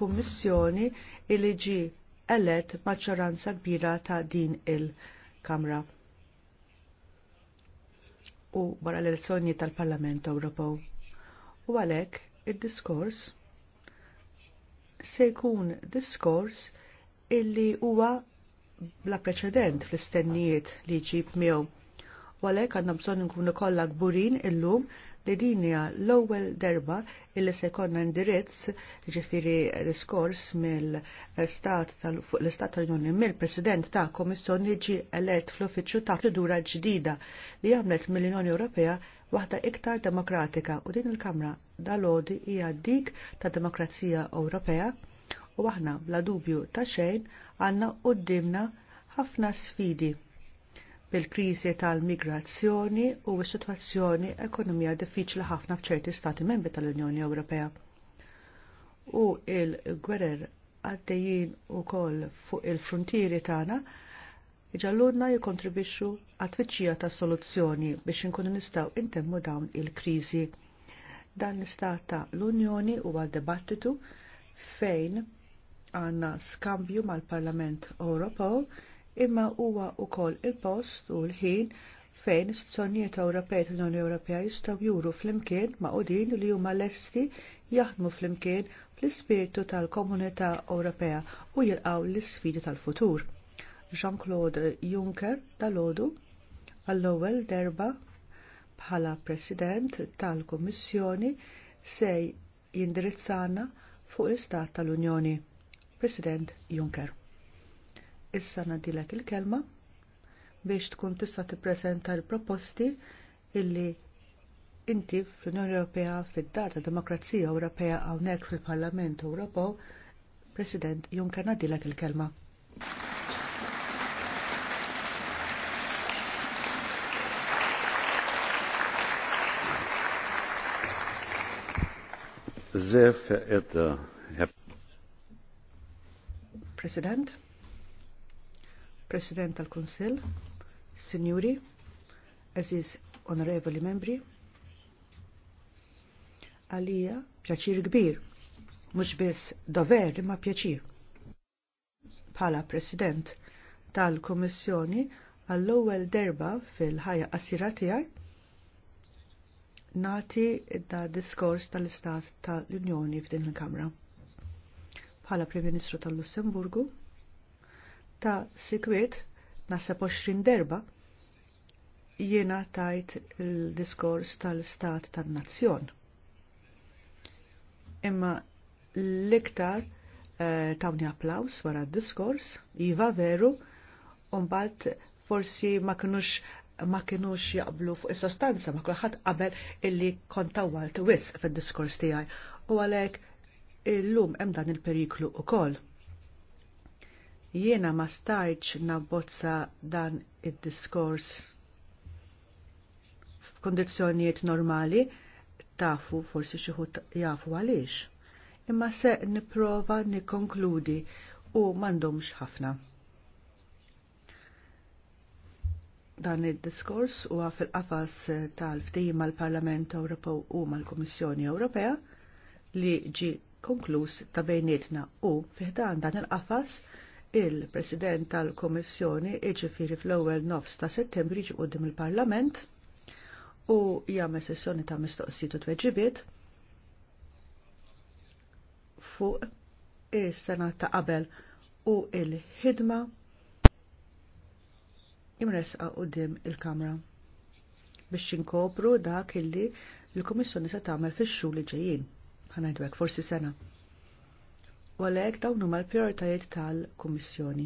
kummissjoni illi ġi elett maċċoranza kbira ta' din il-Kamra. U wara l-elezzjoni tal-Parlament Ewropew. U għalhekk id-diskors se jkun diskors illi huwa bla preċedent fl-istennijiet li jġib miegħu. U għalhekk għandna bżonn nkunu kollha kburin illum li dinja l-ewwel derba illi se konna indirizz ġifiri diskors mill-Stat tal l-Istat tal-Unjoni mill-President ta' Komissjoni ġi elett fl-uffiċċju ta' procedura ġdida li għamlet mill-Unjoni Ewropea waħda iktar demokratika u din il-Kamra dal-odi hija dik ta' demokrazija Ewropea u aħna bla dubju ta' xejn għandna u ħafna sfidi bil-kriżi tal-migrazzjoni u s-sitwazzjoni ekonomija diffiċli ħafna f'ċerti stati membri tal-Unjoni Ewropea. U il-gwerer għaddejjin u koll fuq il-frontieri tagħna iġallunna jikontribixxu għat-tfittxija ta' soluzzjoni biex inkunu nistgħu intemmu dawn il-kriżi. Dan l-istat ta' l-Unjoni huwa dibattitu fejn għanna skambju mal-Parlament Ewropew imma huwa wkoll il-post u l-ħin fejn istituzzjonijiet Ewropej l unjoni Ewropea jistgħu juru flimkien ma' qudin li huma lesti jaħdmu flimkien fl-ispirtu tal-Komunità Ewropea u jilqgħu l-isfidi tal-futur. Jean-Claude Juncker dalgħodu, għall-ewwel derba bħala President tal-Kummissjoni se jindirizzana fuq l-Istat tal-Unjoni. President Juncker. Issa nadilek il-kelma biex tkun tista' tippreżenta l-proposti illi inti fl-Unjoni Ewropea fid-dar ta' Demokrazija Ewropea hawnhekk fil-Parlament Ewropew, President Juncker nadilek il-kelma. Sehr verehrter Herr Präsident, President tal-Kunsill, Signori, Aziz Onorevoli Membri, għalija pjaċir kbir, mux biss dover ma pjaċir. Pala President tal-Komissjoni għall-ewwel derba fil-ħajja qasira tiegħi nati da diskors tal-Istat tal-Unjoni f'din il-Kamra. Pala Prim Ministru tal-Lussemburgu, ta' sikwiet nasab 20 derba jiena tajt il-diskors tal-stat tan-nazzjon. Imma l-iktar eh, tawni applaus wara d-diskors, jiva veru, unbat forsi ma kinux ma kinux jaqblu fuq is-sostanza ma kulħadd qabel illi kont tawwalt wisq fid-diskors tiegħi u għalhekk illum hemm dan il-periklu ukoll Jiena ma stajċ nabbozza dan id-diskors f'kondizzjonijiet normali, tafu forsi xieħut jafu għaliex. Imma se niprofa nikonkludi u mandomx ħafna. dan id-diskors huwa fil-qafas tal-ftehim mal-Parlament Ewropew u mal-Kummissjoni Ewropea li ġi konkluż ta' bejnietna u fiħdan dan il-qafas il-President tal-Komissjoni iġifiri fl-ewwel nofs ta' settembri ġi qudiem il-Parlament u jagħmel sessjoni ta' mistoqsijiet u tweġibiet fuq is-sena ta' qabel u il-ħidma imresqa qudiem il-Kamra biex inkopru dak illi l-Komissjoni se tagħmel fix-xhur li ġejjin. Ħanajdwek forsi sena u għalhekk dawn huma l-prijoritajiet tal-Kummissjoni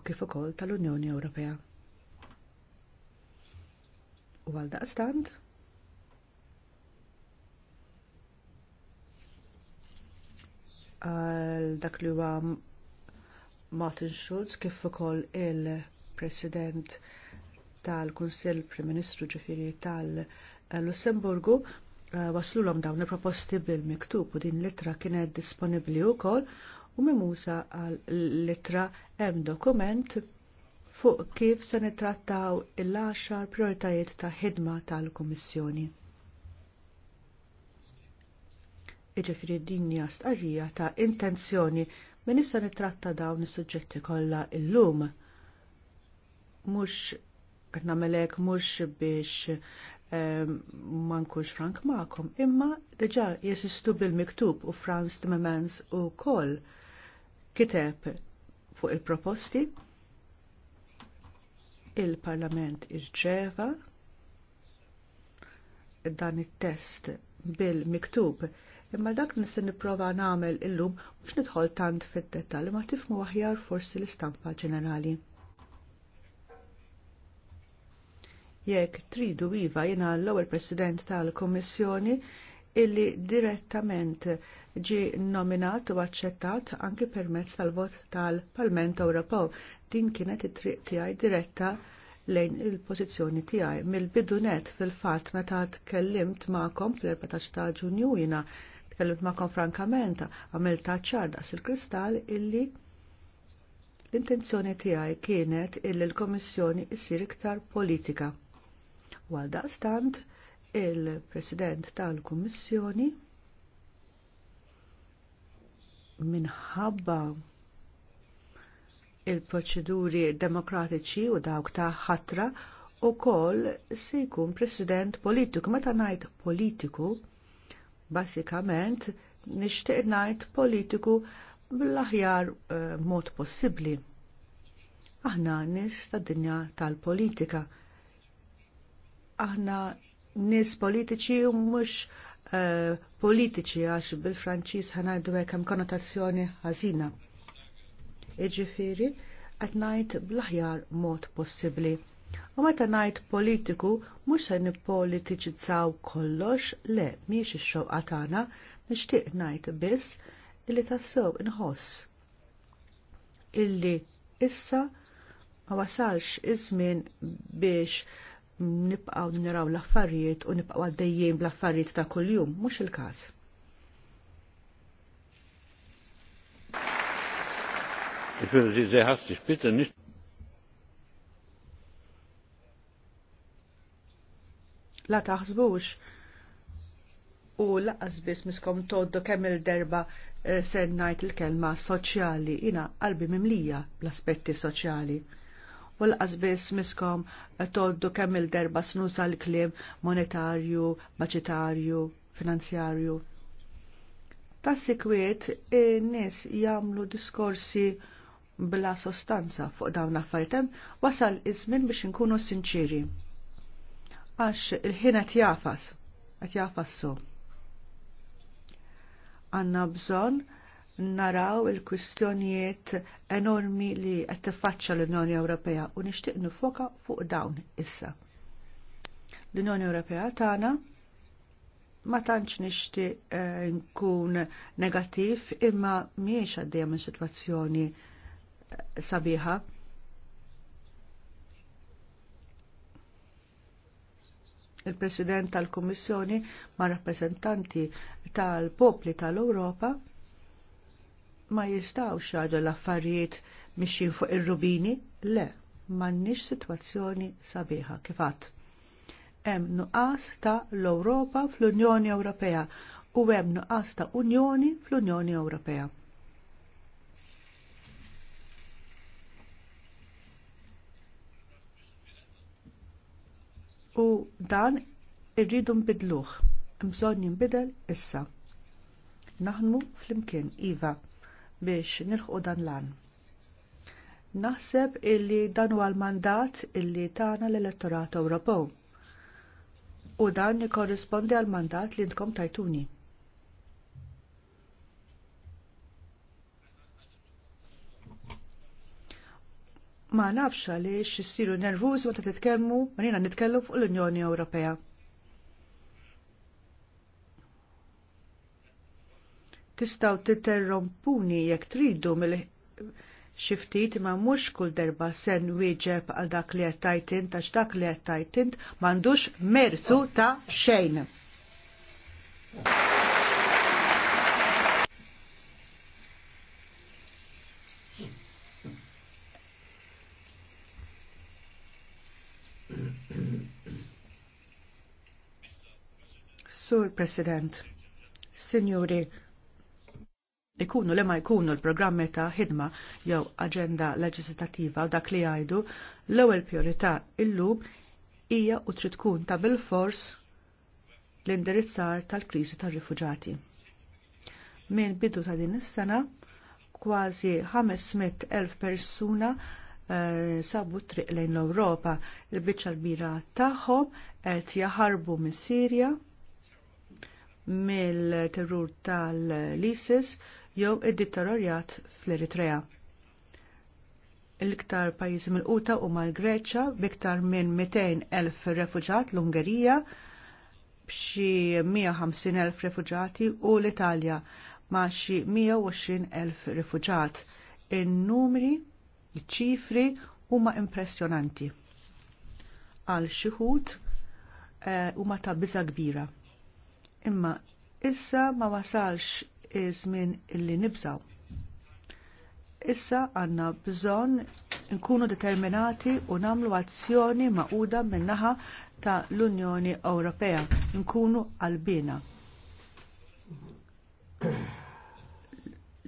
u kif ukoll tal-Unjoni Ewropea. U għal daqstant għal dak li huwa Martin Schulz kif ukoll il-President tal-Kunsill Prim Ministru ġifieri tal-Lussemburgu Eh, waslulhom dawn il-proposti bil-miktub u din litra kienet disponibbli wkoll u mimusa għal litra hemm dokument fuq kif se nittrattaw il-10 prioritajiet ta' ħidma tal-Kummissjoni. Iġifieri din hija stqarrija ta' intenzjoni min issa nittratta dawn is-suġġetti kollha illum. Mhux qed nagħmelek mhux biex Ehm, ma nkunx frank ma'kom, imma diġà jesistu bil-miktub u Franz Timmermans u kol kiteb fuq il-proposti il-Parlament irċeva dan it-test bil-miktub imma dak nista' nipprova nagħmel illum mhux nidħol tant fid-dettall ma tifmu aħjar forsi l-istampa ġenerali. jekk tridu iva jina l-ewwel President tal-Kommissjoni illi direttament ġi nominat u aċċettat anki permezz tal-vot tal-Parlament Ewropew. Din kienet it-triq tiegħi diretta lejn il-pożizzjoni tiegħi. Mill-bidunet fil-fatt meta tkellimt magħkom fl-14 ta' Ġunju jiena tkellimt magħkom frankament għamilt ċar daqs il-kristall illi l-intenzjoni tiegħi kienet illi l kommissjoni issir iktar politika Għal daqstant, il-President tal-Kummissjoni minħabba il-proċeduri demokratiċi u dawk ta' ħatra u kol se jkun president politiku. Meta ngħid politiku, basikament nixtieq ngħid politiku bl-aħjar uh, mod possibbli. Aħna nies tad-dinja tal-politika. tal politika aħna nis politiċi u mux uh, eh, politiċi għax bil-Franċis ħanajdu għekam konnotazzjoni għazina. Iġifiri, għat najt blaħjar mod possibli. U meta najt politiku, mux se nipolitiċizzaw kollox, le, miex ix-xoq għatana, nixtieq najt biss illi tassew inħoss. Illi issa ma wasalx iż-żmien biex nibqaw niraw l-affarijiet u nibqaw għaddejjien bl-affarijiet ta' kuljum, mhux il-każ. La taħsbux u laqas biss miskom toddu kemm il-derba eh, sennajt ngħid il-kelma soċjali jiena qalbi mimlija bl-aspetti soċjali u l-qasbis miskom toddu kemm il-derba snusa l-klim monetarju, baċitarju, finanzjarju. kwiet, sikwiet, nis jamlu diskorsi bla sostanza fuq dawn l-affaritem, wasal iż-żmien biex inkunu sinċiri. Għax il-ħin qed jafas, qed jafas so. Għanna bżonn naraw il-kwistjonijiet enormi li qed tiffaċċa l-Unjoni Ewropea u nixtieq nifoka fuq dawn issa. L-Unjoni Ewropea tagħna ma tantx nixtieq eh, nkun negattiv imma mhijiex għaddejja minn sitwazzjoni eh, sabiħa. Il-President tal-Kummissjoni ma' rappresentanti tal-popli tal-Ewropa ma jistaw għadu l-affarijiet mixin fuq ir-rubini, le, m'għandniex sitwazzjoni sabiħa kifat. Hemm nuqqas ta' l-Ewropa fl-Unjoni Ewropea u hemm nuqas ta' Unjoni fl-Unjoni Ewropea. U dan irridu nbidluh, bżonn jinbidel issa. Naħdmu fl-imkien, Iva biex nilħu dan lan. Naħseb illi dan huwa l-mandat illi tana l-elettorat Ewropew. U dan jikorrispondi għal mandat li intkom tajtuni. Ma nafx għaliex xissiru nervuż u ta' titkellmu, ma nina nitkellmu fuq l-Unjoni Ewropea. tistaw titerrompuni jekk tridu mill xiftit ma mux kull derba sen wieġeb għal dak li qed għax dak li qed tajtint m'għandux merzu ta' xejn. Sur President, Signori, ikunu li ma jkunu l-programmi ta' ħidma jew aġenda leġislativa u dak li għajdu, l-ewwel priorità illum hija u trid tkun ta' bil-fors l-indirizzar tal-kriżi tar-rifuġati. Min bidu ta' din is-sena kważi 500,000 persuna uh, sabu triq lejn l-Ewropa. Il-biċċa l-bira tagħhom qed jaħarbu mis-Sirja mill-terrur tal-ISIS jew id-dittorjat fl-Eritrea. L-iktar pajjiżi mill-quta huma l-Greċja biktar minn 200,000 refuġat l-Ungerija b'xi 150,000 refuġati u l-Italja ma' xi 120,000 refuġat. In-numri, iċ-ċifri huma impressjonanti. Għal xi ħud eh, huma ta' biża kbira. Imma issa ma wasalx iż-żmien illi nibżaw. Issa għanna bżon nkunu determinati u namlu azzjoni maquda minnaħa ta' l-Unjoni Ewropea. Nkunu għalbina.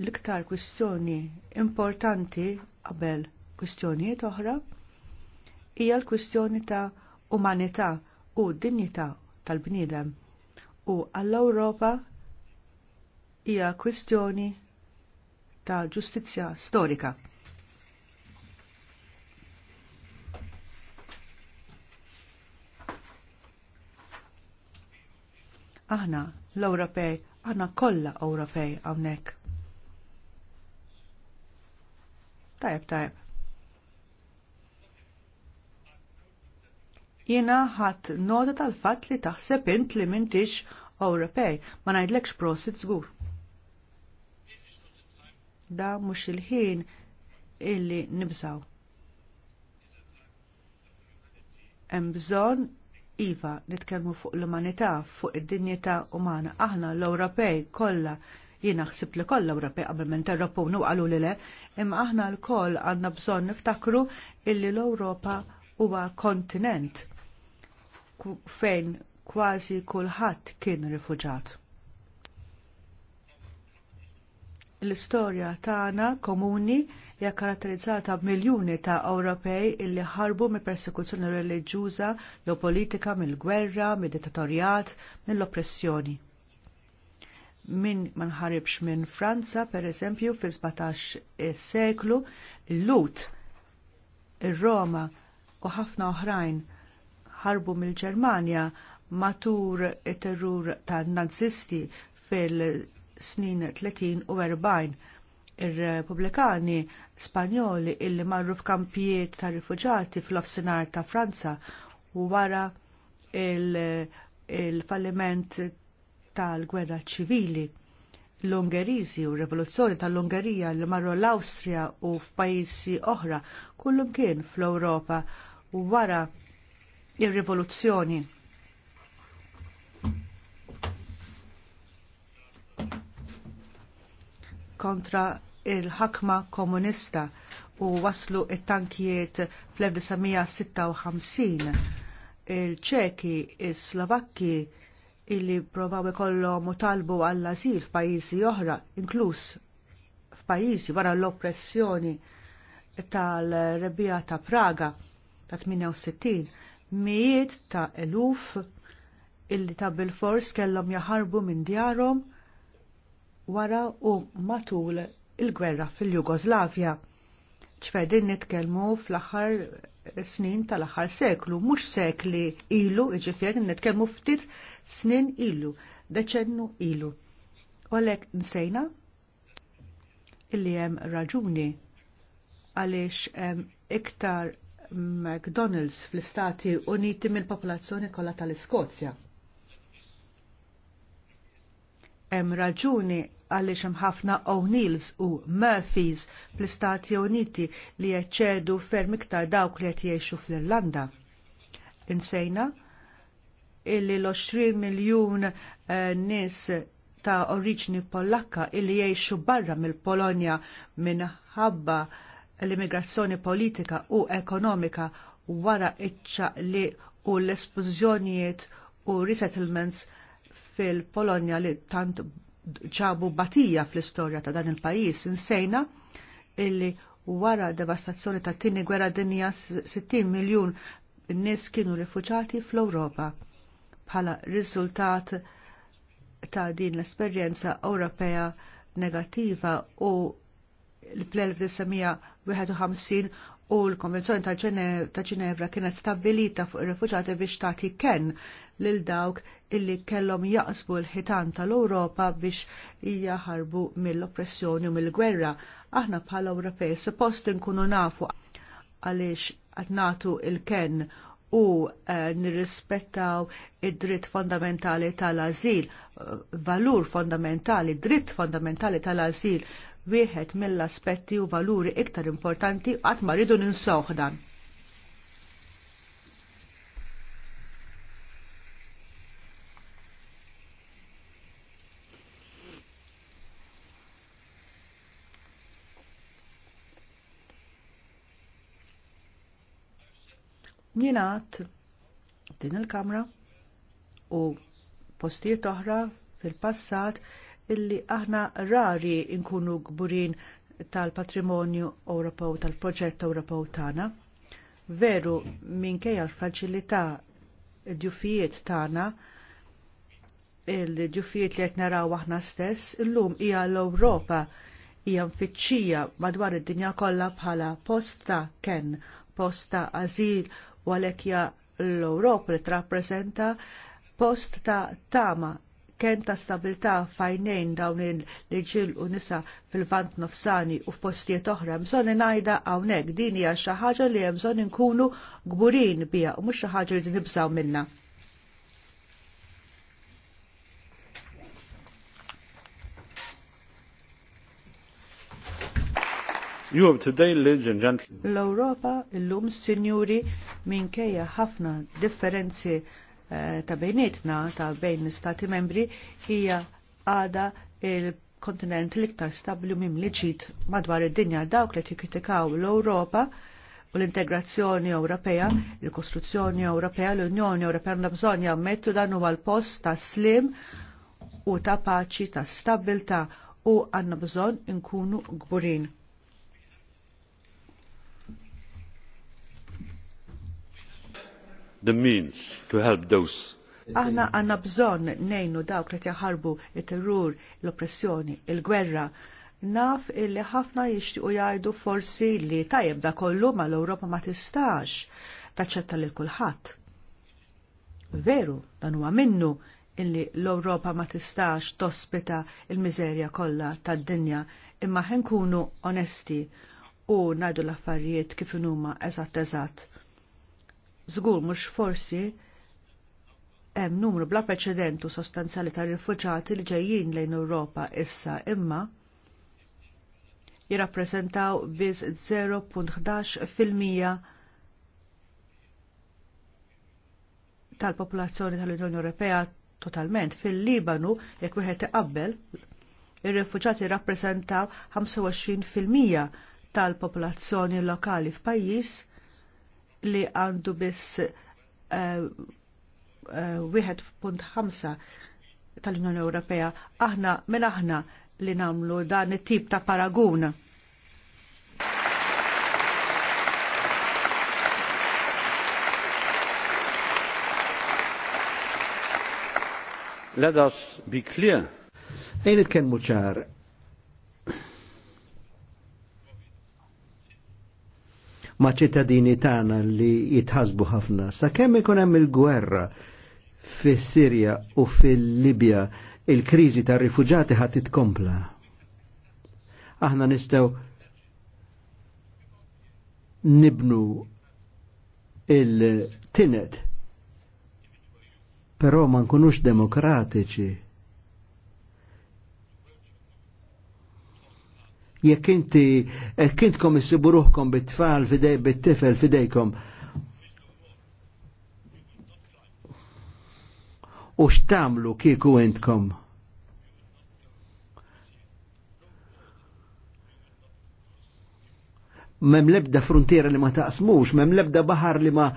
L-iktar kwistjoni importanti qabel kwistjonijiet oħra hija l-kwistjoni ta' umanità u dinjità tal-bniedem u għall-Ewropa hija kwistjoni ta' ġustizzja storika. Aħna l-Ewropej, aħna kollha Ewropej hawnhekk. Tajb, tajb. Jiena ħadd nota tal-fatt li taħseb int li m'intix Ewropej, ma ngħidlekx prosit żgur da mhux il-ħin illi nibżaw. Hemm bżonn iva nitkellmu fuq l-umanità, fuq id-dinjità umana. Aħna l-Ewropej kollha jiena ħsib li kollha Ewropej qabel ma interrompunu qalu li le, imma aħna l-koll għandna bżonn niftakru illi l-Ewropa huwa kontinent fejn kważi kulħadd kien rifuġat. l-istorja tagħna komuni hija karatterizzata b'miljuni ta' Ewropej illi ħarbu me persekuzzjoni reliġjuża jew politika mill-gwerra, mid-dittatorjat, mill-oppressjoni. Min ma nħaribx minn Franza, per eżempju, fil-17 seklu, l-Lut, ir-Roma u ħafna oħrajn ħarbu mill-Ġermanja matur it-terrur tan-nazisti fil snin 30 u 40. Ir-Republikani Spanjoli illi marru f'kampijiet ta' rifuġati fl ofsinar ta' Franza u wara il-falliment il tal-gwerra ċivili. L-Ungeriżi u r-Revoluzzjoni tal-Ungerija li marru l-Awstrija u f'pajjiżi oħra kullum kien fl europa u wara il rivoluzzjoni kontra il-ħakma komunista u waslu it-tankijiet fl-1956. Il-ċeki, il-Slovakki, illi provaw ikollhom u talbu għall-azil f'pajjiżi oħra, inkluż f'pajjiżi wara l-oppressjoni tal-rebija ta' Praga ta' 68, mijiet ta' eluf illi ta' bilfors kellhom jaħarbu minn djarhom wara u matul il-gwerra fil-Jugoslavja. ċfedin nitkelmu fl-axar snin tal-axar seklu, mux sekli ilu, iġifjeri nitkelmu ftit snin ilu, deċennu ilu. U għalek nsejna illi jem raġuni għalix hemm iktar McDonald's fl-Istati Uniti mill-popolazzjoni kollha tal-Iskozja. Hemm raġuni għaliex hemm ħafna O'Neills u Murphys fl-Istati Uniti li jeċċedu ferm iktar dawk li qed jgħixu fl-Irlanda. Insejna illi l-20 miljun eh, nies ta' oriġni Pollakka illi jgħixu barra mill-Polonja minħabba l-immigrazzjoni politika u ekonomika wara iċċaqli u l-espużjonijiet u resettlements fil-Polonja li tant ġabu batija fl-istorja ta' dan il-pajis insejna illi wara devastazzjoni ta' tini gwerra dinja 60 miljon nies kienu rifuġati fl-Ewropa bħala riżultat ta' din l-esperjenza Ewropea negativa u fl-1951 u l-Konvenzjoni ta' Ġenevra kienet stabilita fuq ir rifuġati biex tagħti ken lil dawk illi kellhom jaqsbu l-ħitan tal-Ewropa biex jaħarbu mill-oppressjoni u mill-gwerra. Aħna bħala Ewropej suppost nkunu nafu għaliex qed nagħtu il-ken u eh, nirrispettaw id-dritt fondamentali tal-azil, eh, valur fondamentali, dritt fondamentali tal-azil wieħed mill-aspetti u valuri iktar importanti qatt ma rridu ninsawh dan. Njinaħt din il-kamra u postijiet oħra fil-passat illi aħna rari nkunu gburin tal-patrimonju Ewropew tal-proġett Ewropew tagħna. Veru minkejja l-fragilità d-djufijiet tagħna il-ġufijiet li qed naraw aħna stess, illum hija l-Ewropa hija mfittxija madwar id-dinja kollha bħala posta ken, posta azil u għalhekk hija l-Ewropa li trappreżenta post ta' tama kem ta' stabilta fajnejn dawn il liġil u nisa fil-vant nofsani u f'postijiet oħra, mżon najda għawnek din hija xi ħaġa li hemm bżonn inkunu gburin biha u mhux xi ħaġa li nibżgħu minnha. Europe today, ladies and gentlemen. L-Europa illum, sinjuri, minkejja ħafna differenzi Eh, ta' bejnietna ta' bejn l-Stati membri hija għada il-kontinent l-iktar stabli minn liġit madwar id-dinja dawk li tikkritikaw l-Ewropa u l-integrazzjoni Ewropea, il-kostruzzjoni Ewropea, l-Unjoni Ewropea għandha bżonn jammettu dan huwa l-post ta' slim u ta' paċi, ta' stabilta' u għandna bżonn inkunu gburin the means to help those. Aħna għanna bżon nejnu dawk li jaħarbu it-terrur, l-oppressjoni, il-gwerra. Naf illi ħafna u jgħidu forsi li tajjeb da kollu ma l-Ewropa ma tistax taċċetta lil kulħadd. Veru, dan huwa minnu illi l-Ewropa ma tistax tospita il-miżerja kollha tad-dinja, imma ħenkunu onesti u ngħidu l-affarijiet kif huma eżatt eżatt Zgur mhux forsi hemm numru bla preċedentu sostanzjali ta' rifuġati li ġejjin lejn Ewropa issa imma jirrappreżentaw biss 0.11% tal-popolazzjoni tal-Unjoni Ewropea totalment fil-Libanu jekk wieħed iqabbel ir-rifuġati jirrappreżentaw 25% tal-popolazzjoni lokali f'pajjiż li għandu biss eh, eh, wieħed punt ħamsa tal-Unjoni Ewropea. Aħna minn aħna li namlu dan it-tip ta' paragun. Let us be clear. Ejn itkellmu muċar, ma' ċittadini tagħna li jitħasbu ħafna. Sa kemm ikun hemm il-gwerra fis-Sirja u fil-Libja il-kriżi tar-rifuġati ħadd titkompla. Aħna nistgħu nibnu il-tinet, però ma nkunux demokratiċi jekk inti eh, kintkom issibu ruħkom bit-tfal fidej bit-tifel fidejkom. U x'tamlu kieku intkom? Mem lebda frontiera li ma taqsmux, mem lebda bahar li ma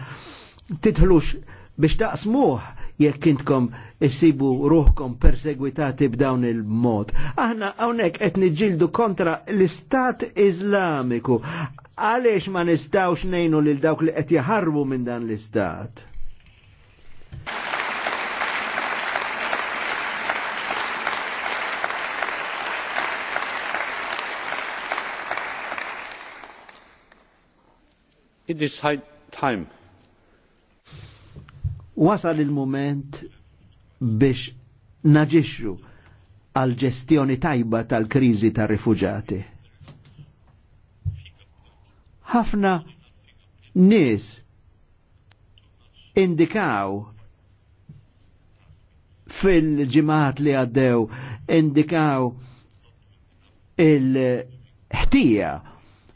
titħlux biex taqsmuh jekk kintkom issibu ruħkom persegwitati b'dawn il-mod. Aħna hawnhekk qed niġġieldu kontra l-Istat Iżlamiku. Għaliex ma nistgħux ngħinu lil dawk li qed jaħarbu minn dan l-Istat? It is high time wasal il-moment biex naġixxu għal ġestjoni tajba tal-kriżi tar-rifuġati. Ħafna nies indikaw fil-ġimat li għaddew indikaw il-ħtija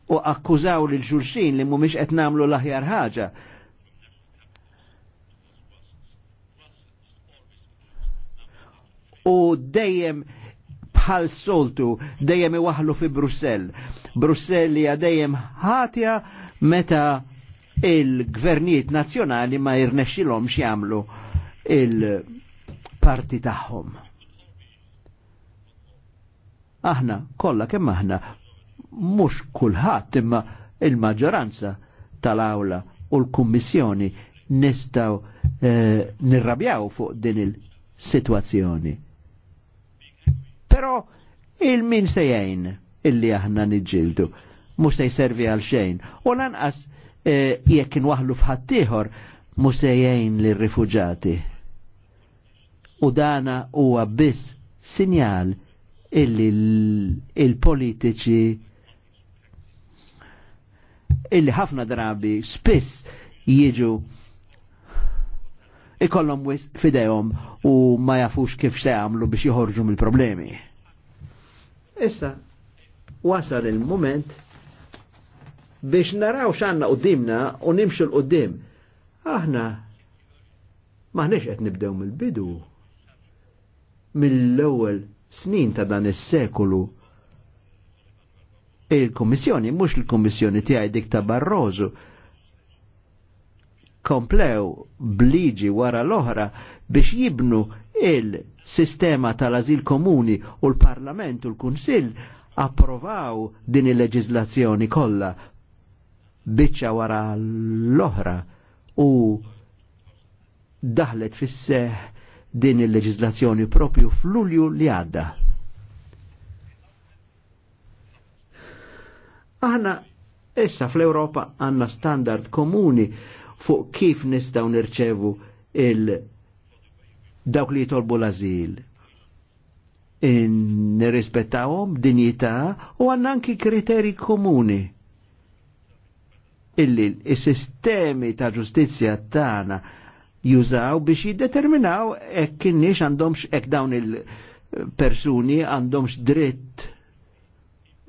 u akkużaw lil xulxin li mhumiex qed nagħmlu l-aħjar ħaġa u dejjem bħal soltu dejjem iwaħlu fi Brussell. Brussell hija dejjem ħatja meta il-gvernijiet nazzjonali ma jirnexxilhom jagħmlu il-parti tagħhom. Aħna kollha kemm aħna mhux kulħadd imma il-maġġoranza tal-awla u l-Kummissjoni nistgħu eh, nirrabjaw fuq din il-sitwazzjoni Però il-min se jgħin illi aħna niġġieldu mhux se jservi għal xejn. U lanqas eh, jekk inwaħlu f'ħadd ieħor mu se jgħin lir-rifuġati. U dana huwa biss sinjal illi il-politiċi illi ħafna drabi spiss jiġu ikollhom wisq fidejhom u ma jafux kif se jagħmlu biex joħorġu mill-problemi. Issa, wasal il-moment biex naraw xanna dimna u nimxu l-qoddim. Aħna maħnex qed nibdew mill-bidu. Mill-ewwel snin ta' dan is sekulu il-Kommissjoni, mhux il-Kommissjoni tiegħi dik ta' Barroso, komplew bliġi wara l-oħra biex jibnu il- sistema tal-azil komuni u l-Parlament u l-Kunsill approvaw din il-leġizlazzjoni kollha biċċa wara l-oħra u daħlet fis-seħ din il-leġizlazzjoni propju f'Lulju li għadda. Aħna issa fl-Ewropa għandna standard komuni fuq kif nistgħu nirċevu il- dawk li jitolbu l-azil. Nirrispettawhom dinjità u għandna anki kriteri komuni illi s-sistemi ta' ġustizzja tagħna jużaw biex jiddeterminaw hekk kienniex għandhomx hekk dawn il-persuni għandhomx dritt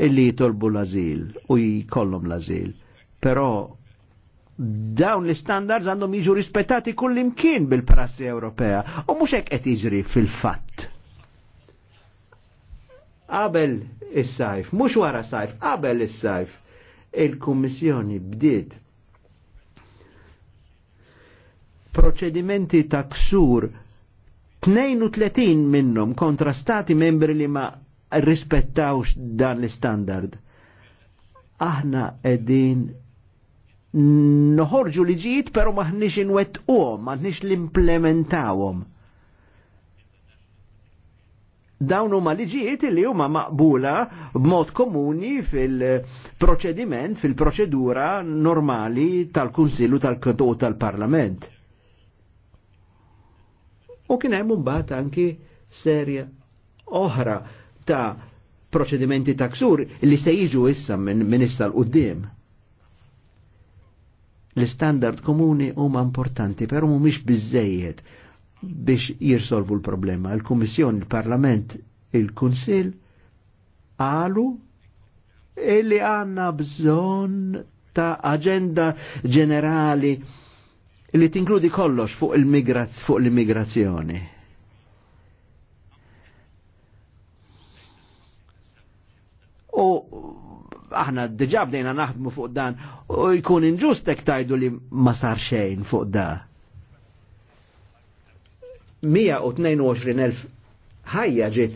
illi jitolbu l-azil u jkollhom l-azil. Però dawn l-standards għandhom jiġu rispettati kullimkien bil-prassi Ewropea u mhux hekk qed jiġri fil-fatt. Qabel is-sajf, mhux wara sajf, qabel is-sajf, il-Kummissjoni bdiet proċedimenti ta' ksur 32 minnhom kontra stati membri li ma rispettawx dan l-standard. Aħna qegħdin noħorġu liġijiet pero maħniex inwettquhom, maħniex l implementawom Dawn huma liġijiet li huma maqbula b'mod komuni fil-proċediment, fil-proċedura normali tal-Kunsillu tal u tal-Parlament. U kien hemm imbagħad anki serja oħra ta' proċedimenti taksur li se jiġu issa minn min issa l-qudiem. L-standard komuni huma importanti, però mhumiex biżejjed biex jirsolvu l-problema. Il-Kummissjoni, il-Parlament, il-Kunsill għalu illi għanna bżon ta' agenda ġenerali li tinkludi kollox fuq il-migrazzjoni. aħna diġà bdejna naħdmu fuq dan u jkun inġust hekk tajdu li ma sar xejn fuq da. 122.000 ħajja ġiet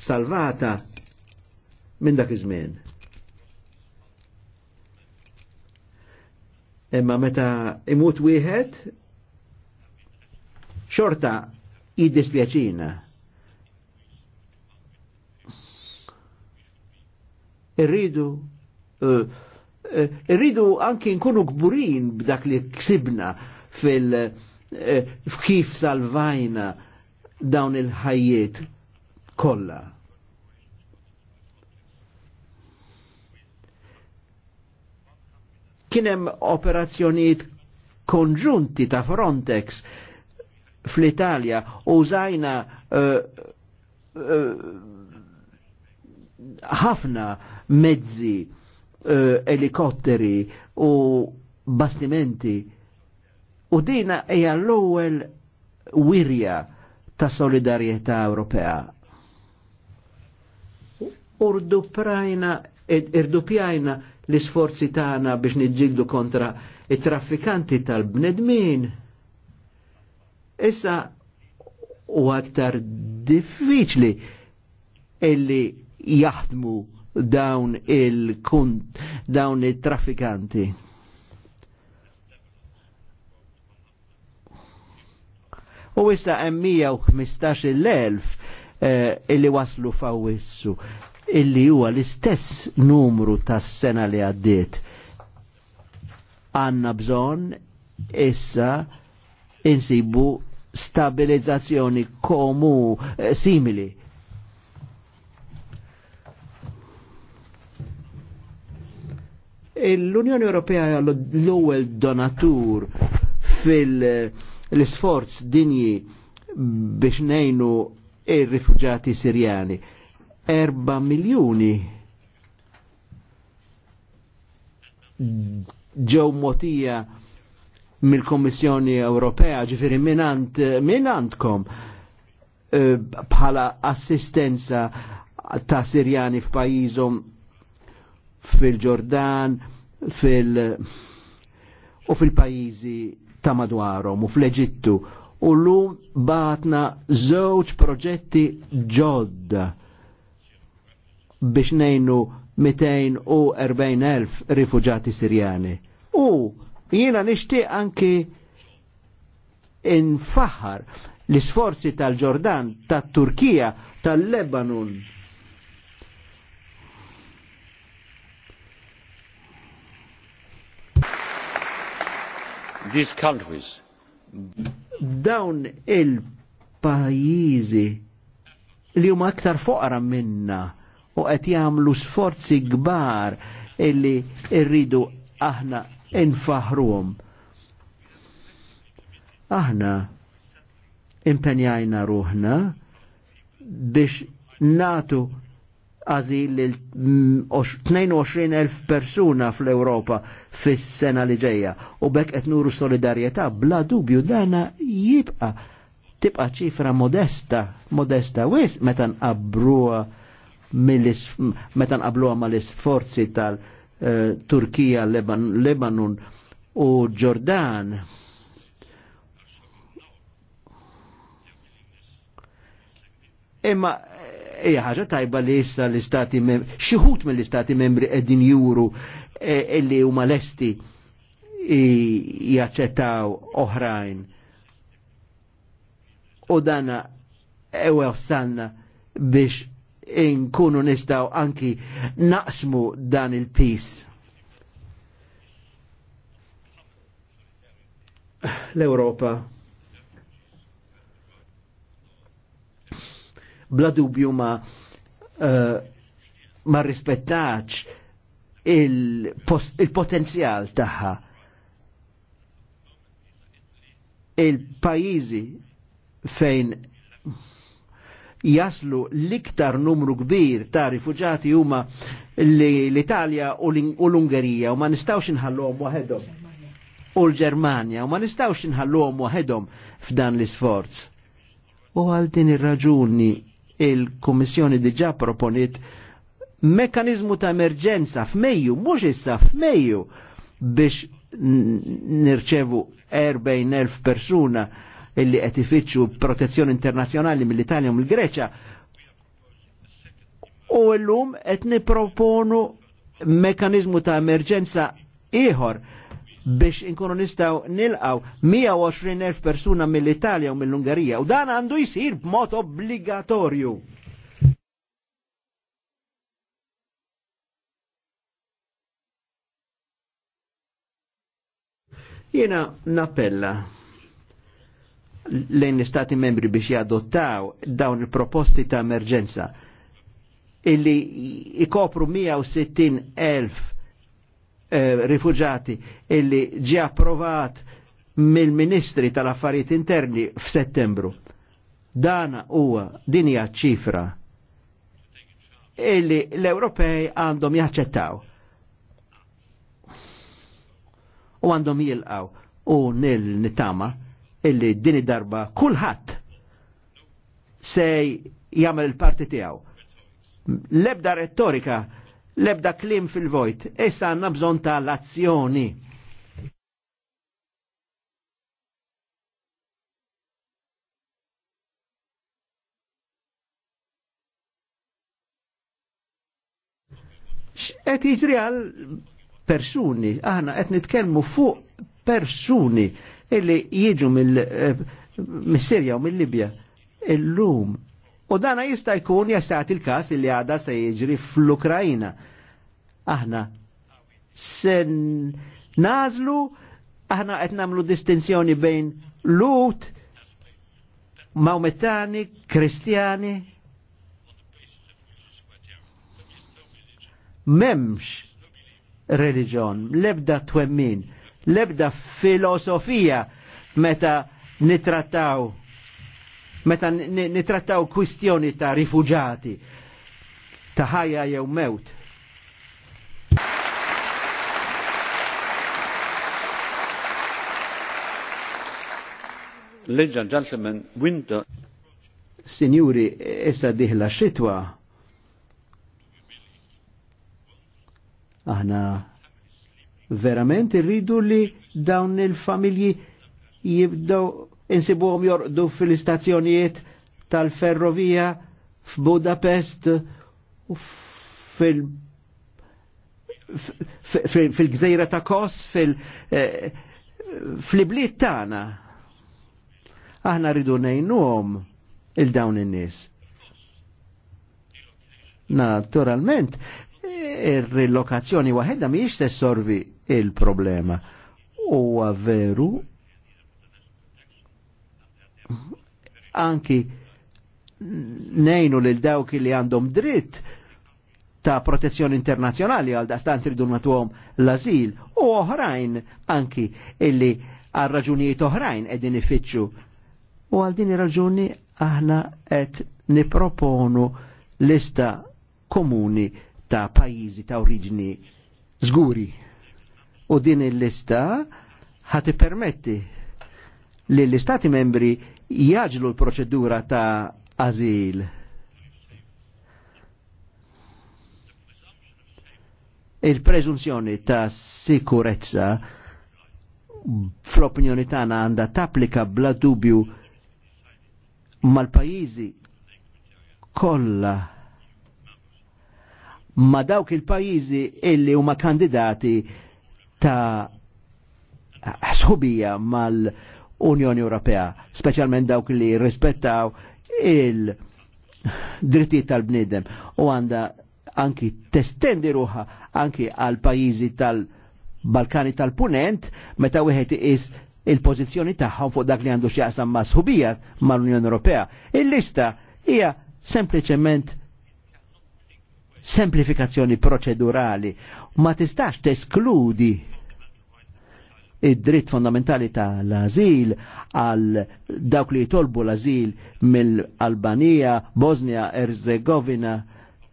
salvata minn dak iż-żmien. Imma meta imut wieħed xorta jiddispjaċina. Irridu Eh, eh, irridu anki nkunu gburin b'dak li ksibna fil eh, f'kif salvajna dawn il-ħajiet kollha. Kienem operazzjonijiet konġunti ta' Frontex fl-Italja użajna ħafna uh, uh, mezzi uh, elikotteri u bastimenti. U dina hija l-ewwel wirja ta' solidarjetà Ewropea. Urdu prajna, pjajna l-isforzi tagħna biex niġġieldu kontra it-traffikanti tal-bnedmin. Issa u aktar diffiċli illi jaħdmu dawn il dawn il-traffikanti. U issa hemm 115,000 eh, illi waslu fawissu illi huwa l-istess numru tas-sena li għaddiet. Għanna bżonn issa insibu stabilizzazzjoni komu eh, simili L-Unjoni Ewropea l-ewwel donatur fil-sforz dinji biex nejnu ir-rifuġati Sirjani. 4 miljuni ġew motija mill-Kommissjoni Ewropea, ġifiri minant, minantkom eh, bħala assistenza ta' Sirjani f'pajjiżhom fil-Ġordan, fil- u fil-pajizi ta' Madwarom u fl-Eġittu. U l-lum batna żewġ proġetti ġodda biex nejnu 240.000 rifugjati sirjani. U jiena nixti anki infaħar l-isforzi tal-Ġordan, tat-Turkija, tal-Lebanon, these countries. Dawn il pajizi li huma aktar foqra minna u qed jagħmlu sforzi kbar illi rridu aħna infaħruhom. Aħna impenjajna ruħna biex natu għazi l-22.000 persuna fl-Europa fis-sena li ġejja u bekk qed nuru solidarjetà bla dubju dana jibqa' tibqa' ċifra modesta, modesta wis meta nqabruha meta nqabluha mal-isforzi tal-Turkija, eh, Lebanon u Ġordan. Imma hija ħaġa tajba li issa l-istati membri, xieħut mill-istati membri qegħdin juru e, illi huma lesti jaċċettaw oħrajn. U dana ewa sanna biex inkunu nistaw anki naqsmu dan il-pis. L-Europa bla dubju ma uh, ma rispettax il-potenzjal il tagħha. Il-pajjiżi fejn jaslu l-iktar numru kbir ta' rifugjati huma l-Italja u l-Ungerija u ma nistawx inħallhom waħedhom u l-Ġermanja u ma nistawx inħallhom waħedhom f'dan l-isforz. U għal din ir-raġuni il-Kummissjoni diġà proponiet mekanizmu ta' emerġenza f'Mejju, mhux issa f'Mejju biex nirċevu 40.000 persuna illi qed ifittxu protezzjoni internazzjonali mill-Italja u mill-Greċja. U llum qed niproponu mekanizmu ta' emerġenza ieħor biex inkunu nistaw nilqaw 120.000 persuna mill-Italja u mill-Ungarija u dan għandu jisir b'mod obbligatorju. Jena nappella lejn l-Istati membri biex jadottaw dawn il-proposti ta' emerġenza illi ikopru 160.000 eh, rifugjati illi ġi approvat mill-Ministri tal-Affarijiet Interni f'Settembru. Dana huwa din hija ċifra illi l-Ewropej għandhom jaċċettaw. U għandhom jilqaw u nil-nitama illi din darba kulħadd se jagħmel il-parti tiegħu. L-ebda retorika lebda klim fil-vojt. Issa għanna bżon tal-azzjoni. Et jiġri għal persuni, aħna qed nitkellmu fuq persuni illi jiġu mill-Sirja eh, u mill-Libja illum U dana jista' jkun jasat il-kas li għada se jiġri fl-Ukrajna. Aħna sen nażlu, aħna qed nagħmlu distinzjoni bejn Lut, Maumetani, Kristjani. Memx religjon. lebda twemmin, lebda filosofija meta nitrattaw meta nitrattaw kwistjoni ta' rifugjati ta' ħajja jew mewt. Ladies and gentlemen, winter. Signori, essa diħla xitwa. Aħna verament irridu li dawn il-familji jibdaw insibuhom jorqdu fil-istazzjonijiet tal-ferrovija f'Budapest u fil- fil-gżejra ta' Kos, fil-bliet eh, tagħna. Aħna rridu ngħinuhom il-dawn in-nies. Naturalment, ir-rilokazzjoni waħedha mhijiex se sorvi il-problema. Huwa veru anki nejnu lil dawk li għandhom dritt ta' protezzjoni internazjonali għal dastan tridu natwom l-azil u oħrajn anki illi għal raġunijiet oħrajn edin ifittxu. U għal din raġuni aħna qed niproponu lista komuni ta' pajizi ta' origini zguri. U din il-lista ħati permetti li l-istati membri jaġlu l-proċedura ta' azil. Il-prezunzjoni ta' sikurezza fl-opinjoni tagħna għandha tapplika bla dubju mal-pajjiżi kollha ma dawk il-pajjiżi illi huma kandidati ta' sħubija mal Unjoni Ewropea, speċjalment dawk li rispettaw il-drittijiet tal-bniedem u għanda anki testendi ruħa anki għal pajizi tal-Balkani tal-Punent meta wieħed is il-pożizzjoni tagħhom fuq dak li għandu x'jaqsam ma' sħubija mal-Unjoni Ewropea. Il-lista hija sempliċement semplifikazzjoni proċedurali ma tistax teskludi id-dritt fondamentali tal-azil għal dawk li jitolbu l-azil mill albania Bosnia, Erzegovina,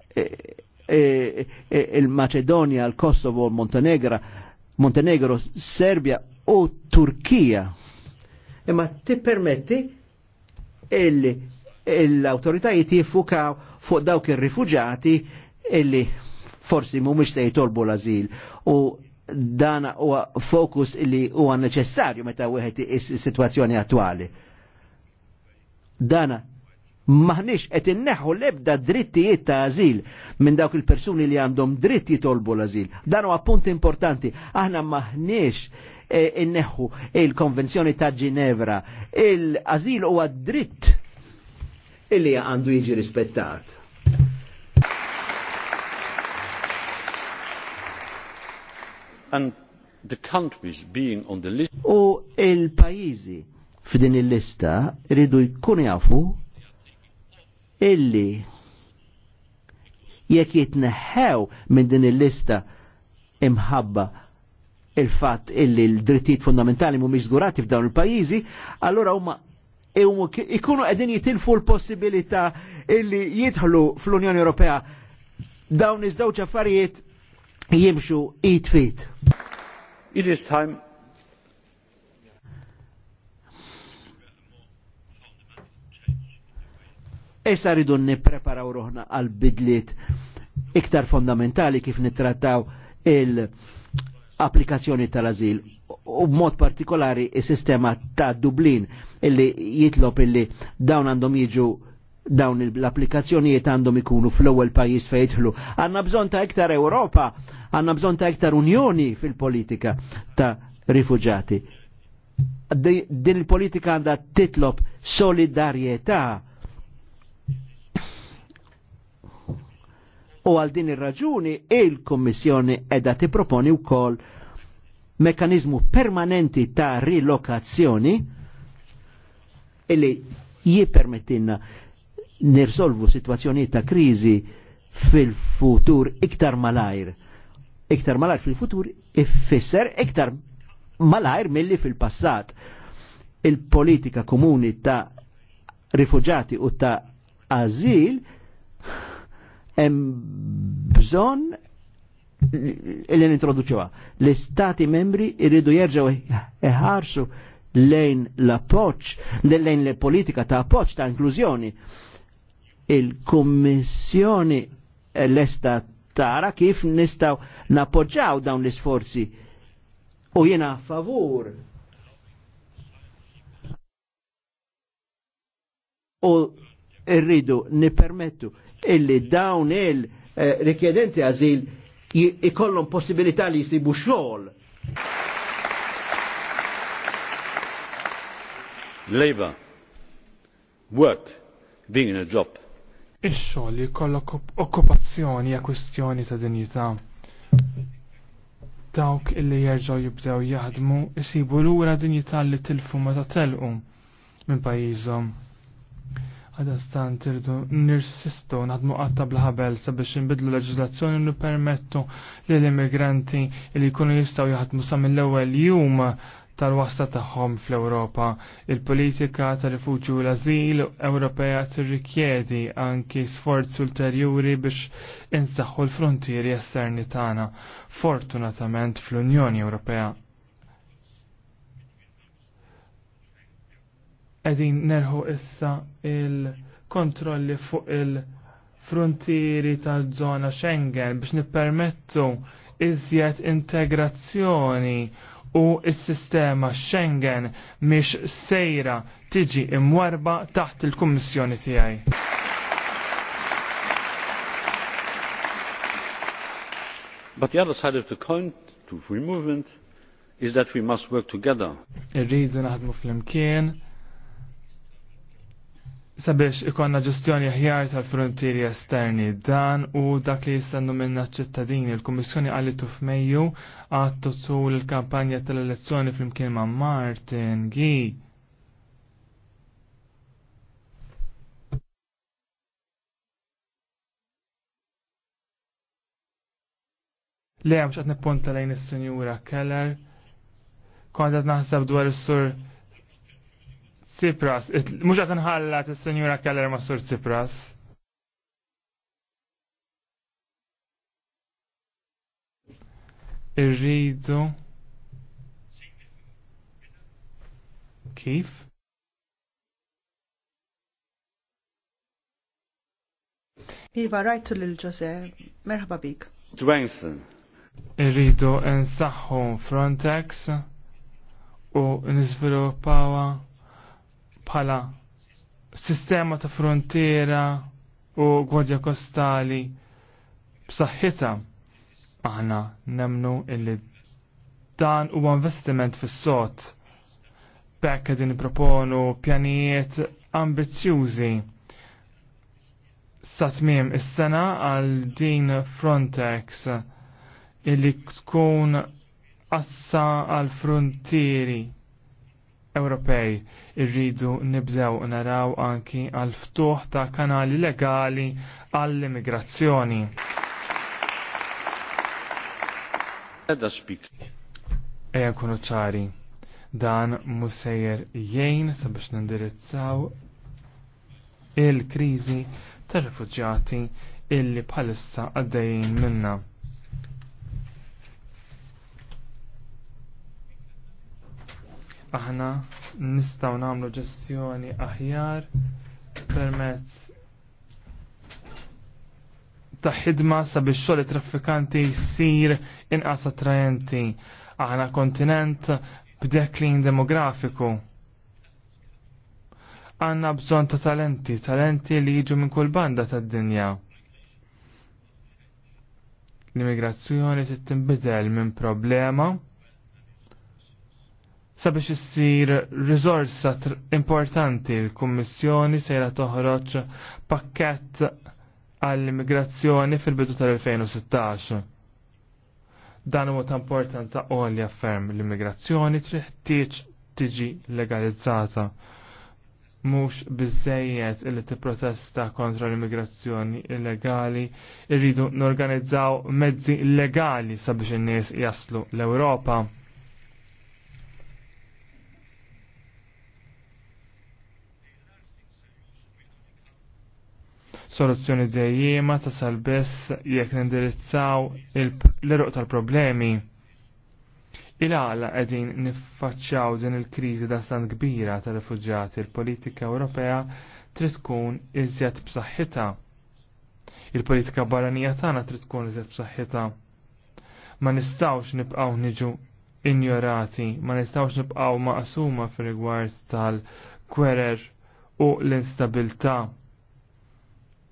e, e, e, il-Macedonia, e, il-Kosovo, il-Montenegro, Montenegro, Serbia u Turkija. Imma ti permetti l-autoritajiet jiffukaw fuq dawk ir-rifuġati illi forsi mumiċ se jitolbu l-azil u dan huwa fokus li huwa neċessarju meta wieħed is-sitwazzjoni attwali. Dana maħniex qed inneħħu l-ebda drittijiet ta' azil minn dawk il-persuni li għandhom dritt jitolbu l-azil. Dan huwa punt importanti. Aħna maħniex eh, inneħħu il-Konvenzjoni ta' Ginevra. Il-azil huwa dritt illi għandu jiġi rispettat. and the countries being on the list. U il-pajizi f'din il-lista rridu jkunu jafu illi jekk jitneħħew minn din il-lista imħabba il-fatt illi l-drittijiet fundamentali mhumiex żgurati f'dawn il-pajjiżi, allora huma ikunu qegħdin jitilfu l-possibilità illi jidħlu fl-Unjoni Ewropea dawn iż-żewġ affarijiet jimxu it-fit. It is time Issa rridu nippreparaw ruħna għal bidliet iktar fondamentali kif nittrattaw il-applikazzjoni tal-azil u mod partikolari il-sistema ta' Dublin illi jitlob illi dawn għandhom jiġu dawn l-applikazzjonijiet għandhom ikunu fl-ewwel pajjiż fejtħlu. Għandna bżonn ta' iktar Ewropa, għandna bżonn ta' iktar Unjoni fil-politika ta' rifuġati. Din il-politika għandha titlob solidarjetà U għal din ir-raġuni il-Kommissjoni edha tipproponi wkoll mekanizmu permanenti ta' rilokazzjoni illi jippermettinna nirsolvu situazzjoni ta' krizi fil-futur iktar malajr. Iktar malajr fil-futur iffisser iktar malajr milli fil-passat. Il-politika komuni ta' rifugjati u ta' azil hemm bżonn li nintroduċuha. L-istati membri irridu jerġgħu iħarsu lejn l-appoċ, lejn l-politika ta' appoċ ta' inklużjoni il kommissjoni l-esta tara kif nistaw napoġġaw dawn l-isforzi u jena favur. U irridu nipermettu illi dawn il-rikjedenti eh, għazil ikollhom possibilità li jisibu xol. Labor, work, being in a job Ix-xogħol li jkollok okkupazzjoni hija kwistjoni ta' dinjità. Dawk illi jerġgħu jibdew jaħdmu isibu lura dinjità li tilfu ta telqu minn pajjiżhom. Għadastan tirdu nirsistu naħdmu qatta bl-ħabel sabiex nbidlu leġislazzjoni nippermettu li l-immigranti li jkunu jistgħu jaħdmu sa mill-ewwel jum tal-wasta tagħhom fl-Ewropa. Il-politika tal-rifuġju u l-azil Ewropea tirrikjedi anki sforz ulterjuri biex insaħħu l-frontieri esterni tagħna, fortunatament fl-Unjoni Ewropea. Qegħdin nerħu issa il-kontrolli fuq il-frontieri tal-żona Schengen biex nippermettu iżjed integrazzjoni u s-sistema Schengen miex sejra tiġi imwarba taħt il-Kummissjoni tiegħi. But the other side of the coin to free movement is that we must work together. Irridu naħdmu fl-imkien sabiex ikonna ġestjoni ħjar tal-frontieri esterni dan u dak li jistennu minna ċittadini. Il-Kommissjoni għalli tufmeju għattu tul il-kampanja tal-elezzjoni fl-imkien ma' Martin Gi. Le, mx għatni punta lejn il-Senjura Keller. Kondat naħseb dwar il-sur Tsipras, mux għat nħalla t-senjura Keller ma' sur Tsipras. Irridu. Kif? Iva, rajtu lil ġose merħba bik. Strengthen. Irridu nsaħħu Frontex u nisviluppawa bħala sistema ta' frontiera u gwardja kostali b'saħħitha aħna nemnu illi dan huwa investiment fis-sot. B'hekk din proponu pjanijiet ambizzjużi sa tmiem is-sena għal din Frontex illi tkun assa għal frontieri Ewropej irridu nibżew naraw anki għal ftuħ ta' kanali legali għall-immigrazzjoni. Eja kunu ċari, dan musejjer jgħin sabiex nindirizzaw il-krizi tar rifugġati illi bħalissa għaddejjin minna. aħna nistaw namlu ġestjoni aħjar permezz ta' ħidma sabiex xogħol traffikanti jsir inqas attrajenti. Aħna kontinent b'deklin demografiku. Għanna bżon ta' talenti, talenti li jiġu minn kull banda tad-dinja. L-immigrazzjoni se tinbidel minn problema Sabiex issir rizorsa importanti l-Kummissjoni sejra toħroġ pakkett għall-immigrazzjoni fil-bidu tal-2016. Dan huwa ta' importanza li afferm l-immigrazzjoni triħtieġ tiġi legalizzata. Mhux bizzejiet illi tipprotesta kontra l-immigrazzjoni illegali, irridu norganizzaw mezzi legali sabiex in-nies jaslu l-Ewropa. soluzzjoni dejjema ta' salbess jekk nindirizzaw l-eruq tal-problemi. Il-għala edin niffaċċaw din il-krizi da' stand kbira ta' rifugġati il-politika Ewropea trid tkun iżjed b'saħħitha. Il-politika barranija tagħna trid tkun iżjed b'saħħitha. Ma nistawx nibqgħu niġu injorati, ma nistawx nibqgħu maqsuma fil-rigward tal kwerer u l-instabilta'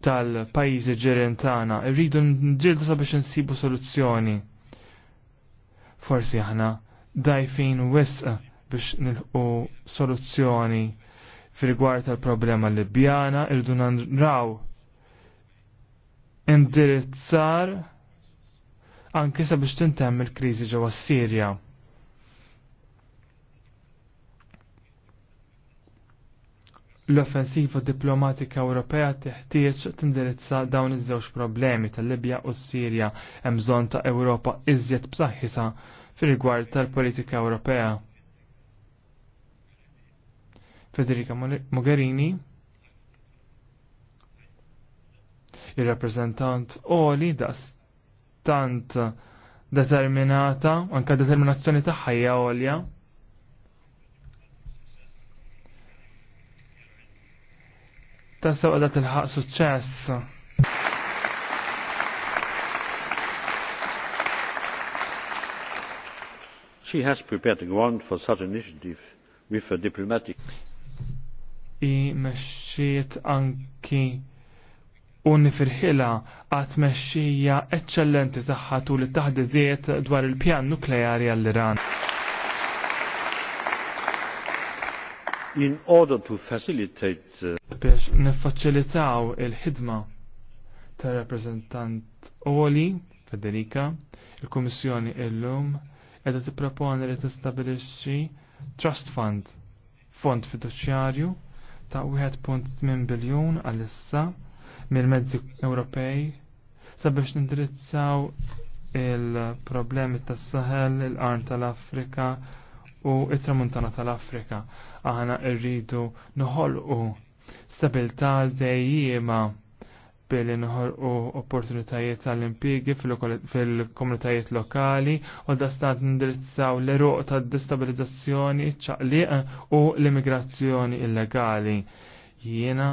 tal-pajizi ġerentana. Irridu nġildu sabiex nsibu soluzzjoni. Forsi aħna dajfin wisq biex nilħu soluzzjoni fil-gwar tal-problema Libjana, irridu nraw indirizzar anke sabiex tintemm il-kriżi ġewwa Sirja. L-offensiva diplomatika Ewropea teħtieġ tindirizza dawn iż-żewġ problemi tal-Libja u s-Sirja hemm bżonn ta' Ewropa iżjed b'saħħitha fir-rigward tal-politika Ewropea. Federica Mogherini il-rappresentant Oli da stant determinata, anka determinazzjoni ta' ħajja olja. ta' sewqa tilħaq suċċess. She has prepared the ground for such an initiative with a diplomatic. I meċċiet anki unni firħila għat meċċija eccellenti taħħatu li taħdi dwar il-pjan nukleari għall-Iran. in order to facilitate uh, biex niffaċilitaw il-ħidma ta' rappresentant Oli Federica, il-Kummissjoni illum qiegħda tipproponi li tistabilixxi Trust Fund, fond fiduċjarju ta' 1.8 biljun għal-issa mill-mezzi Ewropej sabiex nindirizzaw il-problemi tas-Sahel, il-Qarn tal-Afrika u it-Tramuntana tal-Afrika aħna rridu noħolqu stabilità dejjima billi nħolqu opportunitajiet tal-impjiegi fil-komunitajiet lokali u dastat indirizzaw l-eruq tad-destabilizzazzjoni, ċaqliq u l-immigrazzjoni illegali. Jiena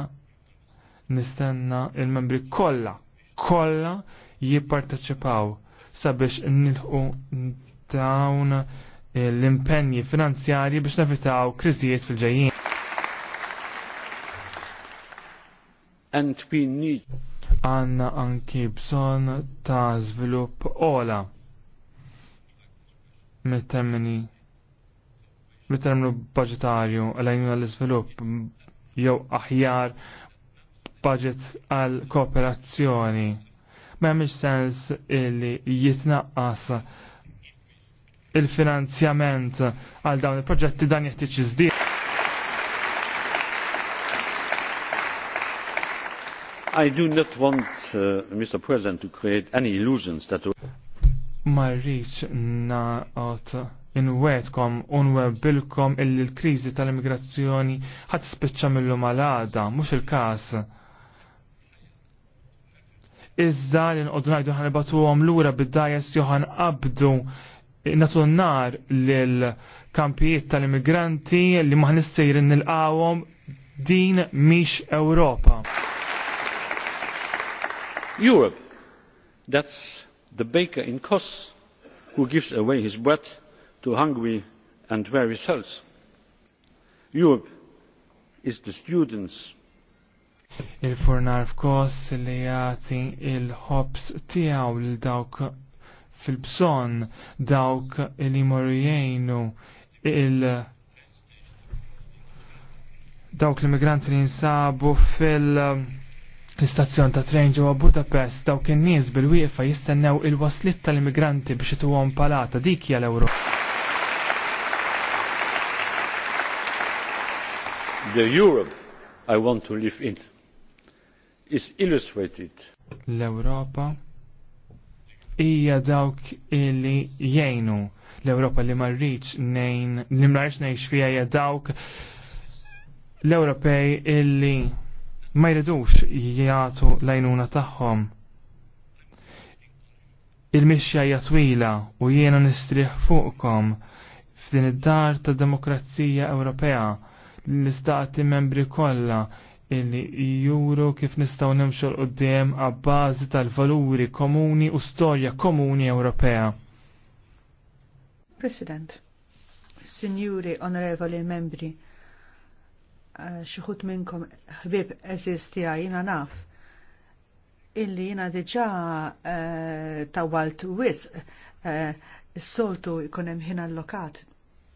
nistenna il-membri kollha kollha jipparteċipaw sabiex nilħu dawn l-impenji finanzjarji biex navitaw kriżijiet fil-ġejjin. And we need għanna anki bżon ta' żvilupp ola mit-termini mit-terminu budgetarju għal-għajnuna l-izvilupp jew aħjar budget għal kooperazzjoni. Ma' sens illi jitnaqqas il-finanzjament għal dawn il-proġetti dan jeħtieġ iżdied. I do not want, uh, Mr. President, to create any illusions that... Ma rriċ naqot inwetkom unwebbilkom illi l-krizi tal-immigrazzjoni ħat spiċċa millu malada, mux il-kas. Iżda li ħan l-batu għom l-ura bid-dajes joħan qabdu natu nar l-kampijiet tal-immigranti li maħ nissejrin nil-qawom din miex Europa. Europe, that's the baker in Kos who gives away his bread to hungry and weary souls. Europe is the students il-furnar f'kos li jati il-ħobs tijaw l dawk fil-bson dawk li morjejnu il- dawk l-immigranti li jinsabu fil- L-istazzjon ta' tren ġewwa Budapest dawk in-nies bil-wieqfa jistennew il-waslit tal-immigranti biex ituhom palata dik hija l-Ewro. The Europe I want to live in is illustrated. L-Europa hija dawk illi jgħinu l-Ewropa li marriċ nejn li marriċ nejn xfija hija dawk l-Ewropej illi ma jridux jgħatu lajnuna tagħhom. Il-mixja hija twila u jiena nistriħ fuqkom f'din id-dar ta' demokrazija Ewropea l-istati membri kollha illi juru kif nistaw nemxu l-qoddim għabbażi tal-valuri komuni u storja komuni Ewropea. President, Signuri, Onorevoli Membri, eh, xuħut minnkom ħbib eżisti għajina naf illi jina diġa eh, tawalt wis eh, s-soltu jkunem ħina allokat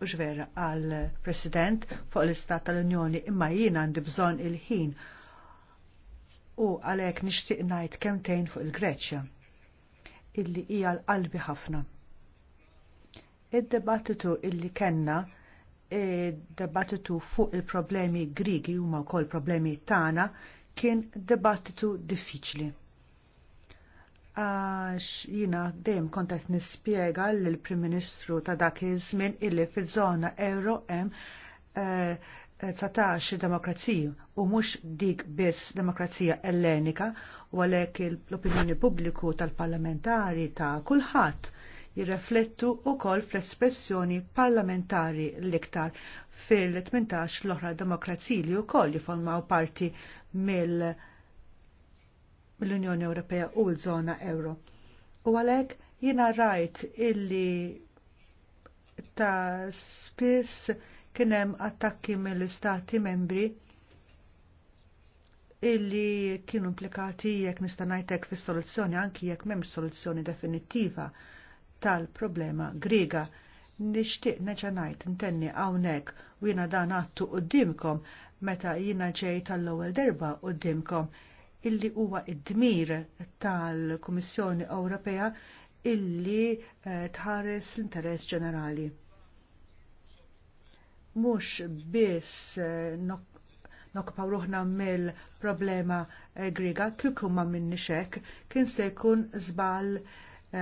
uġvera għal President fuq l-Istat tal-Unjoni imma jien għandi bżonn il-ħin u għalhekk nixtieq ngħid kemtejn fuq il-Greċja illi hija l-qalbi ħafna. Id-debattitu illi kenna id-debattitu fuq il-problemi Grigi huma wkoll problemi tagħna kien debattitu diffiċli għax jina dejjem kont qed nispjega lill-Prim Ministru ta' dak iż-żmien illi fiż-żona euro hemm eh, demokrazija u mhux dik biss demokrazija ellenika u għalhekk l-opinjoni pubbliku tal-parlamentari ta' kulħadd jirreflettu wkoll fl-espressjoni parlamentari l-iktar fil-18 l-oħra demokrazija li wkoll jiformaw parti mill- mill-Unjoni Ewropea u l-żona euro. U għalhekk jiena rajt illi ta' spiss kien hemm attakki mill-istati membri illi kienu implikati jekk nista' ngħidlek fis-soluzzjoni anki jekk m'hemmx soluzzjoni definittiva tal-problema griga. Nixtieq neġa' ngħid intenni hawnhekk u jiena dan għattu qudiemkom meta jiena ġej tal-ewwel darba qudiemkom illi huwa id-dmir tal-Kummissjoni Ewropea illi eh, tħares l-interess ġenerali. Mhux biss eh, nokpaw ruħna mill-problema eh, griga kilkum ma minni xek kien se jkun żball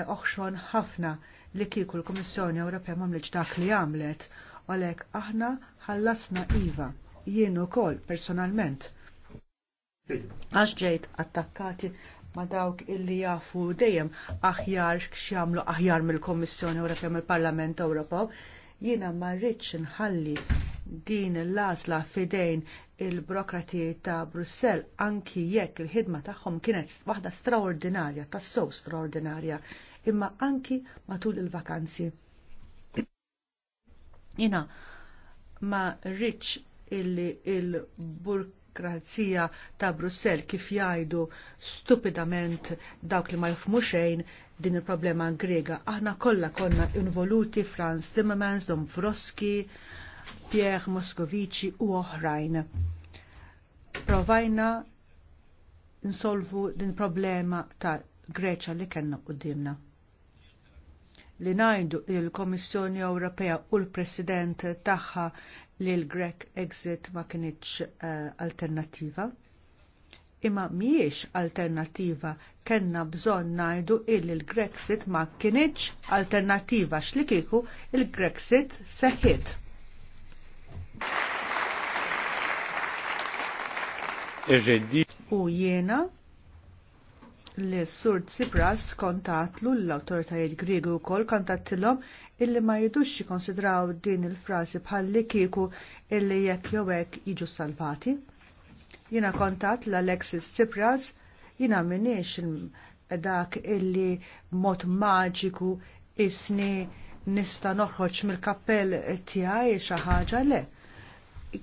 oħxon ħafna li kieku l-Kummissjoni Ewropea m'għamlitx dak li għamlet għalhekk aħna ħallasna iva jien ukoll personalment Għax ġejt attakkati ma dawk illi jafu dejjem aħjar x'jamlu aħjar mill-Kommissjoni Ewropea mill-Parlament Ewropew, jiena ma rridx nħalli din l-lasla fidejn il brokrati ta' Brussell anki jekk il-ħidma tagħhom kienet waħda straordinarja, tas-sow straordinarja, imma anki matul il-vakanzi. Jiena ma rridx illi il-burk burokrazija ta' Brussell kif jgħidu stupidament dawk li ma jifmuxejn xejn din il-problema grega. Aħna kollha konna involuti Franz Timmermans, Froski, Pierre Moscovici u oħrajn. Provajna nsolvu din problema ta' Greċa li kellna qudiemna li najdu il-Komissjoni Ewropea u l-President tagħha li l-Grek exit ma kienieċ uh, alternativa. Imma miex alternativa kena bżon najdu il l-Grexit ma kienieċ alternativa kieku il-Grexit seħit. E U jiena li sur Tsipras kontatlu l-autoritajiet Griegi u kol kontattilhom illi ma jidux konsidraw din il-frasi bħalli kieku illi jekk jew hekk jiġu salvati. Jina kontat l-Alexis Tsipras jina minniex dak illi mod maġiku isni nista noħroġ mill-kappell tiegħi xi ħaġa le.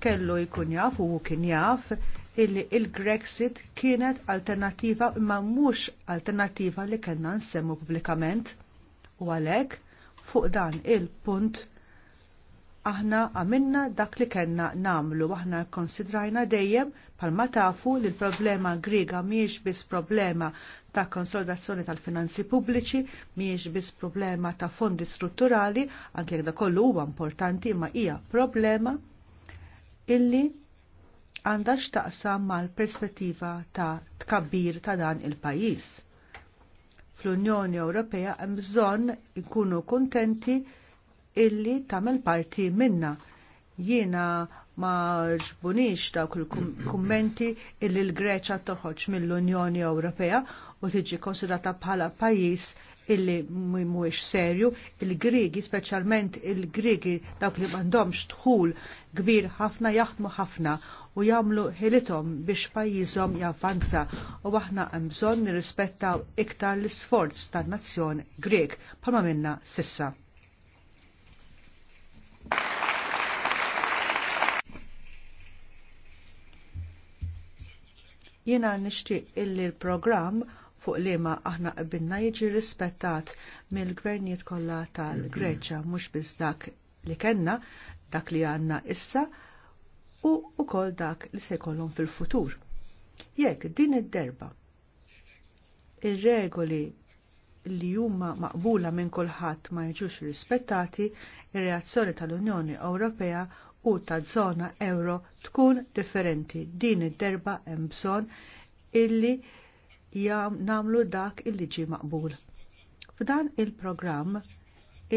Kellu jkun jaf u kien jaf illi il-Grexit kienet alternativa imma mhux alternativa li kellna nsemmu pubblikament. U għalhekk fuq dan il-punt aħna għamilna dak li kellna namlu aħna konsidrajna dejjem palma tafu li l-problema griega miex biss problema ta' konsolidazzjoni tal-finanzi pubbliċi, miex biss problema ta' fondi strutturali, anke da kollu huwa importanti ma hija problema illi għandha x'taqsam mal-perspettiva ta' tkabbir ta' dan il-pajjiż. Fl-Unjoni Ewropea hemm bżonn ikunu kuntenti illi tagħmel parti minna. Jiena ma ġbunix dawk il-kummenti illi l-Greċa toħroġ mill-Unjoni Ewropea u tiġi konsidrata bħala pajjiż illi mhuwiex serju, il-Griegi, speċjalment il-Griegi dawk li m'għandhomx dħul kbir ħafna jaħdmu ħafna u jagħmlu ħilithom biex pajjiżhom javvanza u aħna hemm bżonn nirrispettaw iktar l-isforz tan-nazzjon Grieg, bħalma minna sissa. Jiena nixtieq illi l-programm fuq liema aħna qbilna jiġi rispettat mill-gvernijiet kollha tal-Greċja mhux biss dak li kenna, dak li għandna issa u wkoll dak li se jkollhom fil-futur. Jekk din id-derba ir-regoli li huma maqbula minn kulħadd ma jiġux rispettati, ir-reazzjoni tal-Unjoni Ewropea u taż-żona euro tkun differenti. Din id-derba hemm bżonn illi jam namlu dak il-liġi maqbul. F'dan il-programm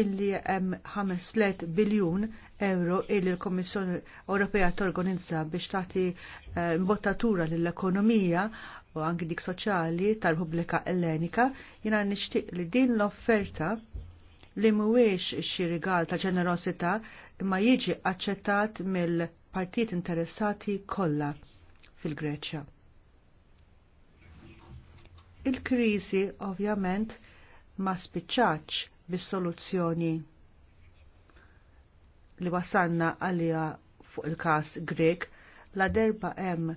illi hemm 5 biljun euro illi l-Kommissjoni Ewropea torganizza biex tagħti eh, imbottatura lill-ekonomija u anki dik soċjali tal-Pubblika Ellenika, jiena nixtieq li din l-offerta li mhuwiex xi rigal ta' ġenerosità imma jiġi aċċettat mill partit interessati kollha fil-Greċja. Il-kriżi ovvjament ma spiċċaċ bis-soluzzjoni li wasanna għalija fuq il kas Grek la derba hemm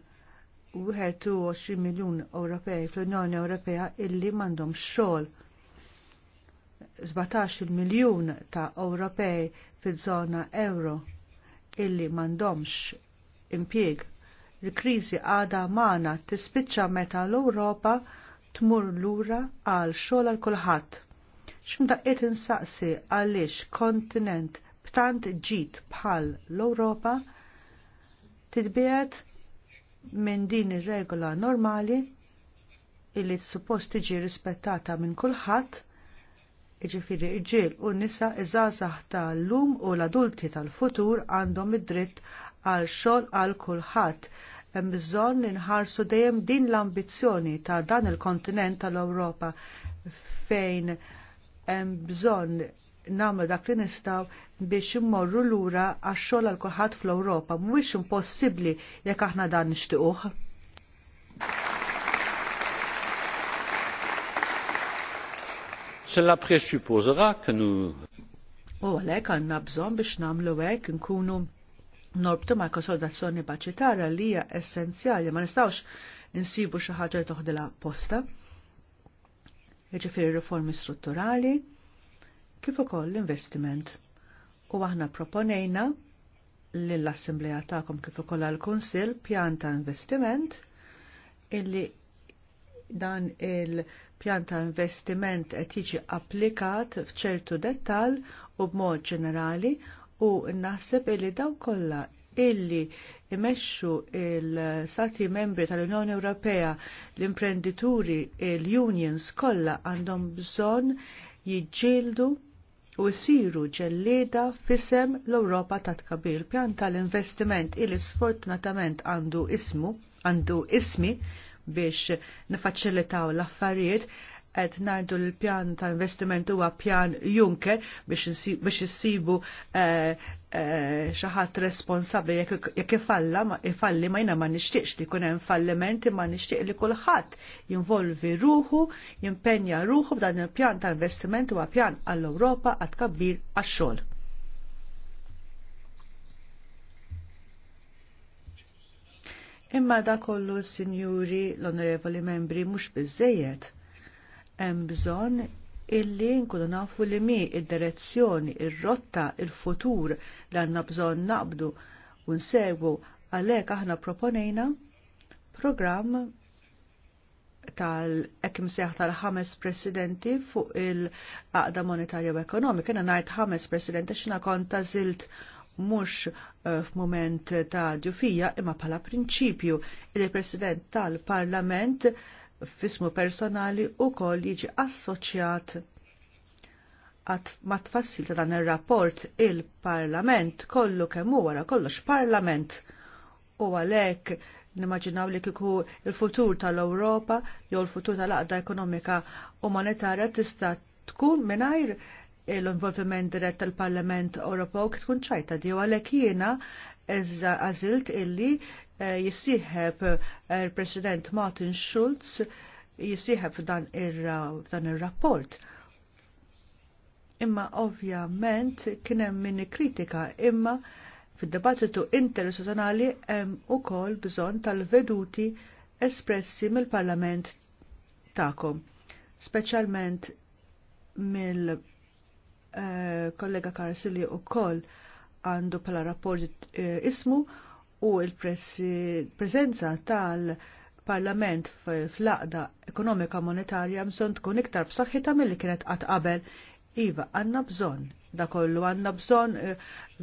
21 miljun Ewropej fl-Unjoni Ewropea illi m'għandhom xogħol. 17 miljun ta' Ewropej fiż-żona euro illi m'għandhomx impjieg. Il-kriżi għadha magħna tispiċċa meta l-Ewropa tmur lura għal xogħol għal kulħadd. X'mdaqqiet insaqsi għaliex kontinent b'tant ġid bħal l-Ewropa titbiet minn din ir-regola normali illi suppost tiġi rispettata minn kulħadd, iġifiri iġil u nisa iżazax tal-lum u l-adulti tal-futur għandhom id-dritt għal xogħol għal kulħadd hemm bżonn inħarsu dejjem din l-ambizzjoni ta' dan il-kontinent tal-Ewropa fejn hemm bżonn nagħmlu dak li nistgħu biex immorru lura għax-xogħol għal kulħadd fl-Ewropa mhuwiex impossibbli jekk aħna dan nixtiequh. Cela presupposera que nous. U għalhekk għandna bżonn biex nagħmlu hekk nkunu norbtu ma' konsolidazzjoni baċitarja li hija essenzjali ma nistgħux insibu xi ħaġa li toħdilha posta. Jiġifieri riformi strutturali kif ukoll l-investiment. U aħna proponejna lill-assembleja tagħkom kif ukoll għall-Kunsill pjan ta' investiment illi dan il-pjan ta' investiment qed jiġi applikat f'ċertu dettal u b'mod ġenerali u naħseb illi daw kollha illi imexxu il-Stati membri tal-Unjoni Ewropea l-imprendituri il-unions kollha għandhom bżonn jiġġieldu u jsiru ġellieda fisem l-Ewropa ta' tkabir. Pjan tal-investiment illi sfortunatament għandu ismu, għandu ismi biex nifacilitaw l-affarijiet qed ngħidu l-pjan ta' investiment huwa pjan Juncker biex issibu eh, eh, xi ħadd responsabbli jekk ifalla ifalli ma jina ma nixtieqx li jkun hemm fallimenti ma nixtieq li kulħadd jinvolvi ruħu, jimpenja ruħu b'dan il-pjan ta' investiment huwa pjan għall-Ewropa għad kabbir għax-xogħol. Imma da kollu, sinjuri, l-onorevoli membri, mhux bizzejiet hemm bżonn illi nkunu nafu li mi id-direzzjoni, ir-rotta, il-futur li għandna bżonn naqbdu u nsegwu għalhekk aħna proponejna programm tal-ekim seħ tal-ħames presidenti fuq il-qaqda monetarja u ekonomika. Kena najt ħames presidenti xina konta zilt mux eh, f-moment ta' ġufija imma pala prinċipju il-president tal-parlament fismu personali u koll jiġi assoċjat ma tfassil ta' dan ir-rapport il parlament kollu kemm wara kollox Parlament u għalhekk nimmaġinaw li kiku il-futur tal-Ewropa jew il-futur tal għadda ekonomika u monetarja tista' tkun mingħajr l-involviment dirett tal-Parlament Ewropew tkun ċajta di għalhekk jiena għażilt illi Eh, jissieħeb eh, il-President Martin Schulz jissiħeb f'dan ir-rapport. Imma ovvjament kien hemm kritika imma fid-dibattitu interistituzzjonali hemm ukoll bżonn tal-veduti espressi mill-Parlament tagħkom, speċjalment mill-kollega eh, Karsilli u għandu pala rapport ismu u l l-prezenza tal-Parlament fl-aqda ekonomika monetarja bżonn tkun iktar b'saħħitha milli kienet qatt qabel. Iva, għandna bżonn da kollu għandna bżonn eh,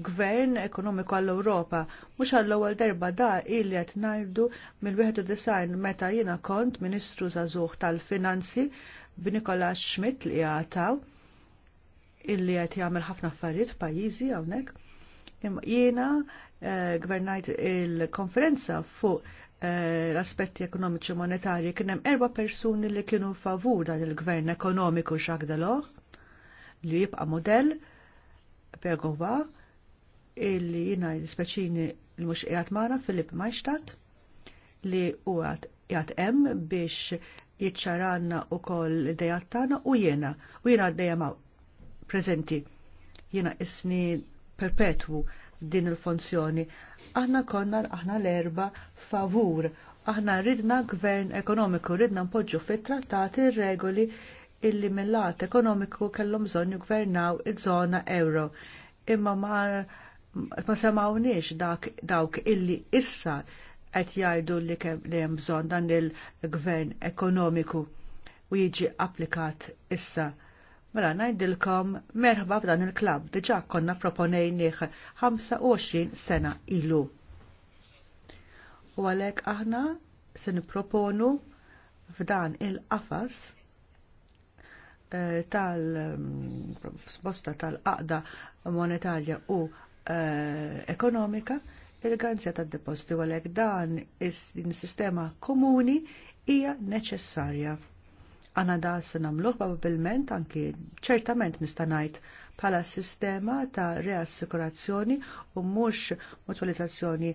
gvern ekonomiku għall-Ewropa. Mhux għall-ewwel darba da illi qed ngħidu mill 21 meta jiena kont Ministru Żagħżugħ tal-Finanzi b'Nikola Schmidt li għataw illi qed jagħmel ħafna affarijiet f'pajjiżi hawnhekk. jiena Eh, gvernajt il-konferenza fuq eh, l-aspetti ekonomiċi monetarji kien hemm erba' persuni li kienu favur dan il-gvern ekonomiku Jacques li jibqa' modell Pergova illi jina speċini l-mux jgħat mara Filip Majstat li u jgħat em biex jitxaranna u koll dejattana u jena u jena għaddejamaw prezenti jena isni perpetwu din il-funzjoni. Aħna konna aħna l-erba favur. Aħna ridna gvern ekonomiku, ridna npoġġu fit trattati regoli illi mill-lat ekonomiku kellhom bżonn gvernaw iż-żona euro. Imma ma ma semawniex dak dawk illi issa qed jgħidu li hemm bżonn dan il-gvern ekonomiku u jiġi applikat issa. Mela najdilkom merħba f'dan il-klabb diġa' konna proponejnieh 25 sena ilu. U għalhekk aħna se nipproponu f'dan il-qafas eh, tal-sposta mm, tal-qaqda monetarja u eh, ekonomika il-garanzja tad depositi għalhekk dan is-sistema komuni hija neċessarja. Għana dan se namluħ probabilment anki ċertament nistanajt bħala sistema ta' reassikurazzjoni u mhux mutualizzazzjoni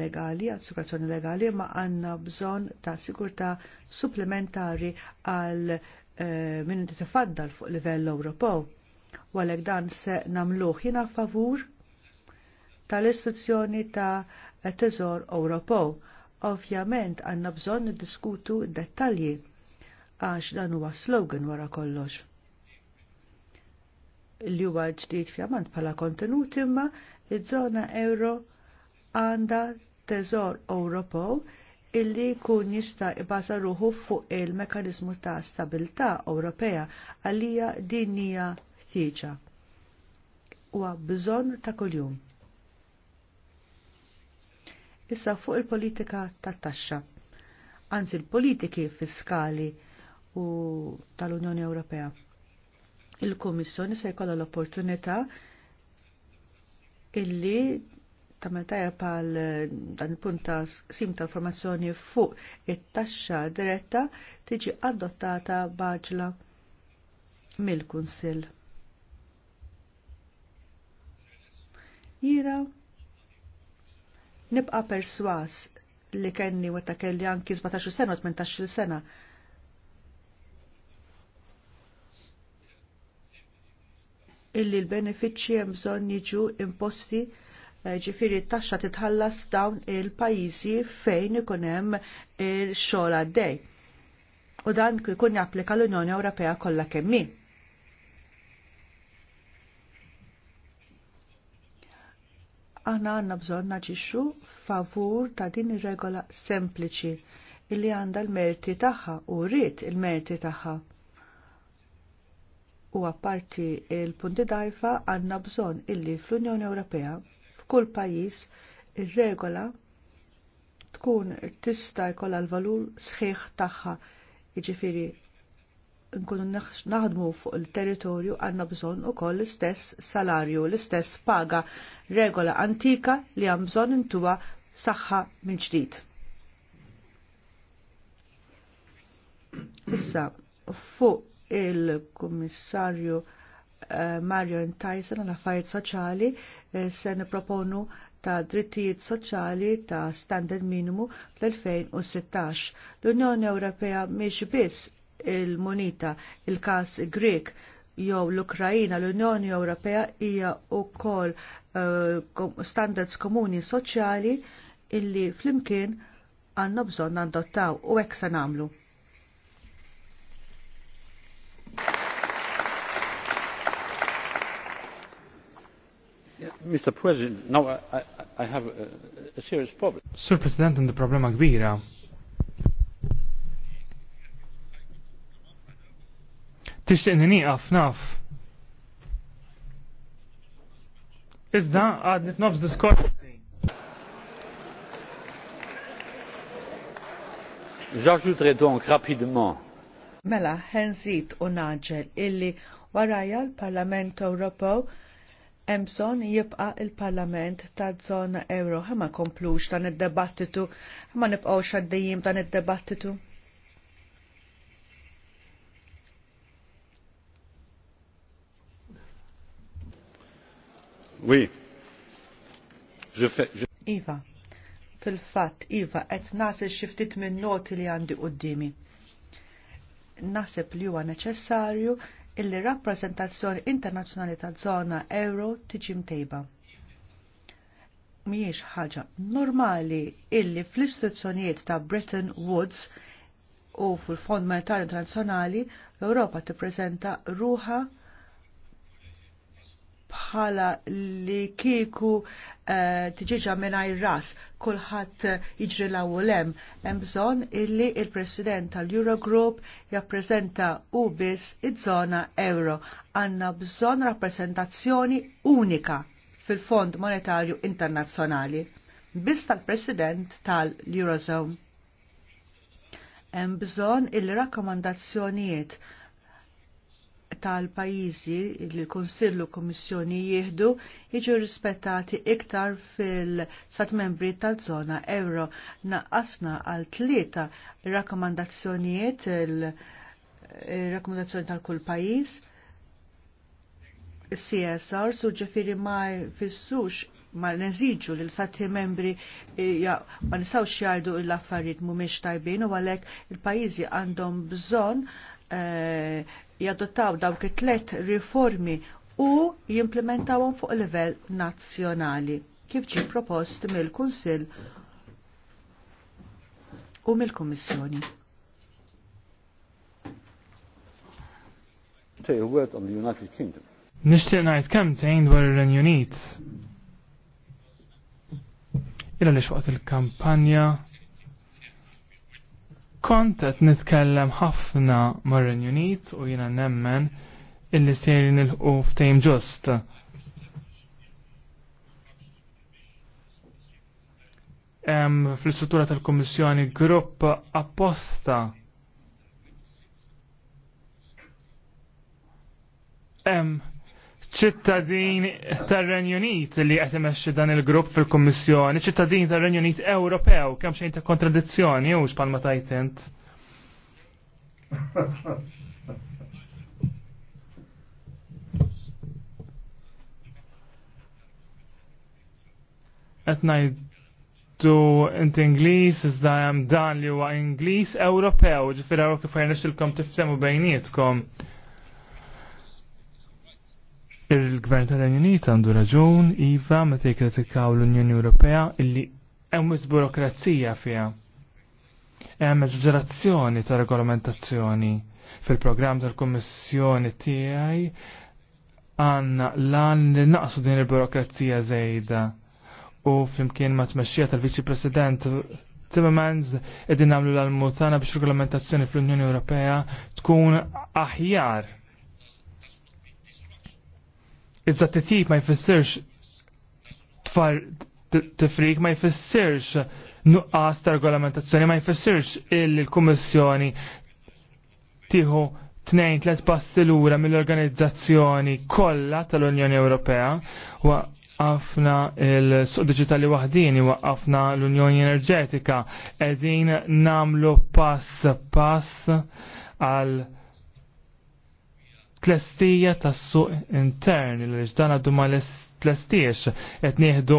legali, assikurazzjoni legali, ma għanna bżon ta' sigurta supplementari għal e, eh, minn tifaddal fuq livell Ewropew. U dan se namluħ jina favur tal istruzzjoni ta' teżor Ewropew. Ovvjament għandna bżonn niddiskutu dettalji għax dan huwa slogan wara kollox. Li huwa ġdid fjamant bħala kontenut imma iż-żona euro għandha teżor Ewropew illi kun jista' jbaża ruħu fuq il-mekanizmu ta' stabilità Ewropea għalija din hija ħtieġa. Huwa bżonn ta' kuljum. Issa fuq il-politika tat-taxxa. Anzi l-politiki fiskali u tal-Unjoni Ewropea. Il-Kummissjoni se jkollha l-opportunità illi ta' metajja pal dan il-punt ta' sim ta' informazzjoni fuq it-taxxa diretta tiġi adottata baġla mill-Kunsill. Jira nibqa' perswas li kenni ta' kelli anki 17 sena u 18 sena illi l-benefiċċji hemm bżonn jiġu imposti eh, ġifiri taxxa titħallas dawn il-pajjiżi fejn ikun hemm il-xogħol għaddej. U dan jkun japplika l-Unjoni Ewropea kollha kemm Aħna għandna bżonn naġixxu favur ta' din ir-regola sempliċi illi għandha l-merti tagħha u rrid il-merti tagħha u apparti il-punti dajfa għanna bżon illi fl-Unjoni Ewropea f'kull pajjiż ir-regola tkun tista' jkollha l-valur sħiħ tagħha jiġifieri nkunu naħdmu fuq il-territorju għanna bżon ukoll l-istess salarju, l-istess paga, regola antika li għam bżon intuwa saħħa minn ġdid. Issa, fuq il-Kummissarju eh, Mario Tyson għal affarijiet soċjali eh, se niproponu ta' drittijiet soċjali ta' standard minimu fl-2016. L-Unjoni Ewropea mhix biss il-munita, il-kas Grek jew l-Ukrajina, l-Unjoni Ewropea hija wkoll uh, standards komuni soċjali illi flimkien għandna bżonn nandottaw u hekk se nagħmlu. Mr. President, now I, I have a, a serious problem. Sir President, għandu problema kbira. Tixtiqni niqaf naf. Iżda għadni f'nofs diskors J'ajouterai donc rapidement. Mela, henzit u naġel illi warajal l-Parlament Ewropew Emson jibqa il-parlament ta' zona euro, ma komplux dan id-debattitu, ma nibqaw xaddejjim dan id-debattitu. Oui. Je fais, je... Iva, fil-fat, Iva, et nasi xiftit minn noti li għandi uddimi. Nasib li huwa neċessarju illi rappresentazzjoni internazzjonali tal-żona euro tiġi mtejba. Mhijiex ħaġa normali illi fl-istituzzjonijiet ta' Bretton Woods u fil-Fond Monetarju Internazzjonali l-Ewropa tippreżenta ruha bħala li kieku uh, tiġiġa mingħajr ras kulħadd eh, iġri la ulem hemm bżonn illi il-President tal-Eurogroup jappreżenta u biss id żona euro. għanna bżonn rappreżentazzjoni unika fil-Fond Monetarju Internazzjonali biss tal-President tal-Eurozone. Hemm bżonn il-rakkomandazzjonijiet tal-pajizi li l-Konsillu Kommissjoni jieħdu jiġu rispettati iktar fil-sat membri tal-zona euro naqqasna għal tlieta rakkomandazzjonijiet il-rakkomandazzjoni tal-kull pajiz. CSR su ġifiri ma fissux ma neżiġu li l-sati membri eh, ja, ma nisawx jgħidu l-affarijiet mhumiex tajbin u għalhekk il-pajjiżi għandhom bżonn eh, jadottaw dawk it-tlet riformi u jimplementawhom fuq livell nazzjonali kif ġie propost mill-Kunsill u mill-Kummissjoni. Say a word on the United Kingdom. Nishtiq ngħid kemm tgħin dwar ir renjunit Unit. Illa li waqt il-kampanja Kont qed nitkellem ħafna mar Unit u jiena nemmen illi sejri nilħu ftejm ġust. Fl-istruttura tal-Kommissjoni grupp apposta hemm ċittadin tar-Renju li qed imexxi dan il-grupp fil-Kummissjoni, ċittadin tar-Renju Unit Ewropew, kemm xejn ta' kontradizzjoni u xpalma tajt int. Qed ngħidu inti Ingliż iżda hemm dan li huwa Ingliż Ewropew, ġifier hawn kif jernexxilkom tiftemu bejnietkom. Il-Gvern tal-Renju Unit għandu raġun iva meta jikkritikaw l-Unjoni Ewropea illi hemm burokrazija fiha. Hemm eżagerazzjoni ta' regolamentazzjoni fil-programm tal-Kummissjoni tiegħi għanna lan li naqsu din il-burokrazija żejda u flimkien ma' tmexxija tal-Viċi President Timmermans qegħdin għamlu l-almutana biex regolamentazzjoni fl-Unjoni Ewropea tkun aħjar Iżda t-tip ma jfissirx tfar tifrik ma jfissirx nuqqas ta' regolamentazzjoni, ma jfissirx il-Kummissjoni tieħu tnejn let passi lura mill-organizzazzjoni kollha tal-Unjoni Ewropea waqqafna il-suq digitali wa waqqafna l-Unjoni Enerġetika, qegħdin namlu pass pass għal tlestija tas suq intern li ġdan għaddu ma l-tlestiex qed nieħdu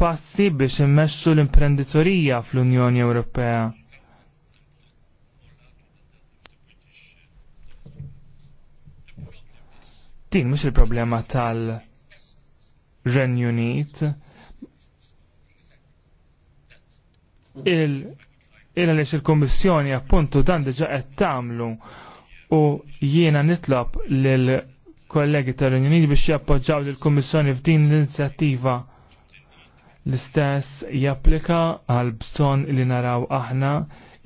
passi biex immexxu l-imprenditorija fl-Unjoni Ewropea. Din mhux il-problema tal renju Unit. Il il għaliex il-Kommissjoni appuntu dan diġa qed tagħmlu u jiena nitlob lill kollegi tal-Unjoni biex jappoġġaw lill kummissjoni f'din l-inizjattiva l-istess japplika għal bżonn li naraw aħna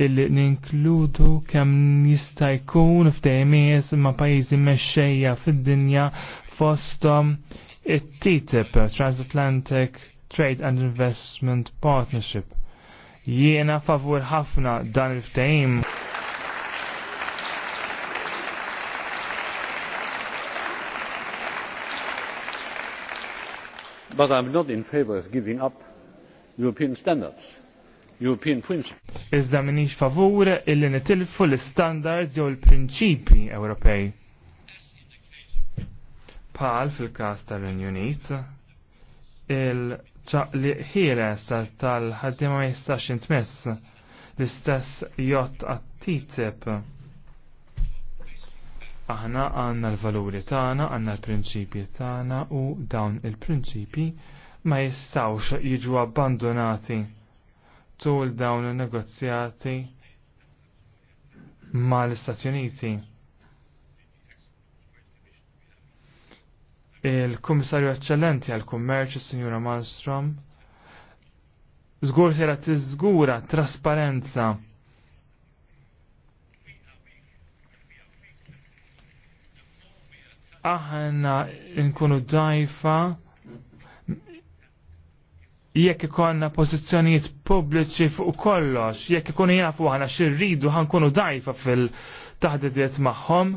illi ninkludu kemm jista' jkun f'dejmies ma' pajjiżi mexxejja fid-dinja fosthom it-TTIP Transatlantic Trade and Investment Partnership. Jiena favur ħafna dan il-ftehim. But I'm not in favor of giving up European standards. European principles. Iżda minix favur illi nitilfu l-standards jew l-prinċipi Ewropej. Pal fil-kas tal-Renju Unit, il-ċaqli ħieles tal-ħaddima ma jistax intmess l-istess jott għat-TTIP Aħna għanna l-valuri tagħna, għanna l-prinċipji tagħna u dawn il-prinċipji ma jistawx jiġu abbandonati tul dawn il-negozjati ma l-Istati Uniti. Il-Kummissarju Eccellenti għal-Kummerċ, il-Sinjura Malmstrom, zgur sejra tiżgura trasparenza aħna nkunu dajfa jekk ikonna pożizzjonijiet pubbliċi fuq kollox, jekk ikunu jafu aħna xirridu ħankunu dajfa fil-taħdidiet magħhom,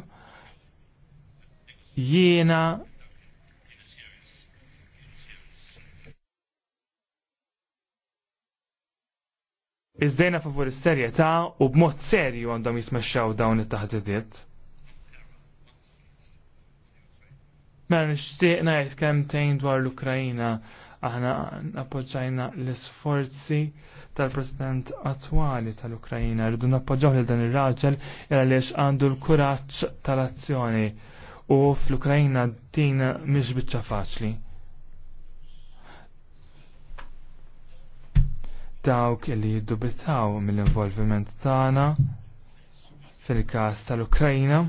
jiena iżdejna favur is-serjetà u b'mod serju għandhom jitmexxaw dawn it-taħdidiet. Mela nixtieq ngħid kemm tejn dwar l ukraina aħna appoġġajna l-isforzi tal-President attwali tal ukraina rridu nappoġġaw lil dan ir-raġel għaliex għandu l-kuraġġ tal-azzjoni u fl ukraina din mhix biċċa faċli. Dawk li jiddubitaw mill-involviment tagħna fil-każ tal ukraina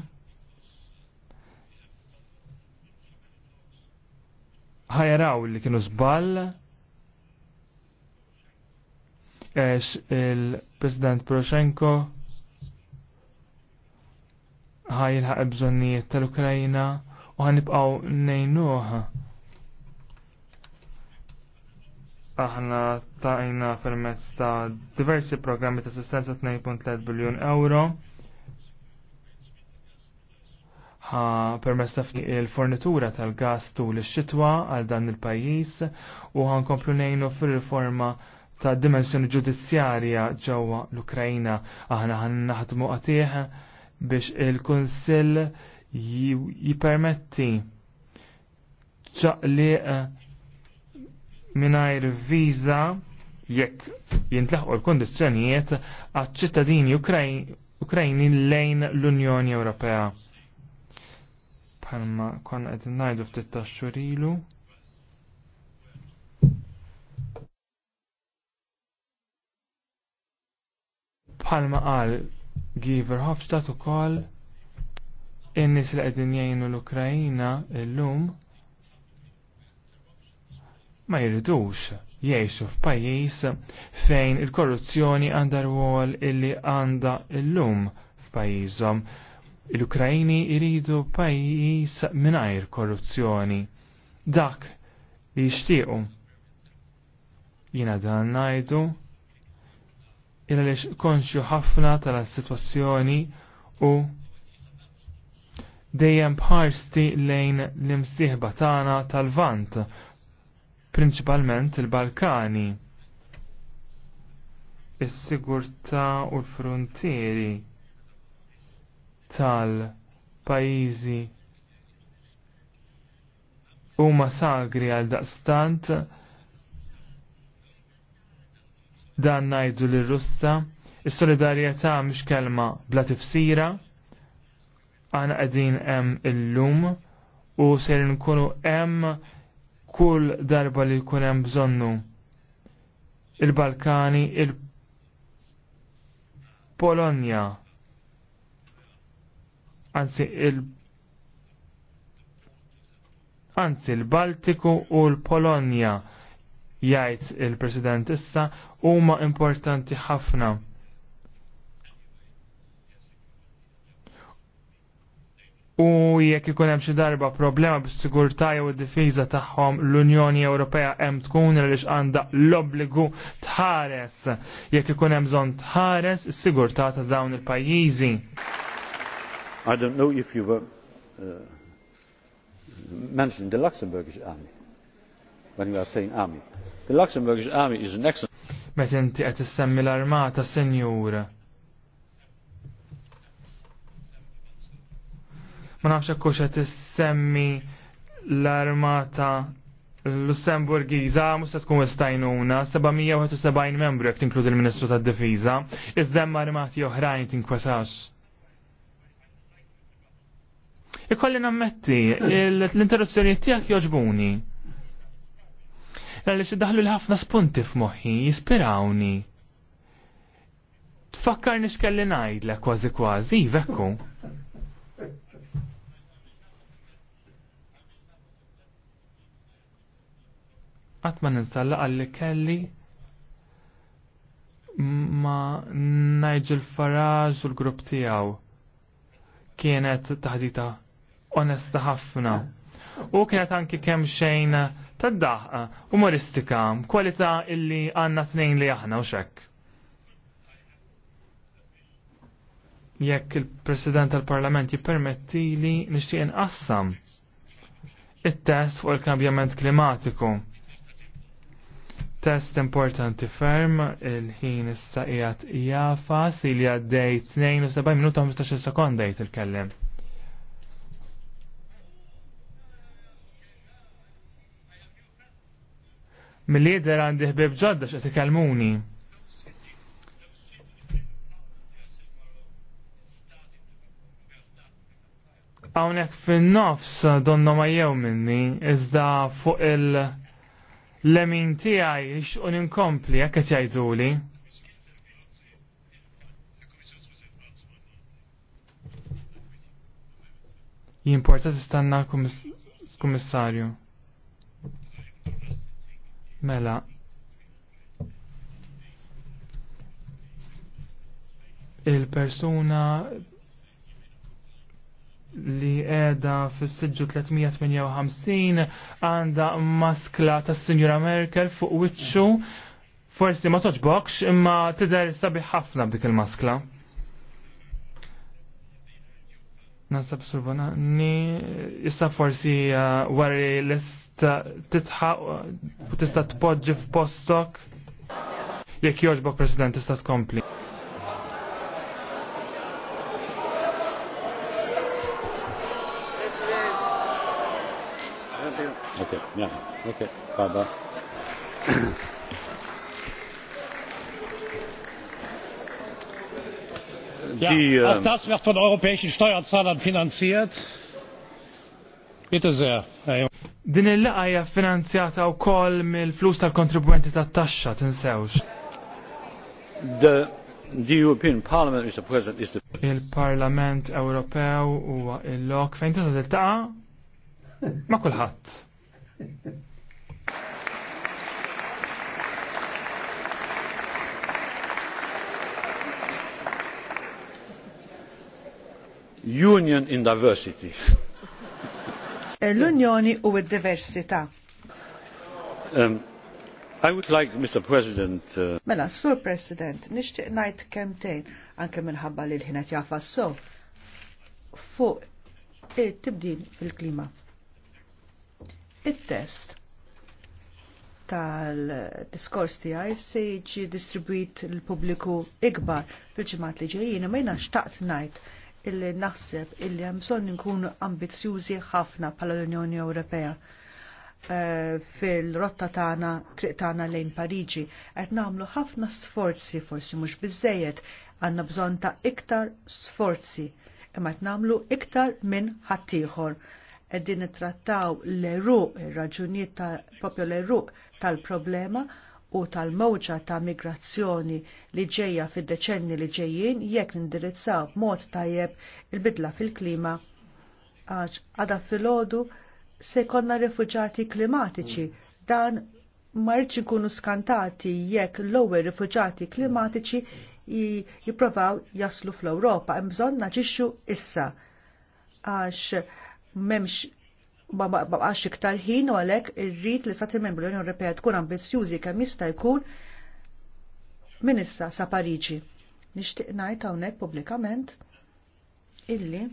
ħajaraw li kienu zbal es il-President Poroshenko ħaq bżonnijiet tal-Ukrajina u ħanibqaw nejnuħ. Aħna tajna permezz ta' diversi programmi ta' assistenza 2.3 biljun euro ħa permess il-fornitura tal-gas tul ix-xitwa għal dan il-pajjiż u ħankomplu ngħinu fil riforma ta' dimensjoni ġudizzjarja ġewwa l ukraina aħna ħan naħdmu qatih biex il-Kunsill jippermetti ċaqliq mingħajr viża jekk jintlaħqu l-kondizzjonijiet għaċ-ċittadini Ukrajni lejn l-Unjoni Ewropea bħalma kon qed ngħidu ftit tax-xhur ilu. Bħalma qal Giver Hofstadt ukoll in-nies li qegħdin jgħinu l-Ukrajina llum ma jridux jgħixu f'pajjiż fejn il-korruzzjoni għandha rwol illi għandha llum f'pajjiżhom. Il-Ukrajni iridu pajis minajr korruzzjoni. Dak li jixtiequ. Jina dan najdu illa li konxju ħafna tal-situazzjoni u dejjem bħarsti lejn l-imsieħba tagħna tal-Vant, prinċipalment il-Balkani, is-sigurtà u l-frontieri tal-pajizi huma sagri għal daqstant dan najdu l russa is-solidarjetà mhix kelma bla tifsira għana qegħdin hemm illum u ser nkunu hemm kull darba li jkun hemm bżonnu il-Balkani, il-Polonja anzi il- anzi il-Baltiku u l-Polonja jgħid il-President issa huma importanti ħafna. U jekk ikun hemm xi darba problema bis-sigurtà jew id-difiża tagħhom l-Unjoni Ewropea hemm tkun għaliex għandha l-obbligu tħares jekk ikun hemm bżonn tħares is-sigurtà ta' dawn il-pajjiżi. I don't know if you were uh, mentioning the Luxembourgish army when you are saying army. The Luxembourgish army is an excellent. Meta qed issemmi l-armata, senjur. Ma nafx hekk hux qed issemmi l-armata Lussemburgiza mhux se tkun istajnuna 771 membru jekk tinkludi l-Ministru tad-Difiża, iżda armati oħrajn tinkwetax. Ikolli nammetti, l-interruzzjoni tijak joġbuni. xi daħlu l-ħafna spunti f'moħħi, jispirawni. Tfakkarni x'kelli ngħidlek kważi kważi, vekku. Qatt ma ninsalla għalli kelli ma najġil faraġ u l-grupp tiegħu kienet taħdita onesta ħafna. U kienet anki kemm xejn tad-daħqa, eh, umoristika, kwalità illi għandna tnejn li aħna u xekk. Jekk il-President tal-Parlament jippermetti li nixtieq inqassam it-test fuq il-kambjament klimatiku. Test importanti ferm, il-ħin issa qiegħed jafas li u 72 minuta 15 sekonda jtitkellem. mill-lider għandi ħbib ġodda xa t-kalmuni. Għawnek fin-nofs donna ma jew minni, iżda fuq il-lemin tijaj un inkompli, għakka tjajduli. Jimporta tistanna kummissarju. Mela, il-persuna li edha fis-siġġu 358 għandha maskla tas sinjura Merkel fuq wiċċu forsi ma toġbokx imma tidher sabi ħafna b'dik il-maskla. Nasab surbana, ni issa forsi uh, wara l-ist titħaq u tista' tpoġġi f'postok. Jekk jogħġbok President tista' tkompli. Okay, Ja, äh, auch das wird von europäischen Steuerzahlern finanziert. Bitte sehr, Herr Junge. Din il-laqa hija finanzjata wkoll mill-flus tal-kontribwenti tat-taxxa tinsewx. The, the European Parliament, is the present is the Il-Parlament Ewropew huwa il-lok fejn tista' tiltaqa' ma' kulħadd. Union in diversity. l-Unjoni u d-diversità. Um, I would like, Mr. President... Uh, mela, Sur President, nishtiq najt kemtejn, anke minħabba li l-ħinet jafa so, fuq it-tibdil fil-klima. It-test tal-diskors tiegħi se jiġi distribwit l-pubbliku ikbar fil-ġimgħat li ġejjin ma jnax taqt ngħid illi naħseb illi hemm bżonn nkunu ambizzjużi ħafna bħala l-Unjoni Ewropea eh, fil-rotta tagħna triq tagħna lejn Pariġi qed nagħmlu ħafna sforzi forsi mhux bizzejet, għandna bżonn ta' iktar sforzi imma qed nagħmlu iktar minn ħaddieħor qegħdin nittrattaw l-eruq ir-raġunijiet ta' propju l-eruq tal-problema u tal-mowġa ta' migrazzjoni li ġejja fid-deċenni li ġejjin jekk nindirizzaw b'mod tajjeb il-bidla fil-klima għax għada fil-ħodu se konna rifugġati klimatiċi dan marċi kunu skantati jekk l-ewwel rifugġati klimatiċi jipprovaw jaslu fl-Ewropa, hemm bżonn naġixxu issa għax memx ma iktar ħin u għalhekk irrid li stati membru l-Unjoni Ewropea tkun ambizjużi kemm jista' jkun minn issa sa Pariġi. Nixtieq ngħid hawnhekk pubblikament illi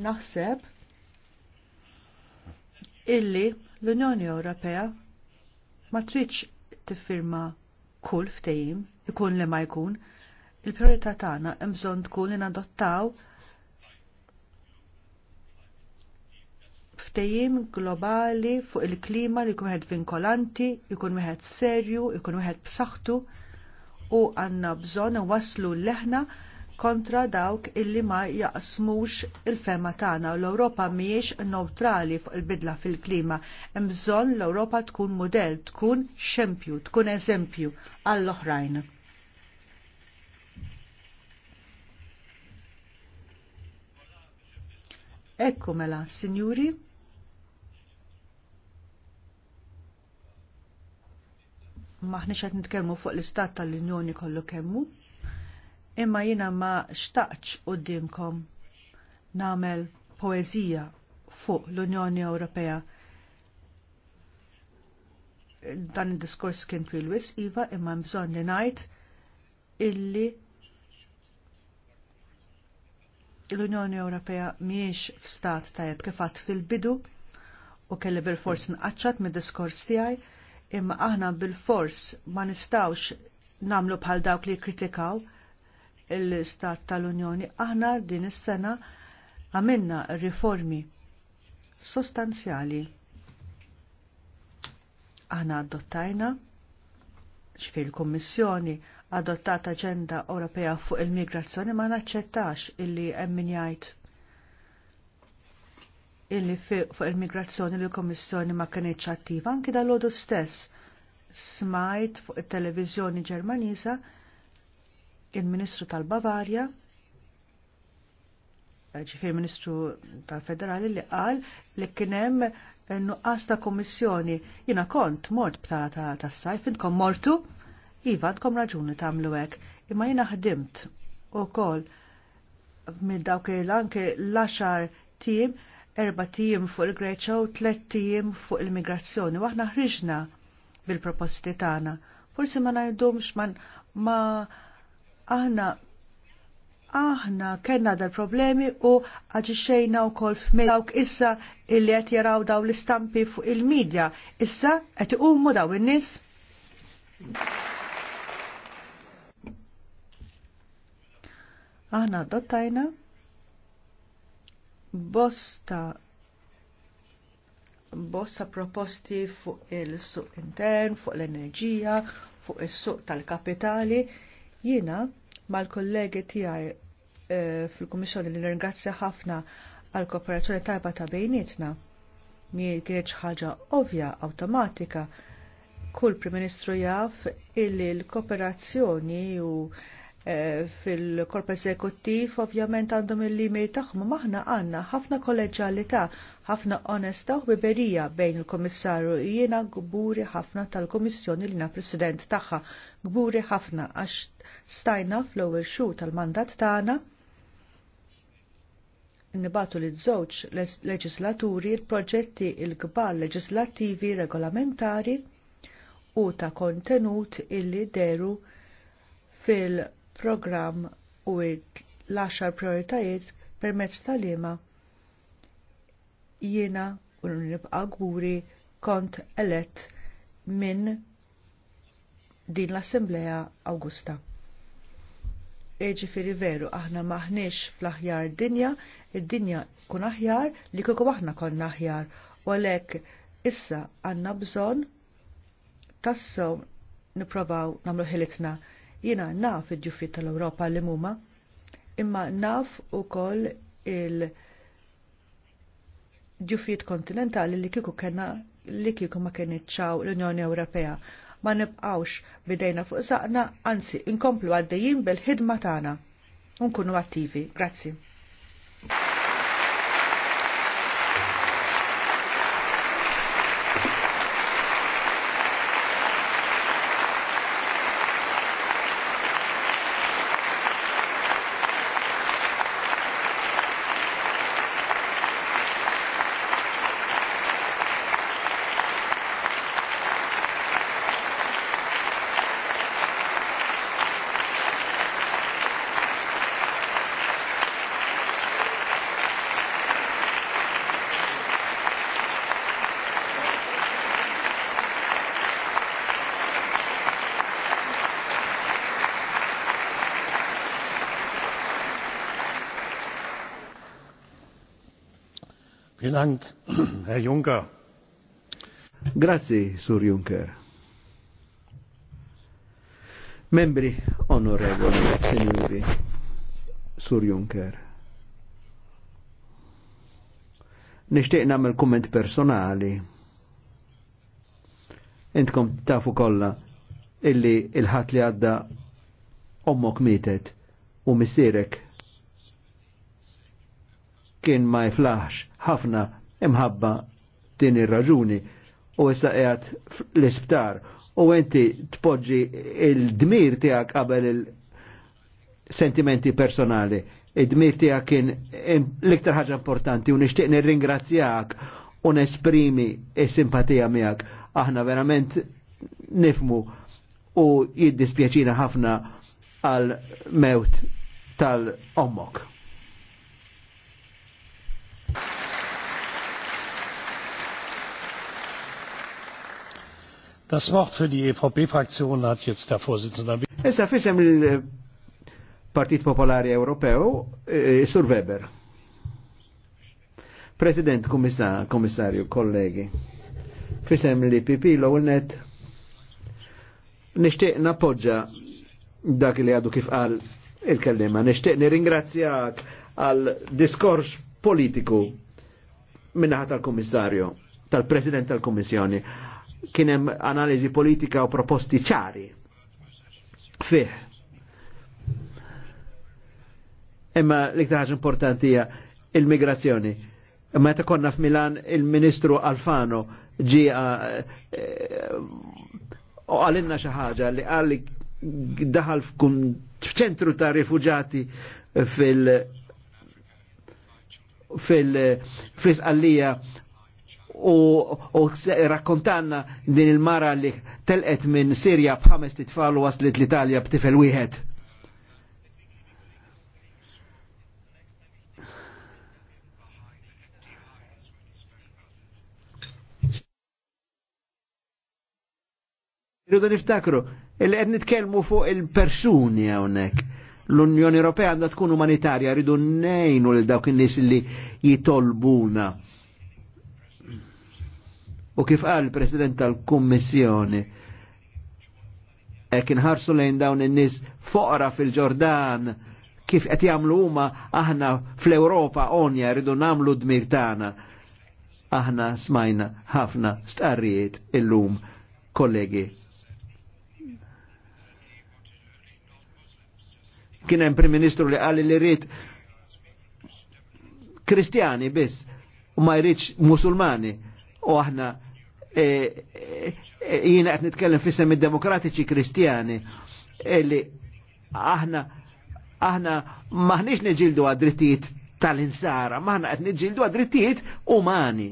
naħseb illi l-Unjoni Ewropea ma tridx tiffirma kull ftehim ikun li ma jkun, il-priorità tagħna hemm bżonn tkun li nadottaw ftejim globali fuq il-klima li jkun wieħed vinkolanti, jkun wieħed serju, jkun wieħed b'saħħtu u għandna bżonn waslu l-leħna kontra dawk illi ma jaqsmux il-fema tagħna u l-Ewropa mhijiex neutrali fuq il-bidla fil-klima. Hemm bżonn l-Ewropa tkun mudell, tkun xempju, tkun eżempju għall-oħrajn. Ekku mela, sinjuri. maħniex qed nitkellmu fuq l-istat tal-Unjoni kollu kemmu, imma jiena ma xtaqx dimkom nagħmel poezija fuq l-Unjoni Ewropea. Dan id-diskors kien twilwis, wis iva imma bżonn li ngħid illi l-Unjoni Ewropea miex f'stat tajjeb kif fil-bidu u kelli bil-fors nqaċċat mid-diskors tiegħi imma aħna bil-fors ma nistawx namlu bħal dawk li kritikaw il-Stat tal-Unjoni, aħna din is-sena għamilna riformi sostanzjali. Aħna adottajna xfil kommissjoni adottat Aġenda Ewropea fuq il-migrazzjoni ma naċċettax illi hemm min jgħid illi fuq il-migrazzjoni li l-Kommissjoni ma kienieċ attiva anki dal lodu stess. Smajt fuq il-televizjoni Ġermaniża il-Ministru tal-Bavarja ġifir Ministru tal-Federali li qal li kienem nuqqas ta' kommissjoni. Jina kont mort b'tala tas sajf, inkom mortu, iva kom raġuni tagħmlu hekk. Imma jina ħdimt u kol minn dawk l-anke l-axar tim erba tijim fuq il-Greċa u tlet tijim fuq il-migrazzjoni. Waħna ħriġna bil-proposti tagħna. Forsi ma ngħidumx man ma aħna aħna kellna dal problemi u aġixxejna wkoll kol dawk issa illi qed jaraw daw l-istampi fuq il-medja, issa qed iqumu daw in-nies. Aħna dottajna bosta bosta proposti fuq il-suq intern, fuq l-enerġija, fuq il-suq tal-kapitali. Jiena mal-kollegi tiegħi e, eh, fil-Kummissjoni li ringrazzja ħafna għal kooperazzjoni tajba ta' bejnietna. Mi kienet ħaġa ovvja, awtomatika, kull Prim Ministru jaf illi l-kooperazzjoni u Eh, fil-korp eżekuttiv ovvjament għandhom il-limit tagħhom maħna għandna ħafna kolleġjalità, ħafna onesta u biberija bejn il-Komissarju jiena gburi ħafna tal-Komissjoni li president tagħha, gburi ħafna għax stajna fl-ewwel xhu tal-mandat tagħna nibatu li żewġ leġislaturi il-proġetti il-kbar leġislattivi regolamentari u ta' kontenut illi deru fil- programm u l-10 prioritajiet permezz tal-ima jiena u nibqa' gburi kont elett minn din l-Assemblea Awgusta. firri veru, aħna maħniex fl-aħjar dinja, id-dinja kun aħjar li kukum aħna konna aħjar, u għalek issa għanna bżon tassom niprobaw namlu ħilitna. Jiena naf id-ġufiet tal-Ewropa li muma, imma naf ukoll il ġufiet kontinentali li kieku kena li kieku ma kienieċċaw l-Unjoni Ewropea. Ma nibqawx bidejna fuq saqna, anzi, inkomplu għaddejjin bil-ħidma tagħna. Unkunu attivi. Grazzi. Vielen Herr Juncker. Grazie, Sur Juncker. Membri onorevoli, signori, Sur Juncker. Nishtiq namel komment personali. Intkom tafu kolla illi il-ħat li għadda ommok mitet u missirek kien ma jflaħx ħafna imħabba din ir-raġuni u issa qiegħed l-isptar u enti tpoġġi l dmir tiegħek qabel il-sentimenti personali. Id-dmir tiegħek kien l-iktar ħaġa importanti u nixtieq nirringrazzjak u nesprimi s-simpatija miegħek. Aħna verament nifmu u jiddispjaċina ħafna għal mewt tal-ommok. Das Wort für die EVP-Fraktion hat jetzt der Vorsitzende. Issa fisem il-Partit Popolari Europeo, Sir eh, Sur Weber. President, Kommissario, kollegi. Fisem l-IPP l-ewwel net nixtieq nappoġġa dak li għadu kif qal il-kellima. Nixtieq nirringrazzjak għal diskors politiku minnaħat tal-Komissarju, tal-President tal-Komissjoni. tal komissarju tal president tal komissjoni tal president tal kienem analizi politika u proposti ċari fih. Imma l-iktar ħaġa importanti hija il-migrazzjoni. imma jta konna f'Milan il-Ministru Alfano ġi eh, eh, u għalinna xi ħaġa li qal li daħal f'ċentru ta' rifuġati fil- fil-fisqallija u rakkontanna din il-mara li telqet minn Sirja bħames titfal u waslet l-Italja b'tifel wieħed. Rridu niftakru, il-qed nitkellmu fuq il-persuni hawnhekk l-Unjoni Ewropea għandha tkun umanitarja, rridu nejnu l dawk in-nies li jitolbuna U kif qal president tal-Kummissjoni, kien ħarsu lejn dawn in-nies foqra fil-Ġordan kif qed jagħmlu huma aħna fl-Ewropa onja rridu nagħmlu dmir tagħna. Aħna smajna ħafna stqarrijiet illum, kollegi. Kien hemm Prim Ministru li qal li rrid Kristjani biss u ma jridx Musulmani u aħna e, e, e, jiena qed nitkellem fissem id-demokratiċi kristjani illi aħna aħna maħniex neġildu għad tal-insara, maħna qed neġildu għad-drittijiet umani.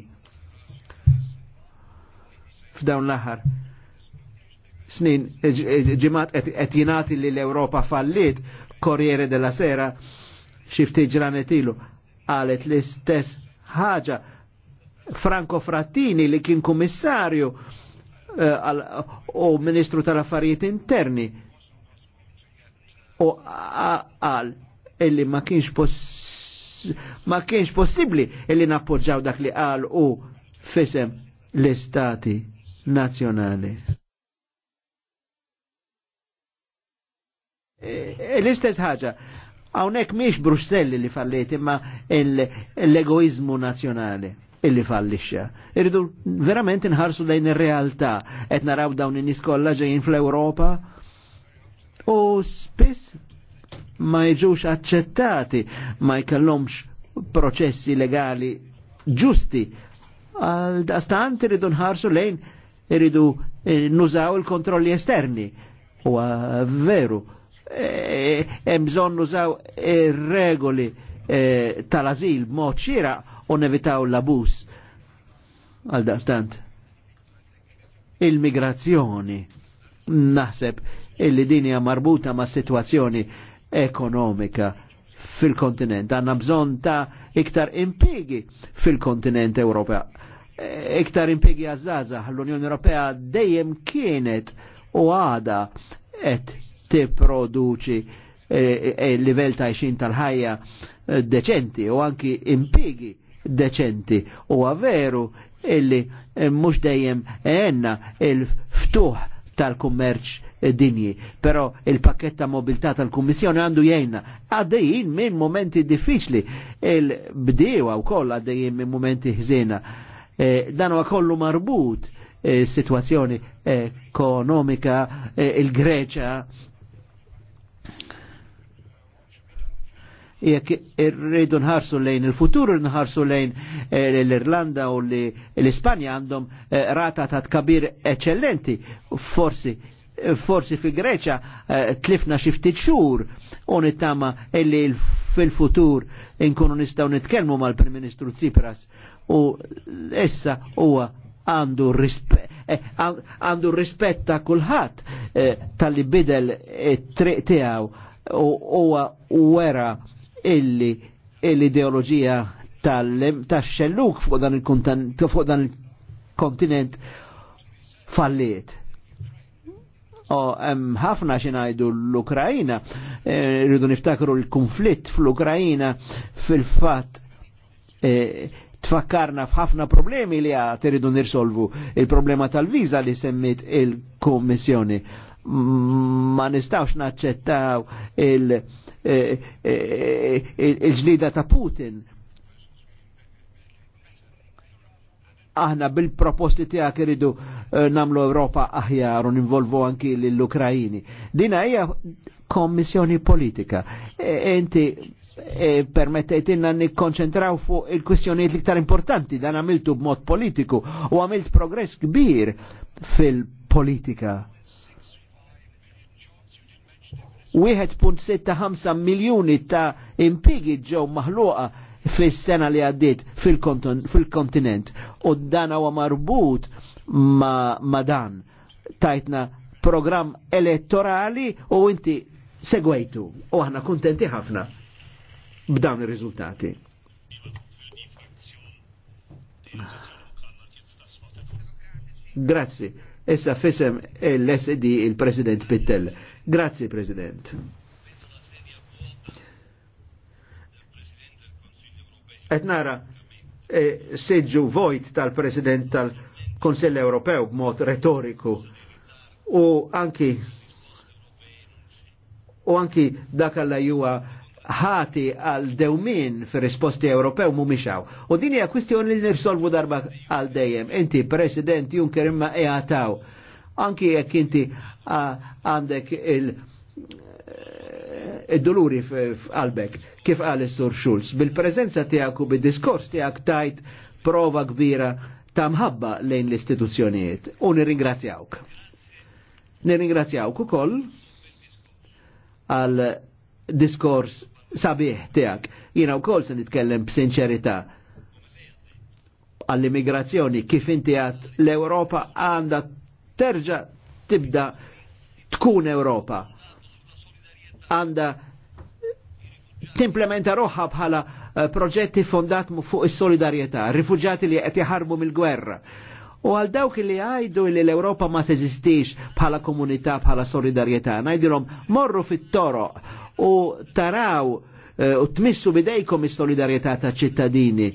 F'dawn l-aħħar snin ġimat qed jingħati li l-Ewropa fallit Korriere della Sera xi ftit ġranet ilu qalet l-istess ħaġa Franco Frattini li kien kummissarju u eh, ministru tal-affarijiet interni u għal illi ma kienx ma kienx possibli illi nappoġġaw dak li qal u fisem l-istati nazjonali. E, e, l-istess ħaġa, hawnhekk miex Brusselli li falliet imma l-egoizmu nazjonali illi fallixxa. Irridu verament inħarsu lejn ir-realtà qed naraw dawn in-nies kollha ġejjin fl-Ewropa u spiss ma jiġux aċċettati ma jkellhomx proċessi legali ġusti. Għal dastant irridu nħarsu lejn irridu eh, nużaw il-kontrolli esterni. U veru, e, e, hemm bżonn nużaw ir-regoli eh, tal-azil b'mod xira u nevitaw l-abus għal daqstant. Il-migrazzjoni naħseb illi din hija marbuta ma' situazzjoni ekonomika fil-kontinent. Għanna bżon ta' iktar impiegi fil-kontinent Ewropea. E, iktar impiegi għazzaza l-Unjoni Ewropea dejjem kienet u għada et tipproduċi il-livell e, e, ta' xin tal-ħajja deċenti u anki impiegi deċenti. U għaveru illi eh, mux dejjem enna il-ftuħ tal-kummerċ dinji. Pero il pakketta ta' mobilità tal-Kummissjoni għandu jgħinna. Għaddejjin minn momenti diffiċli, il-bdiewa u koll għaddejjin minn momenti ħżina. E, eh, Dan huwa kollu marbut e, situazzjoni ekonomika, e, il-Greċa, jekk irridu nħarsu lejn il-futur nħarsu lejn eh, l-Irlanda u l-Ispanja għandhom eh, rata ta' tkabir eccellenti, forsi forsi fi Greċa eh, tlifna xifti ċur xhur u nittama illi fil-futur inkunu nistgħu nitkellmu mal-Prim Ministru Tsipras u essa huwa għandu rispe għandu rispetta ta' kulħadd tal-li bidel it-triq tiegħu u huwa wera illi l-ideologija tax-xelluk fuq dan il-kontinent falliet. O hemm ħafna xi ngħidu l-Ukrajina, eh, rridu niftakru l-konflitt fl-Ukrajina fil-fatt eh, tfakkarna f'ħafna problemi li għat irridu nirsolvu il-problema tal-viża li semmit il-Kommissjoni ma nistawx naċċettaw il-ġlida eh, eh, ta' Putin. Aħna bil-proposti tijak iridu eh, namlu Europa aħjar u involvu anki l-Ukrajini. Dina hija kommissjoni politika. E, enti e, permettetina nikkonċentraw fuq il-kwistjonijiet l-iktar importanti dan għamiltu b'mod politiku u għamilt progress kbir fil-politika 1.65 miljuni ta' impigi ġew maħluqa fis-sena li għaddiet fil-kontinent u dan huwa marbut ma, ma dan tajtna programm elettorali u inti segwejtu u aħna kontenti ħafna b'dawn ir-riżultati. Grazzi. Issa fisem l-SD il-President Pittel. Grazie, President. Et nara e, seġġu vojt tal-President tal-Konsell Ewropew b'mod retoriku u anki u anki dak alla juwa ħati għal dewmin fir risposti Ewropew mu mumiex U dini hija li nirsolvu darba għal dejjem. Inti President Juncker imma e għataw anki jekk inti għandek il- eh, id-doluri f'qalbek, kif għal sur Schulz. Bil-prezenza tijak u bil-diskors tijak tajt prova kbira ta' mħabba lejn l-istituzzjonijiet. U nirringrazzjawk. Nirringrazzjawk u koll għal diskors sabiħ tijak. Jina u koll se nitkellem b'sinċerità għall-immigrazzjoni kif inti għat l-Europa għanda terġa tibda tkun Europa. Għanda timplementa roħħa bħala eh, proġetti fondat fuq is-solidarjetà, rifugġati li qed jaħarbu mill-gwerra. U għal dawk li għajdu li l-Europa ma teżistix bħala komunità, bħala solidarjetà, ngħidilhom morru fit-toro u taraw eh, u tmissu bidejkom is-solidarjetà ta' ċittadini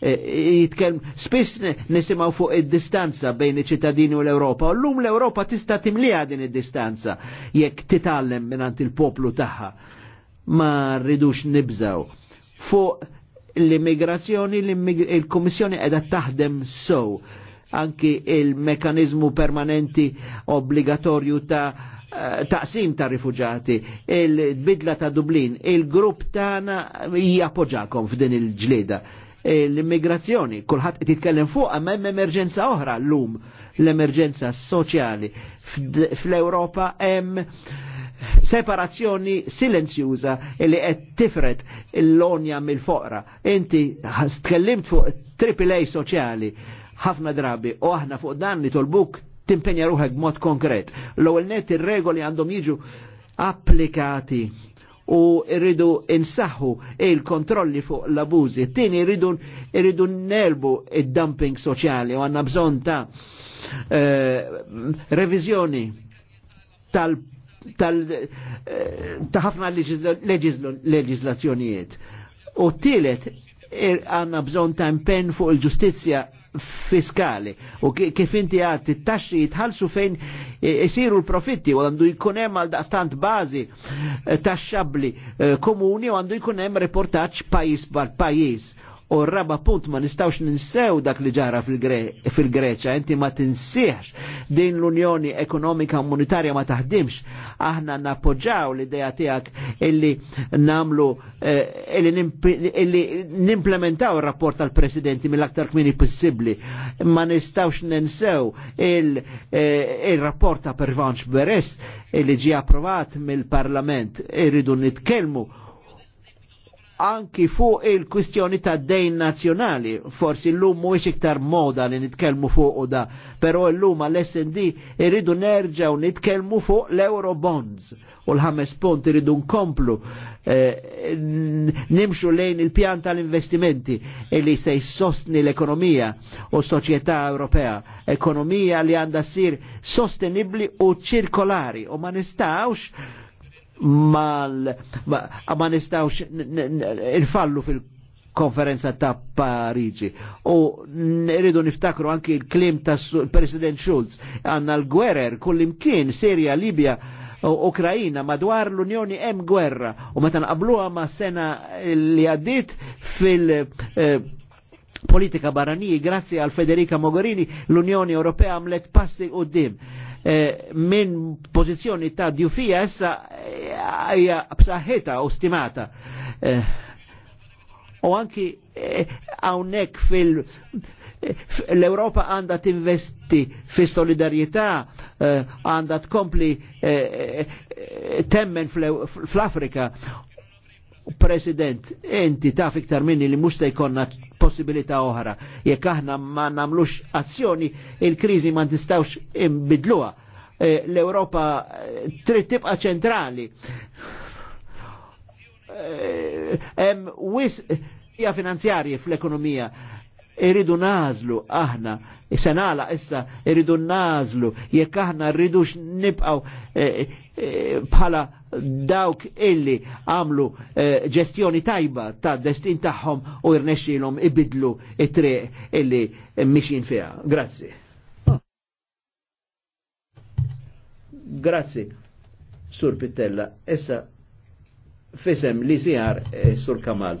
Eh, jitkelm spiss nisimaw fuq id-distanza bejn iċ-ċittadini u l-Ewropa. U llum l-Ewropa tista' timliha din id-distanza jekk titgħallem mingħand il-poplu tagħha. Ma rridux nibżaw. Fuq l-immigrazzjoni l-Kummissjoni qiegħda taħdem sow anki il-mekanizmu permanenti obbligatorju ta' eh, taqsim ta' rifugjati, il-bidla ta' Dublin, il-grupp tagħna jappoġakom f'din il-ġlieda Eh, l-immigrazzjoni. Kulħadd qed jitkellem fuq imma hemm emerġenza oħra llum l-emerġenza soċjali fl-Ewropa hemm separazzjoni silenzjuża li qed tifret l onja mill-foqra. Inti tkellimt fuq triple A soċjali ħafna drabi u aħna fuq dan li tolbuk timpenja ruħek b'mod konkret. L-ewwel net ir-regoli għandhom jiġu applikati u rridu insaħħu il-kontrolli fuq l abuzi Tini rridu nerbu il dumping soċjali u għanna bżon ta' eh, revizjoni tal tal eh, ta' ħafna leġizlazzjonijiet. U tielet għanna bżon ta' impenn fuq il-ġustizja fiskali u kif inti t taxi jitħalsu fejn isiru l-profitti u għandu jkun hemm għal daqstant bażi eh, taxxabli eh, komuni u għandu jkun hemm reportaġġ bal pajis U raba punt ma nistawx ninsew dak li ġara fil-Greċa, inti ma tinsiex din l-Unjoni Ekonomika Monetarja ma taħdimx. Aħna nappoġġaw l-ideja tiegħek illi namlu eh, illi nimplementaw il rapport tal-Presidenti mill-aktar kmini possibbli. Ma nistawx ninsew eh, il-rapport ta' Pervanx Beres illi ġi approvat mill-Parlament irridu nitkellmu anki fuq il-kwistjoni ta' dejn nazjonali, forsi l-lum mux iktar moda li nitkelmu fuq u da, pero l-lum għall-SND irridu u nitkelmu fuq l-Eurobonds u l-ħames punt irridu nkomplu eh, nimxu lejn il-pjan tal-investimenti li se jsostni l-ekonomija u soċjetà Ewropea, ekonomija li għanda sir sostenibli u ċirkolari u ma nistawx mal ma nistawx fallu fil konferenza ta' Parigi. U nridu niftakru anki il-klim ta' President Schulz għanna l-gwerer kullimkien Sirja, Libja, Ukrajina madwar l-Unjoni hemm gwerra u meta nqabluha ma' sena li għaddit fil- eh, politika barraniji grazzi għal Federica Mogherini l-Unjoni Ewropea għamlet passi qudiem Eh, minn pozizjoni ta' djufija essa għajja b'saħħitha u stimata. Eh, u anki għawnek eh, fil- l-Europa għanda t-investi fi solidarietà, għanda kompli temmen fl-Afrika President, enti taf iktar minni li mux se jkonna possibilità oħra. Jekk aħna ma namlux azzjoni, il-krizi ma nistawx imbidluha. Eh, L-Europa eh, trid tibqa' ċentrali. Eh, hemm wis finanzjarji fl-ekonomija. Iridu nażlu aħna senala issa irridu nazlu, jekk aħna rridux nibqaw eh, eh, bħala dawk illi għamlu eh, ġestjoni tajba ta' destin tagħhom u jirnexxilhom ibidlu it-triq illi mixin fiha. Grazzi. Grazzi, Sur Pittella. Issa fisem li sijar Sur Kamal.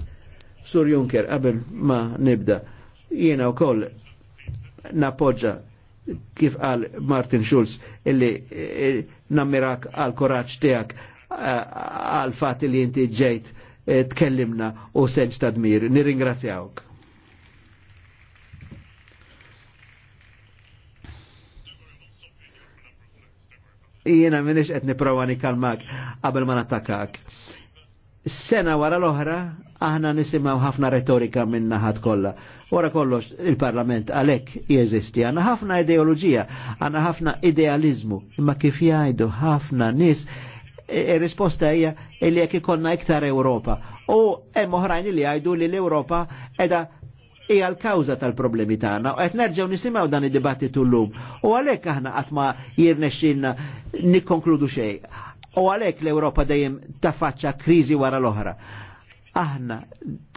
Sur Juncker, qabel ma nibda, jiena u koll napoġġa kif qal Martin Schulz illi eh, nammirak għal koraċ tiegħek eh, għal fat li inti ġejt eh, tkellimna u senġ tadmir. Nirringrazzjawk. Jiena minix qed nipprova nikalmak qabel ma nattakak sena wara l-oħra aħna nisimaw ħafna retorika minna naħat kollha. Wara kollox il-Parlament għalhekk jeżisti. Għanna ħafna ideoloġija, għandna ħafna idealizmu, imma kif jajdu ħafna nis, il-risposta e, e, hija li jekk ikonna iktar Ewropa. U hemm oħrajn li jgħidu li l-Ewropa edha hija l-kawża tal-problemi tagħna u qed nerġgħu nisimgħu dan id-dibattitu llum. U għalhekk aħna qatt ma jirnexxin nikkonkludu xejn U għalhekk l-Ewropa dejjem tafaċċa kriżi wara l-oħra. Aħna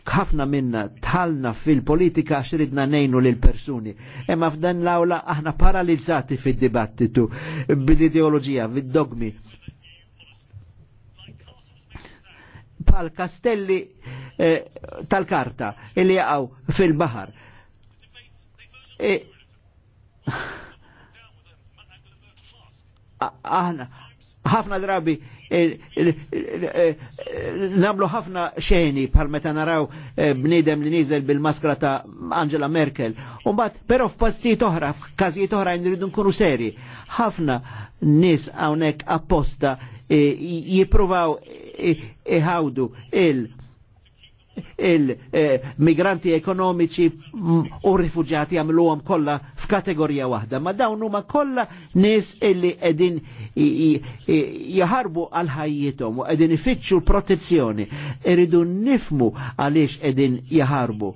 ħafna minna tħalna fil-politika xridna nejnu lil persuni Imma f'dan l-awla aħna paralizzati fil-dibattitu, bil-ideologija, bil-dogmi. Pal kastelli eh, tal-karta illi jaqaw fil-bahar. E... Eh, ħafna drabi eh, eh, eh, namlu ħafna xeni bħal meta naraw bnidem li nizel bil-maskra ta' Angela Merkel. Umbat, pero f'pastijiet oħra, f'każijiet oħra nridu nkunu seri. Ħafna nis hawnhekk apposta jippruvaw iħawdu il- il-migranti eh, ekonomiċi u rifugjati għamluhom kollha f'kategorija waħda, ma dawn huma kollha nies illi qegħdin jaħarbu għal ħajjithom u qegħdin ifittxu l-protezzjoni. Iridu nifmu għaliex qegħdin jaħarbu.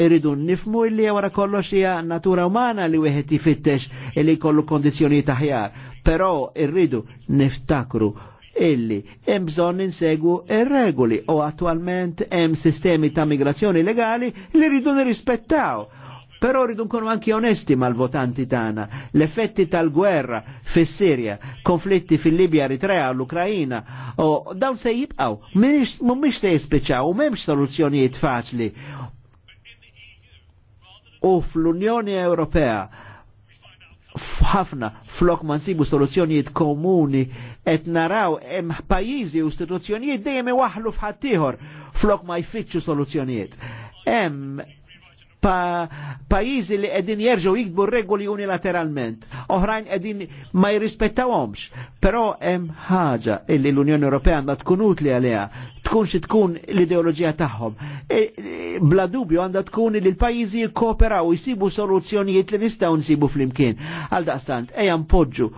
Iridu nifmu illi wara kollox hija natura umana li wieħed jifittex illi kollu kondizzjonijiet aħjar, però irridu niftakru illi hemm bżonn insegwu ir-regoli u attualment hemm sistemi ta' migrazzjoni legali li rridu nirrispettaw. Però rridu nkunu anki onesti mal-votanti tana. L-effetti tal-gwerra fis-Sirja, konflitti fil-Libja, Eritrea, l ukraina u dawn se jibqgħu, mhumiex se jispeċaw, u memx soluzzjonijiet faċli. U fl-Unjoni Ewropea ħafna flok ma nsibu soluzzjonijiet komuni qed naraw hemm pajjiżi u istituzzjonijiet dejjem iwaħlu f'ħaddieħor flok ma jfittxu soluzzjonijiet. Hemm Pa' pajizi li edin jerġu jikbu regoli unilateralment. Oħrajn edin ma jirrispettawomx. Pero hemm ħaġa illi l-Unjoni Ewropea għandha tkun utli għaliha, tkun xi tkun l-ideoloġija tagħhom. E, e bla dubju għandha tkun li l-pajjiżi jikkooperaw jisibu soluzzjonijiet li nistgħu nsibu flimkien. Għal daqstant, ejja mpoġġu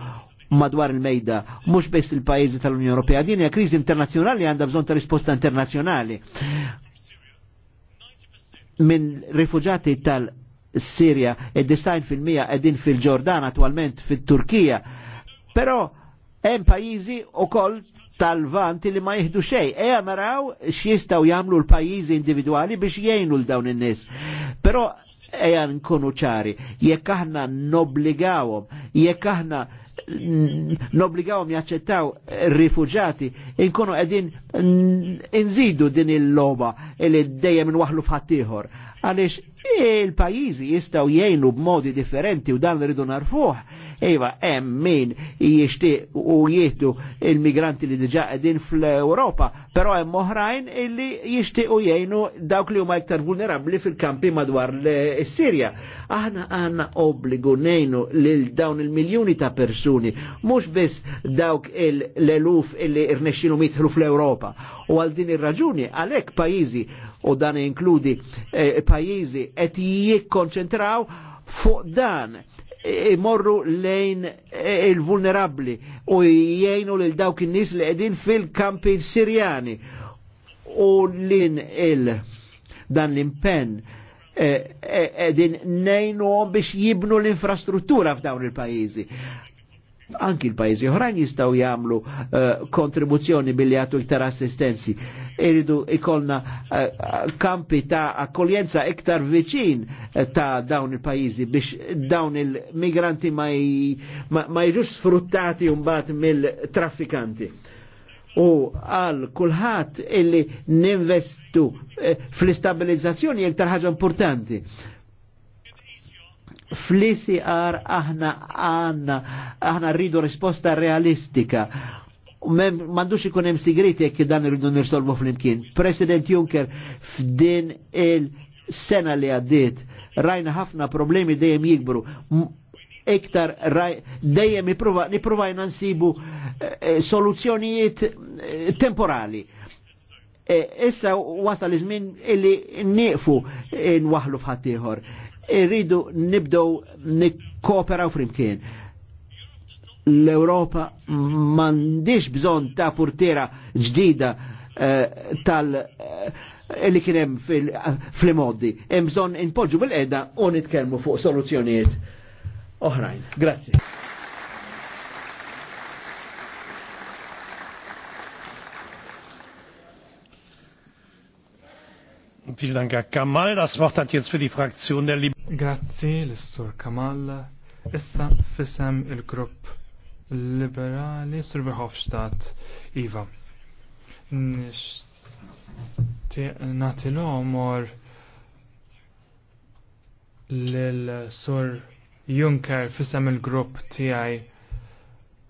madwar il-mejda, mhux biss il pajjiżi tal-Unjoni Ewropea. Din hija kriżi internazzjonali għandha bżonn ta' risposta internazzjonali minn rifugjati tal-Sirja ed design fil-mija edin fil ġordana attualment fil-Turkija. Pero hemm pajjiżi ukoll tal-vanti li ma jihdu xej. Eja naraw x'jistgħu jagħmlu l-pajjiżi individwali biex jgħinu l dawn in-nies. Però eja nkunu ċari, jekk aħna nobbligawhom, jekk aħna nobbligawhom jaċċettaw rifuġati inkunu qegħdin inżidu din il-loba li dejjem inwaħlu f'ħadd ieħor. Għaliex il-pajjiżi jistgħu jgħinu b'modi differenti u dan rridu narfuh Iva, hemm min jixtieq u jieħdu il-migranti li diġà qegħdin fl-Ewropa, però hemm oħrajn illi u jgħinu dawk li huma iktar vulnerabbli fil-kampi madwar l-Sirja. Aħna għandna obbligu ngħinu lil dawn il-miljuni ta' persuni, mhux biss dawk l-eluf illi irnexxinu mitħlu fl-Ewropa. U għal din ir-raġuni għalhekk pajjiżi u dan inkludi eh, pajjiżi qed jikkonċentraw fuq dan imorru lejn e, e, il-vulnerabli u jgħinu lil dawk in-nies li għedin fil-kampi Sirjani u lin il dan l impen għedin e, nejnu biex jibnu l-infrastruttura f'dawn il-pajjiżi anki l-pajizi oħrajn jistaw jamlu eh, kontribuzzjoni billi għatu iktar assistenzi. Iridu ikolna eh, kampi ta' akkoljenza iktar viċin eh, ta' dawn il-pajizi biex dawn il-migranti ma, ma, jġux sfruttati umbat mill-traffikanti. U għal kulħat illi ninvestu fl-istabilizzazzjoni iktar ħaġa importanti flisi għar aħna għanna, aħna rridu risposta realistika. mandux ikun hemm sigriti jekk dan irridu nirsolvu fl President Juncker f'din il-sena li għaddiet rajna ħafna problemi dejjem jikbru. Iktar dejjem nipruvajna nsibu eh, eh soluzzjonijiet eh, temporali. Eh, issa e, wasa li żmien illi nieqfu nwaħlu f'ħaddieħor irridu nibdow nikkooperaw flimkien. L-Europa mandiġ bżon ta' portiera ġdida eh, tal eh, li kienem fil-modi. Hemm bżon inpoġġu bil-qeda u nitkellmu fuq soluzzjonijiet oħrajn. Grazzi. Grazie, l-Sur Kamal. Issa fissem il-grupp liberali Sur Verhofstadt, Iva. Nati l-omor l-Sur Juncker fissem il-grupp tijaj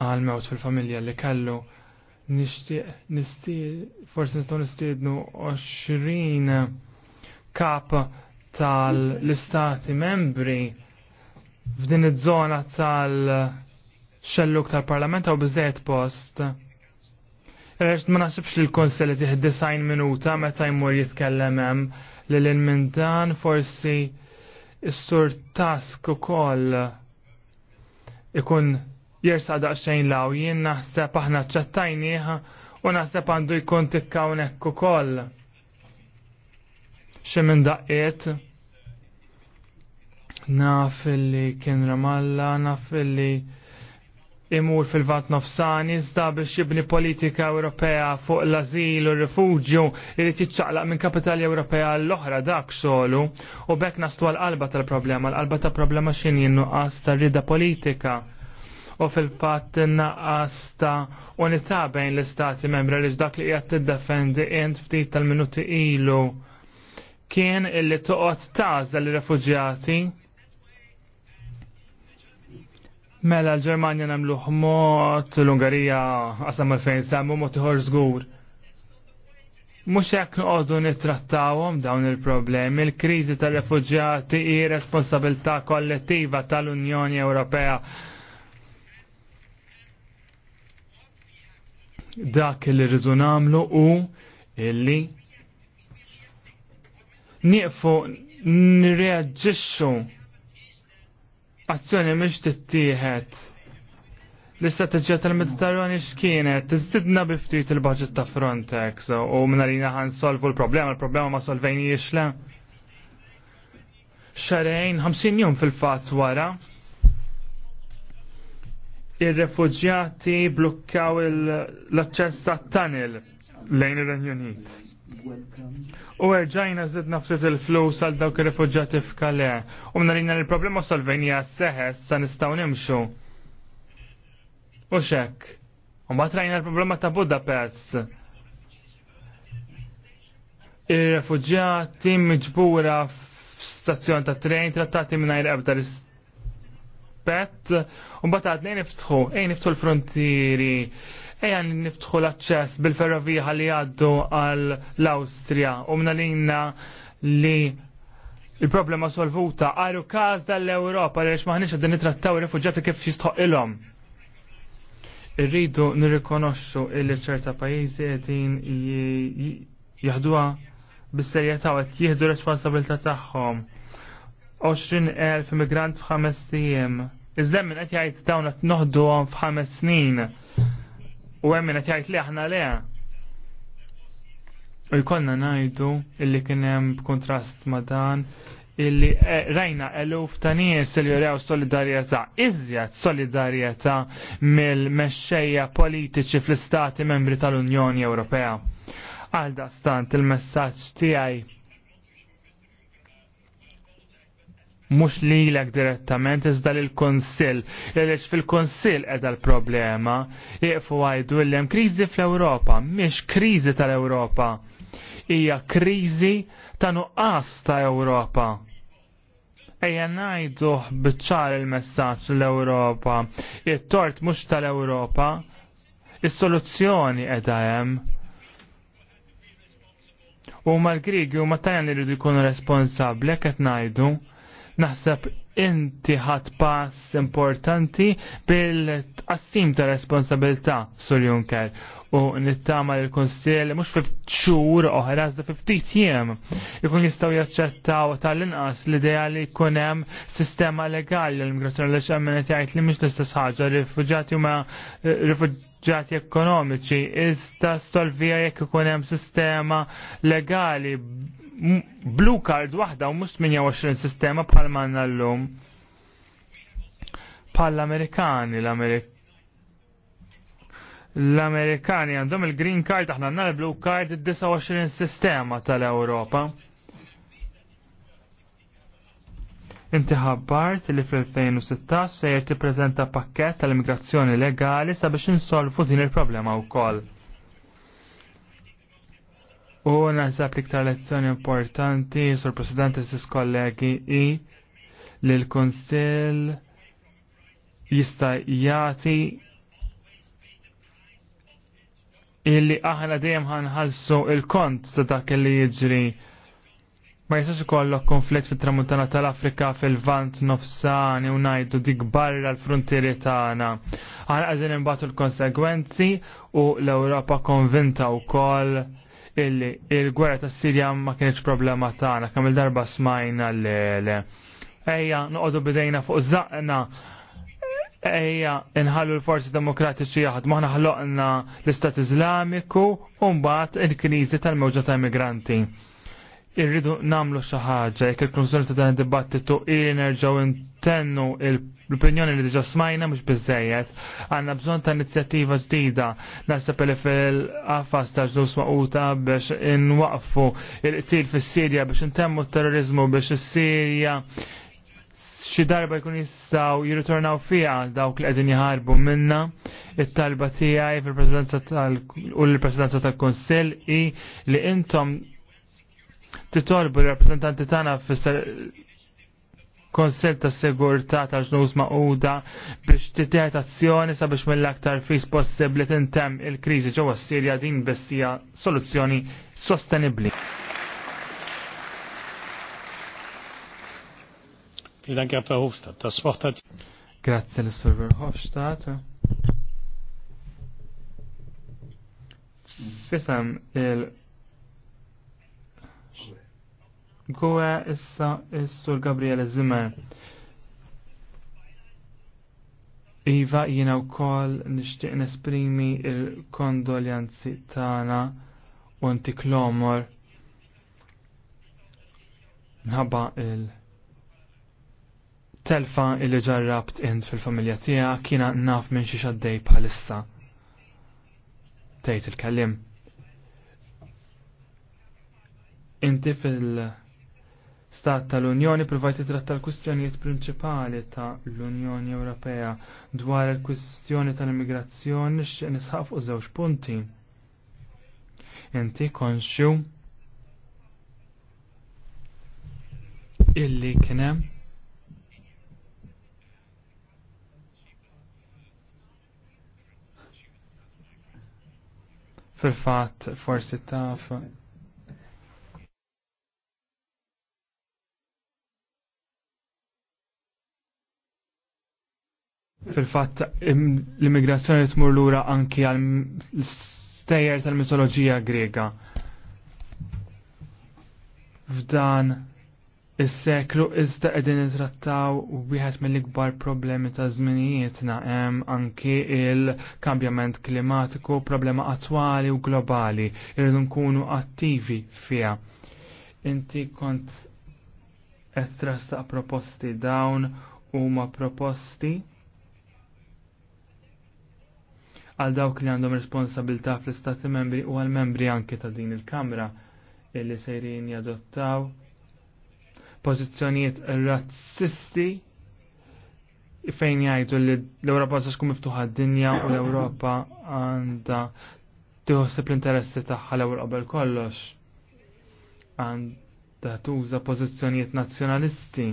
għal-mewt fil-familja li kellu nishtiq, nishtiq, forse nistaw nistiednu 20 kap tal-istati membri f'din iż-żona tal-xelluk tal-parlament għaw bizzejt post. Rex ma naħsibx li l-konsel li disajn minuta meta jmur jitkellem hemm li l minn dan forsi s-sur task ukoll ikun jersa daqsxejn law jien naħseb aħna ċattajniħ u naħseb għandu jkun tikkawnek ukoll. koll xemmen daqqiet naf illi kien ramalla, naf illi imur fil-vat Nofsan iżda biex jibni politika Ewropea fuq l-azil u r-refugju irrid jiċċaqlaq minn kapitali Ewropea l-oħra dak xolu. u bekk nastu għal-qalba tal-problema, l-qalba tal-problema x'in jinnuqas ta' rida politika u fil-fatt naqas ta' unità bejn l-istati membri li dak li qiegħed tiddefendi int ftit tal-minuti ilu kien illi toqgħod taż dal-refuġjati Mela l-Ġermanja namlu mod, l-Ungarija qasam għalfejn sammu mod iħor żgur. Mhux hekk noqogħdu nittrattawhom dawn il-problemi, il-kriżi tar-refuġjati i responsabilità kollettiva tal-Unjoni Ewropea. Dak li rridu nagħmlu hu illi nieqfu nreagġixxu azzjoni mhix tittieħed. L-istrateġija tal-Mediterrani x'kienet tiżidna bi ftit il-baġit ta' Frontex u minnarina ħan solvu l-problema, l-problema ma solvejni jiexle. Xarajn, 50 jum fil-fatt wara ir refugjati blukkaw l-aċċess tat-tanil lejn ir-Renju Unit U erġajna zid nafset il-flus għal dawk il-refugġati f'Kale. U mnarina l-problema solvenja seħes sa nistaw nimxu. U xek. U ma trajna l-problema ta' Budapest. Il-refugġati mġbura f'stazzjon ta' trejn trattati minnajr ebda rispett. U mbagħad għadna niftħu, ej niftħu l-frontieri Eja niftħu l-aċċess bil-ferrovija li għaddu għall austria u mnalinna li il-problema solvuta għaru kaz dall-Europa li maħniċ għaddin nitrattaw rifugġati kif jistħoq ilhom. Irridu nirrikonoxxu illi ċerta pajjiżi qegħdin jaħduha bis-serjetà u qed jieħdu responsabilità tagħhom. 20,000 migrant f'ħames tiem. Iżda minn qed jgħid dawn qed għom f'ħames snin u hemm qed jgħid li aħna le. U jkollna ngħidu illi kien hemm kontrast ma' dan illi eh, rajna eluf ta' nies li jurew solidarjetà, iżjed solidarjetà mill-mexxejja politiċi fl-istati membri tal-Unjoni Ewropea. Għal stant il-messaġġ tiegħi mux li l direttament iżda l konsil Lex fil-konsil edha l-problema iqfu għajdu l-lem krizi fl-Europa, miex krizi tal-Europa. Ija krizi ta' nuqqas ta' Europa. Ejja najdu bċar il-messagġ l-Europa. jittort tort mux tal-Europa. il soluzzjoni edha hemm u mal-Grigi u mat tajan li rridu jkunu responsabli, qed ngħidu Naħseb inti ħadd pass importanti bil-tqassim ta' responsabilità, Sur Juncker, u nittama lill konsil mhux fi xhur oħra iżda fi ftit jiem. Ikun jistgħu jaċċettaw tal-inqas l-idea li jkun hemm sistema legali l-immigrazzjoni li min qed jgħid li mhux l-istess ħaġa, rifuġati huma eh, rifuġati ġati ekonomiċi, iżda solvija jekk ikun hemm sistema legali blue card waħda u mhux 28 sistema bħal manna llum. Bħal l-Amerikani, l-Amerikani l-Amerikani għandhom il-Green Card aħna għanna l-Blue Card id-29 sistema tal-Ewropa. Inti ħabbart li fl-2016 se jirti prezenta pakket tal-immigrazzjoni legali sabiex insolvu din il-problema wkoll. U naħseb liktar lezzjoni importanti sur presidenti s kollegi i li l-Konsil jista' jagħti illi aħna dejjem ħanħalsu il-kont ta' dak li jiġri ma jistax ikollok konflitt fit-tramuntana tal-Afrika fil-vant nofsani u ngħidu dik barra l-frontieri tagħna. Aħna qegħdin imbagħtu l-konsegwenzi u l-Ewropa konvinta wkoll il-gwerra tas Sirja ma kienx problema tagħna kemm il-darba smajna l Ejja noqogħdu bidejna fuq zaqna, Ejja inħallu l-forzi demokratiċi jahad, maħna ħloqna l-Istat Iżlamiku u mbagħad il-Kniżi tal-mewġa ta' immigranti. Irridu namlu xi ħaġa jekk il-konsulta dan id-dibattitu il-nerġaw intennu il- l-opinjoni li diġa smajna mux bizzejet, għanna bżon ta' inizjattiva ġdida nasab li fil għafas ta' ġdus maquta biex inwaqfu il-qtil fis sirja biex intemmu terrorizmu biex il-Sirja xi darba jkun jistgħu jirritornaw fiha dawk li qegħdin jħarbu minna it-talba tiegħi fil-Presidenza tal u l-Presidenza tal-Kunsill i li intom titolbu r-rappreżentanti tagħna fis konsell ta' sigurta ta' ġnus maquda biex titieħed azzjoni sabiex mill-aktar fis possibli tintem il-kriżi ġewwa Sirja din bessija soluzzjoni sostenibli. Grazie l Verhofstadt. Das Verhofstadt. Fisam il Gwe issa is-Sur Gabriele Zimmer. Iva jina u kol nishtiq nesprimi il-kondoljanzi tana u ntiklomor nħabba il- telfa il-li ġarrabt int fil-familja tija kiena naf minn xi xaddej bħalissa. Tejt il-kellim. Inti fil- stat tal-Unjoni provajt titratta tal kwistjonijiet prinċipali ta' l-Unjoni Ewropea dwar il-kwistjoni tal-immigrazzjoni x'qed nisħaq fuq żewġ punti. Inti konxu illi kien hemm fil-fatt forsi taf Fil-fatt l-immigrazzjoni tmur lura anki għal stejjer tal-mitoloġija Grega. F'dan Is-seklu iżda qegħdin nitrattaw wieħed mill-ikbar problemi ta' żminijietna hemm anki il-kambjament klimatiku, problema attwali u globali, irridu nkunu attivi fiha. Inti kont qed trastaq proposti dawn huma proposti għal dawk li għandhom responsabilità fl-Istati membri u għal membri anke ta' din il-Kamra illi sejrin jadottaw pożizzjonijiet razzisti fejn jgħidu li l-Ewropa se tkun miftuħa d-dinja u l-Ewropa għandha tiħosib l-interessi tagħha l-ewwel qabel kollox. Għandha tuża pożizzjonijiet nazzjonalisti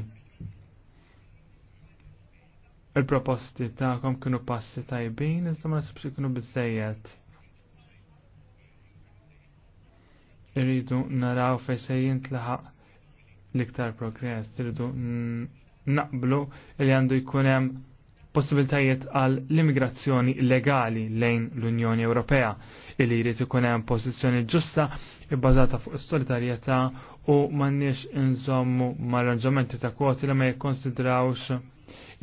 il-proposti ta'kom kienu passi tajbin, iżda ma nasibx kienu bizzejiet. Irridu naraw fej se tlaħaq l-iktar progress, irridu naqblu li għandu jkunem possibiltajiet għal l-immigrazzjoni legali lejn l-Unjoni Ewropea li jrid ikun hemm pożizzjoni ġusta bbażata fuq is-solidarjetà u m'għandniex inżommu mal-arranġamenti ta' kwoti li ma jikkonsidrawx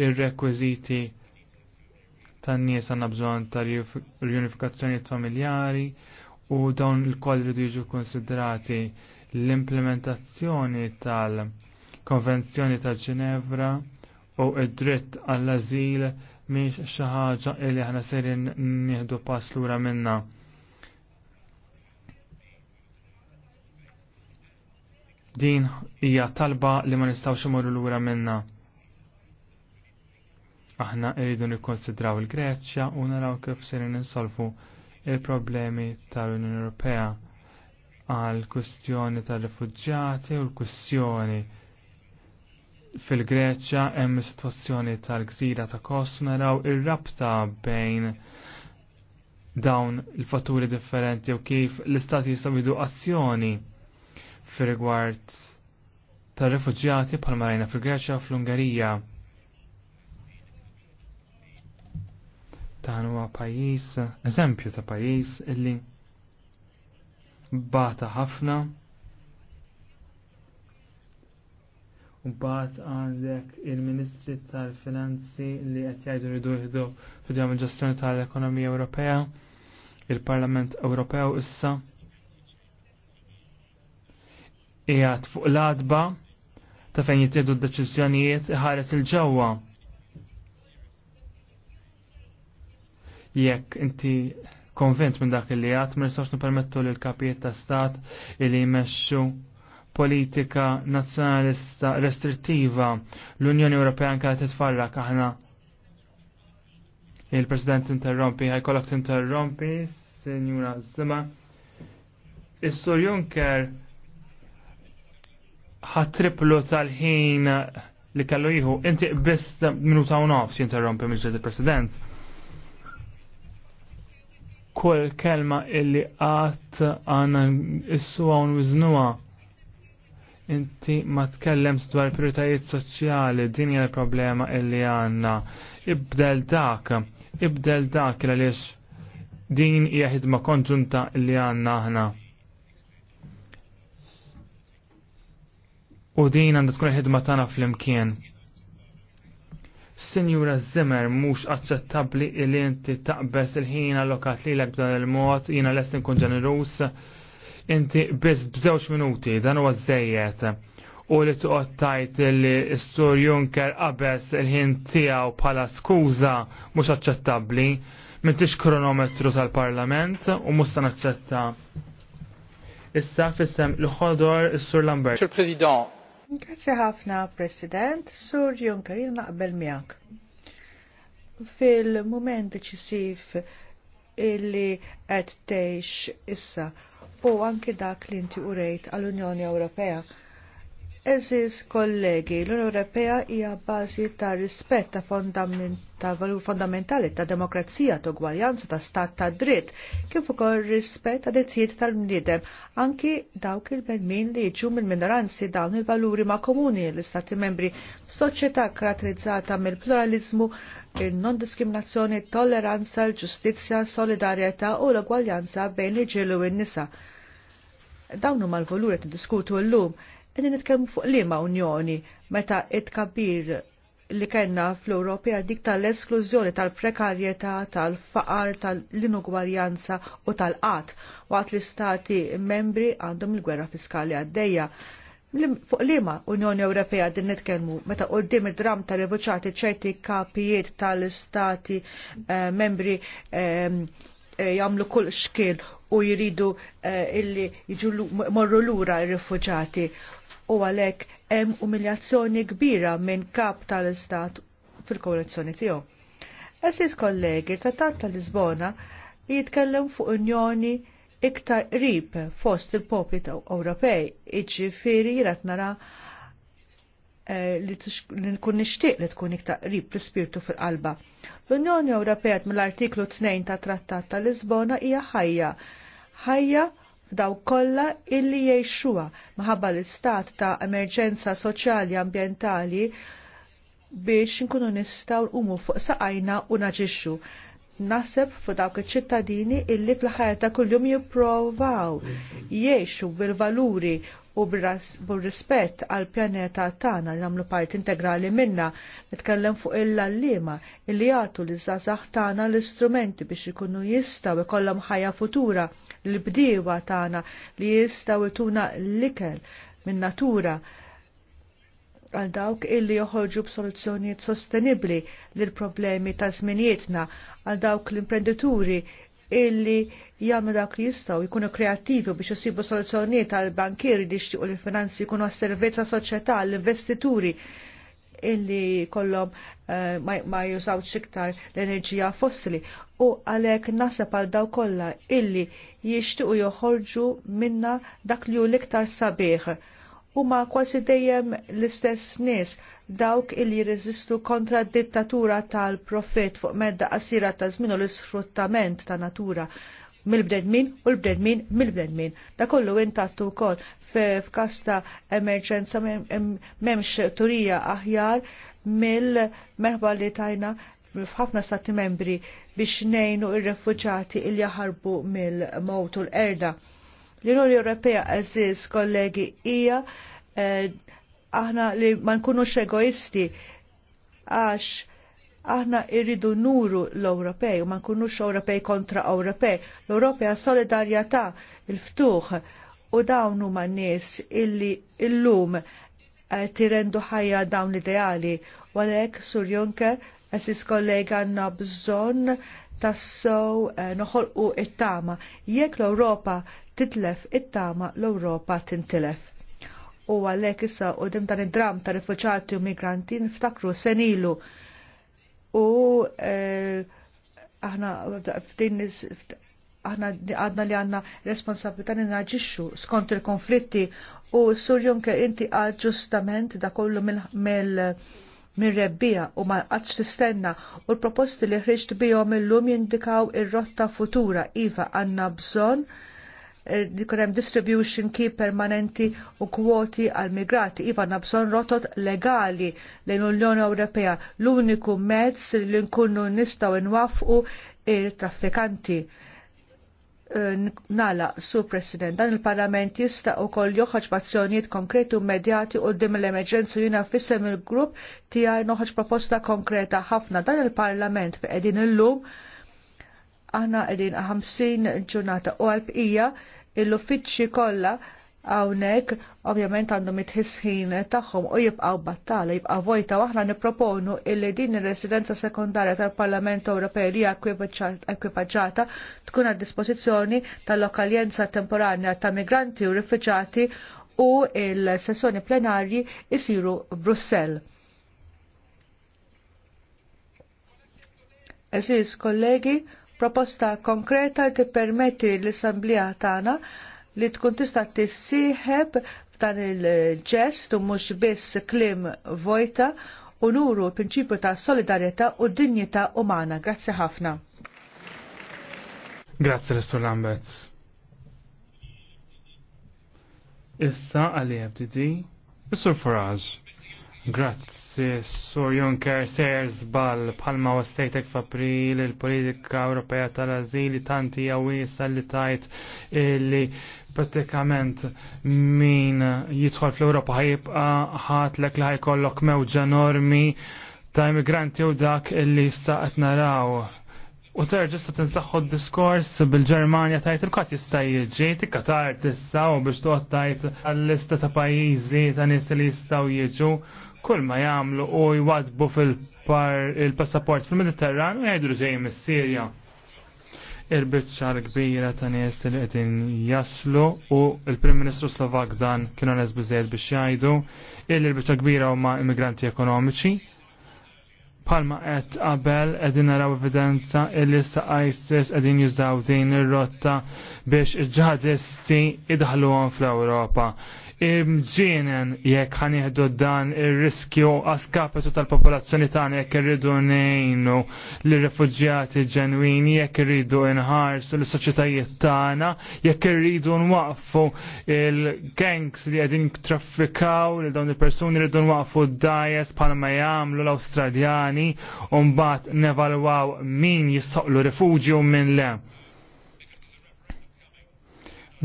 ir-rekwiżiti tan-nies għanna bżonn tal-unifikazzjoni familjari u dawn il-koll li jiġu konsiderati l-implementazzjoni tal-Konvenzjoni ta' Ġenevra u id-dritt għall-azil miex xi ħaġa li aħna serin nieħdu pass lura minna. Din hija talba li ma nistgħux imorru lura minna. Aħna rridu nikkonsidraw il-Greċja u naraw kif se ninsolvu il-problemi tal-Unjoni Ewropea għal kwistjoni tal-rifuġġjati u l-kwistjoni fil-Greċja hemm is-sitwazzjoni tal-gżira ta' Kost naraw ir-rabta bejn dawn il-fatturi differenti u kif l-istati jistgħu jidu azzjoni fir-rigward tar rifuġġjati bħalma rajna fil-Greċja u fl ungarija fil fl ungerija ta' huwa pajjiż, eżempju ta' pajis illi bata ħafna u bat għandek il-Ministri tal-Finanzi li qed jgħidu ridu jieħdu fidjam il-ġestjoni tal-Ekonomija Ewropea, il-Parlament Ewropew issa qiegħed fuq l-adba ta' fejn jittieħdu d-deċiżjonijiet iħares il-ġewwa jekk inti konvint minn dak li għat, ma nistax nipermettu li l-kapijiet ta' stat li jmexxu politika nazzjonalista restrittiva l-Unjoni Ewropea anke titfarra titfarrak il-President interrompi, ħajkollok tinterrompi, Sinjura Zima. Is-Sur Juncker ħatriplu tal-ħin li kellu jieħu, inti biss minuta u nofs jinterrompi mill-ġed il-President kull kelma illi għat għana issu għon wiznuwa. Inti ma tkellem dwar prioritajiet soċjali, din hija l-problema illi għanna. Ibdel dak, ibdel dak għaliex din hija ħidma konġunta illi għanna aħna. U din għandha tkun ħidma tagħna fl-imkien. Sinjura Zimmer mhux aċċettabbli li inti taqbes il-ħin allokat lilek b'dan il-mod jiena lest inkun ġenerus. Inti biss b'żewġ minuti dan huwa żejjed u li toqgħod tajt li s-Sur Juncker qabeż il-ħin tiegħu bħala skuża mhux aċċettabbli m'intix kronometru tal-Parlament u mhux se naċċetta. Issa fissem l-ħodor is-Sur Lambert. Sur President, Grazie ħafna, President. Sur Juncker, il naqbel miegħek. Fil-moment deċisiv illi qed tgħix issa u anki dak li inti urejt għall-Unjoni Ewropea Eżis kollegi, l-Unjoni Ewropea hija bażi ta' rispett ta' valur fondamentali ta' demokrazija, ta' gwaljanza, ta' stat ta' dritt, kif ukoll rispett ta' drittijiet tal-bniedem, anki dawk il-benmin li jiġu mill-minoranzi dawn il-valuri ma' komuni l-Istati membri, soċjetà karatterizzata mill-pluralizmu, il-non-diskriminazzjoni, tolleranza, l-ġustizzja, solidarjetà u l-gwaljanza bejn l-ġilu u n-nisa. Dawn huma l-valuri diskutu l-lum Għedin nitkellmu fuq liema unjoni meta it-kabir li kellna fl-Ewropea dik tal-esklużjoni tal-prekarjetà, tal-faqar, tal-inugwarjanza u tal-qat waqt li stati membri għandhom il-gwerra fiskali għaddejja. Fuq liema Unjoni Ewropea din nitkellmu meta qudiem id-dram ta' revoċati ċerti kapijiet tal-istati eh, membri eh, eh, jagħmlu kull xkil u jridu illi jiġu morru lura r-rifuġati u għalhekk hemm umiljazzjoni kbira minn kap tal-Istat fil korruzzjoni tiegħu. Assis kollegi, tat-tat tal-Lisbona jitkellem fuq unjoni iktar qrib fost il-popli Ewropej, iġifieri jirat nara eh, li nkun nixtieq li tkun iktar qrib l-ispirtu fil-qalba. L-Unjoni Ewropea mill-artiklu 2 ta' Trattat ta' Lisbona hija ħajja. Ħajja f'daw kollha illi jgħixuha maħabba l-istat ta' emerġenza soċjali ambjentali biex nkunu nistgħu nqumu fuq saqajna u naġixxu. Naseb fuq dawk iċ-ċittadini illi fl-ħajja ta' kuljum jipprovaw jgħixu bil-valuri u bil rispett għal pjaneta tagħna li nagħmlu parti integrali minna, nitkellem fuq il-allima li jagħtu l zazax tagħna l-istrumenti biex ikunu jistaw ikollam ħajja futura l-bdiewa tagħna li jistgħu ituna l-ikel minn natura għal dawk illi joħorġu b'soluzzjonijiet sostenibbli lil problemi ta' żminietna għal dawk l imprendituri illi jagħmlu dak li jistgħu jkunu kreattivi biex isibu soluzzjonijiet għal bankieri li jixtiequ li finanzi jkunu għas-servizz soċjetà l-investituri illi kollom uh, eh, ma, jużawx iktar l-enerġija fossili u għalek nasab għal daw kollha illi jixtiequ joħorġu minna dak li hu l-iktar sabiħ huma kważi dejjem l-istess nies dawk illi jirreżistu kontra d dittatura tal-profit fuq medda qasira ta' żmien u l-isfruttament ta' natura mill-bnedmin u l-bnedmin mill-bnedmin. Da kollu intattu wkoll f'kasta emerġenza m'hemmx turija aħjar mill-merħba li tajna f'ħafna stati membri biex nejnu ir-refuġati il jaħarbu mill mowtu l-erda. L-Unjoni Ewropea eżis kollegi hija eh, aħna li ma nkunux egoisti għax aħna irridu nuru l-Ewropej ma nkunux Ewropej kontra Ewropej. L-Ewropea solidarjetà il-ftuħ u dawn huma nies illi illum eh, tirendu ħajja dawn l-ideali Walek, Sur Juncker assis kollega għanna bżonn tassow eh, noħolqu it-tama. Jekk l-Ewropa titlef it-tama l-Ewropa tintilef. U għalhekk issa u dan id-dram ta' rifuċati u migranti niftakru senilu u e, aħna aħna għadna li għanna responsabilità li naġixxu skont il-konflitti u Sur ke inti għad ġustament da kollu mill-rebbija u ma għadx tistenna u l-proposti li ħriġt bihom illum jindikaw ir-rotta futura iva għanna bżonn Eh, li kunem distribution key permanenti u kwoti għal migrati. Iva nabżon rotot legali lejn l-Unjoni Ewropea l-uniku mezz li nkunu nistaw nwafqu il-traffikanti eh, nala, Sur President, dan il-Parlament jista u koll joħħaġ pazzjoniet konkreti u medjati u dim l-emerġenzi jina fissem il-grupp tijaj noħħaġ proposta konkreta ħafna. Dan il-Parlament fi edin il-lum, aħna edin 50 ġurnata u għalb ija l-uffiċċji kollha hawnhekk ovvjament għandhom it-ħisħin tagħhom u jibqgħu battala, jibqa' vojta waħna nipproponu illi din ir-residenza sekundarja tal-Parlament Ewropej li ekwipaġġata tkun għad dispożizzjoni tal-lokaljenza temporanja ta' migranti u rifuġati u il-sessjoni plenarji isiru Brussell. Eżis, kollegi, proposta konkreta li permetti l-Assemblea tagħna li tkun tista' tissieħeb f'dan il-ġest u mhux biss klim vojta u nuru l-prinċipju ta' solidarjetà u dinjità umana. Grazzi ħafna. Grazzi Mr. Lambert. Issa għal-EFTD, Mr. Farage. Grazzi. Sur Juncker ser Palma bħalma wastejtek f'April il-politika Ewropea tal-azili tanti wiesa li tajt illi pratikament min jidħol fl-Ewropa ħajibqa ħatlek li ħajkollok mewġa normi ta' immigranti u dak illi staqet naraw. U terġista tinsaħħu diskors bil-Ġermanja tajt il-kat jista' jiġi, Tikka tajt issa u biex toqgħod tajt għall-lista ta' pajjiżi ta' nies li jistgħu jiġu kull ma jagħmlu u jwadbu fil-passaport fil-Mediterran u jgħidu ġej mis-Sirja. Il-biċċa l-kbira ta' nies li qegħdin jaslu u l-Prim Ministru Slovak dan kienu nes biżejjed biex jgħidu illi l-biċċa kbira huma immigranti ekonomiċi. Palma qed qabel qegħdin naraw evidenza il sa ISIS qegħdin jużaw din ir-rotta biex il-ġihadisti idħluhom fl-Ewropa mġienen jekk ħanieħdu dan ir-riskju għaskapetu tal-popolazzjoni tagħna jekk irridu ngħinu li refuġjati ġenwini jekk irridu nħarsu l-soċjetajiet tagħna jekk irridu nwaqfu il-gangs li qegħdin traffikaw lil dawn il-persuni rridu nwaqfu d-dajes bħal ma jagħmlu l-Awstraljani u mbagħad nevalwaw min jistaqlu rifuġju minn le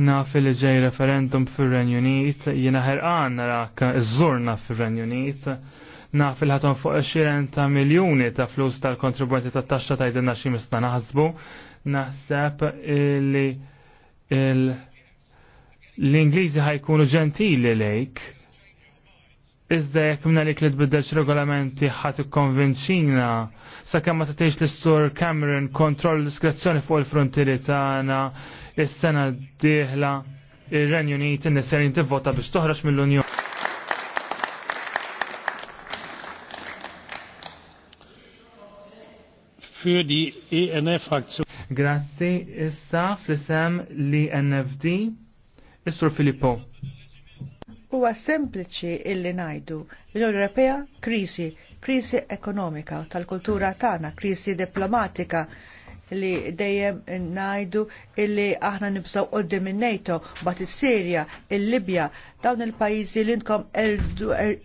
naf li ġej referendum fir-Renju Unit, jiena ħerqan narak iżżurna fir-Renju Unit, naf li ħaton fuq 20 ta' miljuni ta' flus tal-kontribwenti tat taxxa tgħidilna xi mista naħsbu, naħseb li l-Ingliżi ħajkunu ġentili lejk Iżda jekk minna li tbiddelx regolamenti ħat ikkonvinċina sakemm ma tagħtix l-istur Cameron kontroll diskrezzjoni fuq il-frontieri tagħna is-sena d-dieħla ir-Renju Unit in-niser jintivvota biex toħroġ mill-Unjoni. Für die enf Grazzi, issa fl-isem li e NFD, Istur Filippo. Huwa sempliċi illi ngħidu l-Unjoni Ewropea krisi, krisi ekonomika tal-kultura tagħna, krisi diplomatika, li dejjem najdu illi aħna nibżaw qoddim minn NATO, bat is-Sirja, il-Libja, dawn il-pajjiżi li intkom er-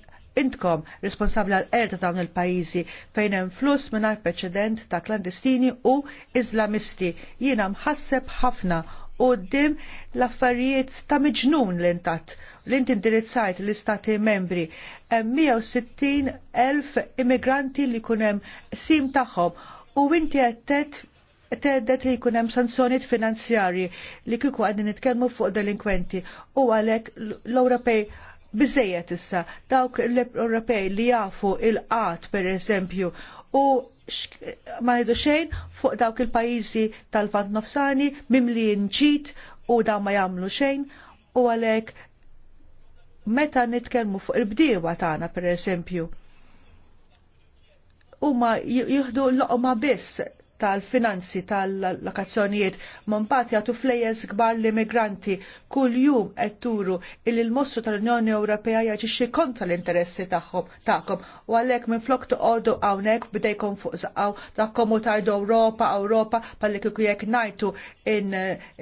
intkom responsabli għal erda dawn il-pajjiżi fejn hemm flus mingħajr preċedent ta' klandestini u Islamisti. Jiena mħasseb ħafna qudiem l-affarijiet ta' miġnun l-intat l-int indirizzajt l-istati membri 160.000 eh, immigranti li kunem sim tagħhom u inti għettet teddet li kunem sanzjoniet finanzjarji li kiku għadin nitkelmu fuq delinkwenti u għalek l-Ewropej bizzejet issa dawk l-Ewropej li jafu il-qat per eżempju u ma nidu xejn fuq dawk il-pajizi tal-vant nofsani mimli nċit u daw ma jamlu xejn u għalek meta nitkelmu fuq il-bdiewa tagħna per U huma jieħdu l-oqma biss tal-finanzi tal-lokazzjonijiet Mompati jagħtu flejes kbar l-immigranti kull jum qed turu il l mossu tal-Unjoni Ewropea jaġixxi kontra l-interessi tagħhom tagħkom u għalhekk minflok toqgħodu hawnhekk bdejkom fuq żaqgħu tagħkom u tgħidu Ewropa Ewropa palli kieku jekk ngħidu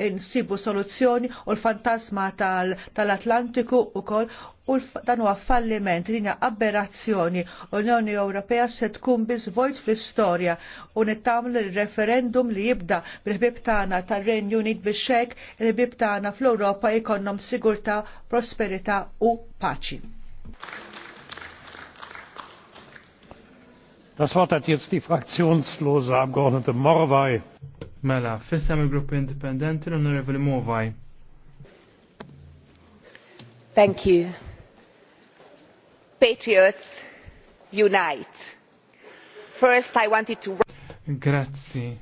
insibu soluzzjoni u l-fantasma tal-Atlantiku wkoll u dan huwa falliment, dinja aberrazzjoni u l-Unjoni Ewropea se tkun biżvojt fl-istorja u nittamlu l-referendum li jibda bil-ħbib tagħna tar-Renju Unit biex hekk il-ħbib tagħna fl-Ewropa jkollhom sigurtà, prosperità u paċi. Das Wort hat jetzt die fraktionslose Abgeordnete Morvai. Mela, fissam il-Grupp Indipendenti l-Onorevoli Morvai. Thank you patriots unite. First I wanted to Grazzi.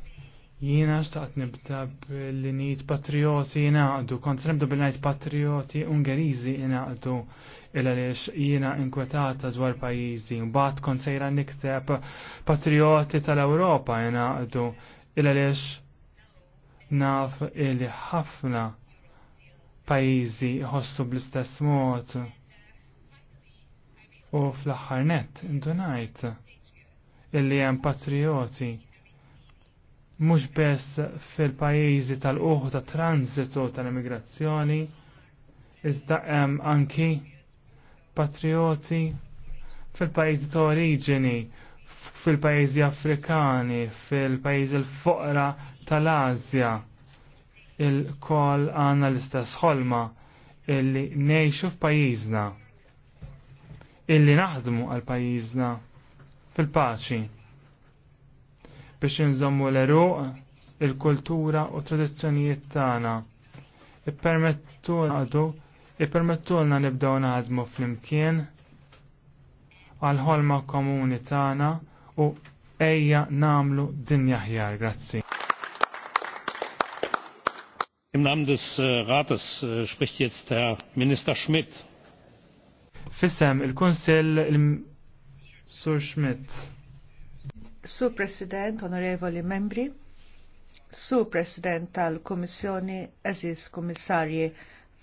Jiena xtaqt nibda bil nit patrioti jingħaqdu, kont nibda bil ngħid patrioti Ungeriżi jingħaqdu illa lix jiena inkwetata dwar pajjiżi. Mbagħad kont sejra nikteb patrioti tal-Ewropa jingħaqdu illa lix naf illi ħafna pajjiżi jħossu bl-istess mod. U fl-aħħar nett indunajt illi hemm patrioti mhux biss fil-pajjiżi tal-uħu ta' transitu tal-immigrazzjoni, iżda hemm anki patrioti fil-pajjiżi ta' oriġini, fil-pajjiżi Afrikani, fil-pajjiżi l fuqra tal-Azja. Il-kol għandna l-istess ħolma illi ngħixu f'pajjiżna illi naħdmu għal pajjiżna fil-paċi biex nżommu l-eruq il-kultura u tradizzjonijiet tagħna. Ippermettulna nibdew naħdmu fl-imkien għal ħolma komuni tagħna u ejja namlu dinja ħjar. Grazzi. Im Namen des äh, Rates äh, spricht jetzt Herr Minister Schmidt. Fissem il-Konsil Sur Schmidt. Sur President, onorevoli membri, Sur President tal-Komissjoni, Aziz Komissarji,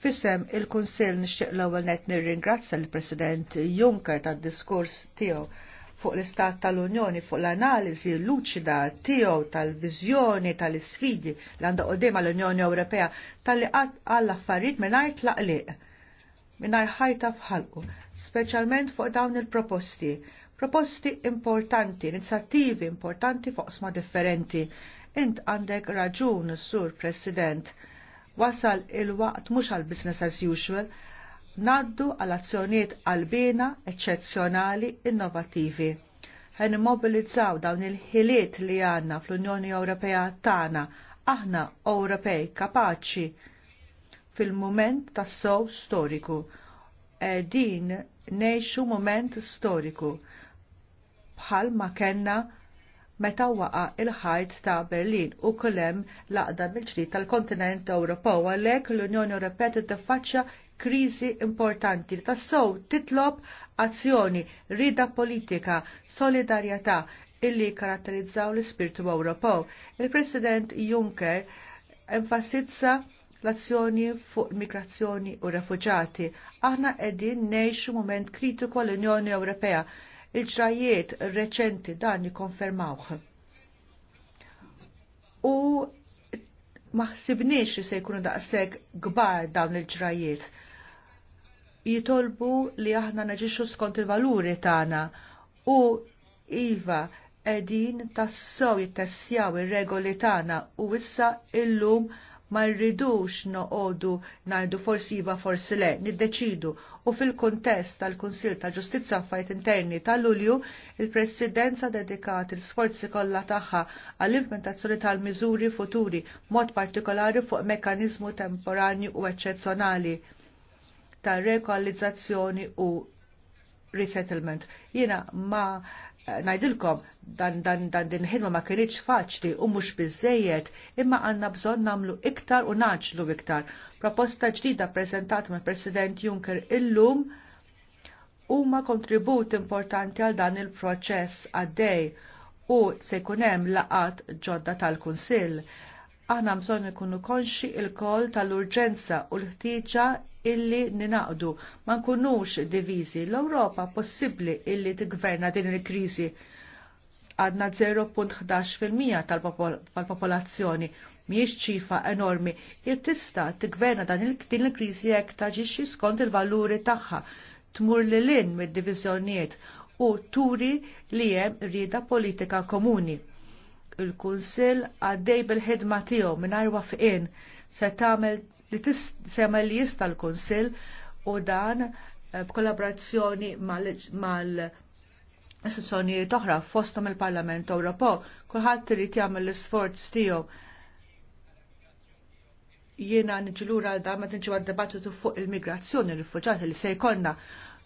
Fissem il-Konsil nixtieq l-ewwel net nirringrazzja l-President Juncker tad-diskors tiegħu fuq l-istat tal-Unjoni, fuq l-analiżi luċida tiegħu tal-viżjoni tal-isfidi l għandha qudiem għall-Unjoni Ewropea tal-li qatt għall affarijiet mingħajr laqliq mingħajr ħajta fħalqu, speċjalment fuq dawn il-proposti. Proposti importanti, inizjattivi importanti fuq sma differenti. Int għandek raġun, Sur President. Wasal il-waqt mhux għal business as usual, naddu għal azzjonijiet bina eċċezzjonali innovattivi Għen immobilizzaw dawn il-ħiliet li għanna fl-Unjoni Ewropea tagħna aħna Ewropej kapaċi fil-moment tas-sow storiku. E din neħxu moment storiku bħal ma kenna meta waqa il-ħajt ta' Berlin u kolem laqda mill-ġdid tal-kontinent Ewropew għalhekk l-Unjoni Ewropea tiffaċċja kriżi importanti li tassew titlob azzjoni, rida politika, solidarjetà illi karatterizzaw l-ispirtu Ewropew. Il-President Juncker enfasizza l-azzjoni fuq migrazzjoni u refuġati. Aħna qegħdin ngħixu mument kritiku għall unjoni Ewropea. Il-ġrajiet reċenti dan jikkonfermawh. U maħsibniex li se jkunu daqshekk kbar dawn il-ġrajiet. Jitolbu li aħna naġixxu skont il-valuri tagħna u iva qegħdin tassew jittessjaw ir-regoli tagħna u issa illum ma rridux noqogħdu ngħidu forsi iva forsi le, niddeċidu. U fil-kuntest tal-Kunsil ta' Ġustizza Affajt Interni ta' Lulju, il-Presidenza dedikat il-sforzi kollha tagħha għall-implementazzjoni tal-miżuri futuri, mod partikolari fuq mekkaniżmu temporanju u eċċezzjonali ta' rekolizzazzjoni u resettlement. Jiena ma' najdilkom dan dan dan din ħidma ma kienx faċli u mhux biżejjed, imma għandna bżonn nagħmlu iktar u naċlu iktar. Proposta ġdida preżentata mill President Juncker illum huma kontribut importanti għal dan il-proċess għaddej u se jkun hemm laqat ġodda tal-Kunsill Aħna bżonn ikunu konxi il-kol tal-urġenza u l-ħtieġa illi ninaqdu. Ma nkunux diviżi. L-Ewropa possibbli illi tigverna din il-kriżi għadna 0.11% tal-popolazzjoni miex ċifa enormi, jittista t-gverna dan il krizi jek taġiċi skont il-valuri tagħha tmur li l-in mid-divizjoniet u turi li jem rida politika komuni il-Kunsill għaddej bil-ħidma tiegħu mingħajr wafqien se tagħmel li tissemel li jista' l-Kunsill u dan eh, b'kollaborazzjoni mal istituzzjonijiet oħra fostom il-Parlament Ewropew, kulħadd irid jagħmel l-isforz tiegħu jiena niġilura għal dan ma tinġu għad-debattitu fuq il-migrazzjoni, l-rifuġati li se jkollna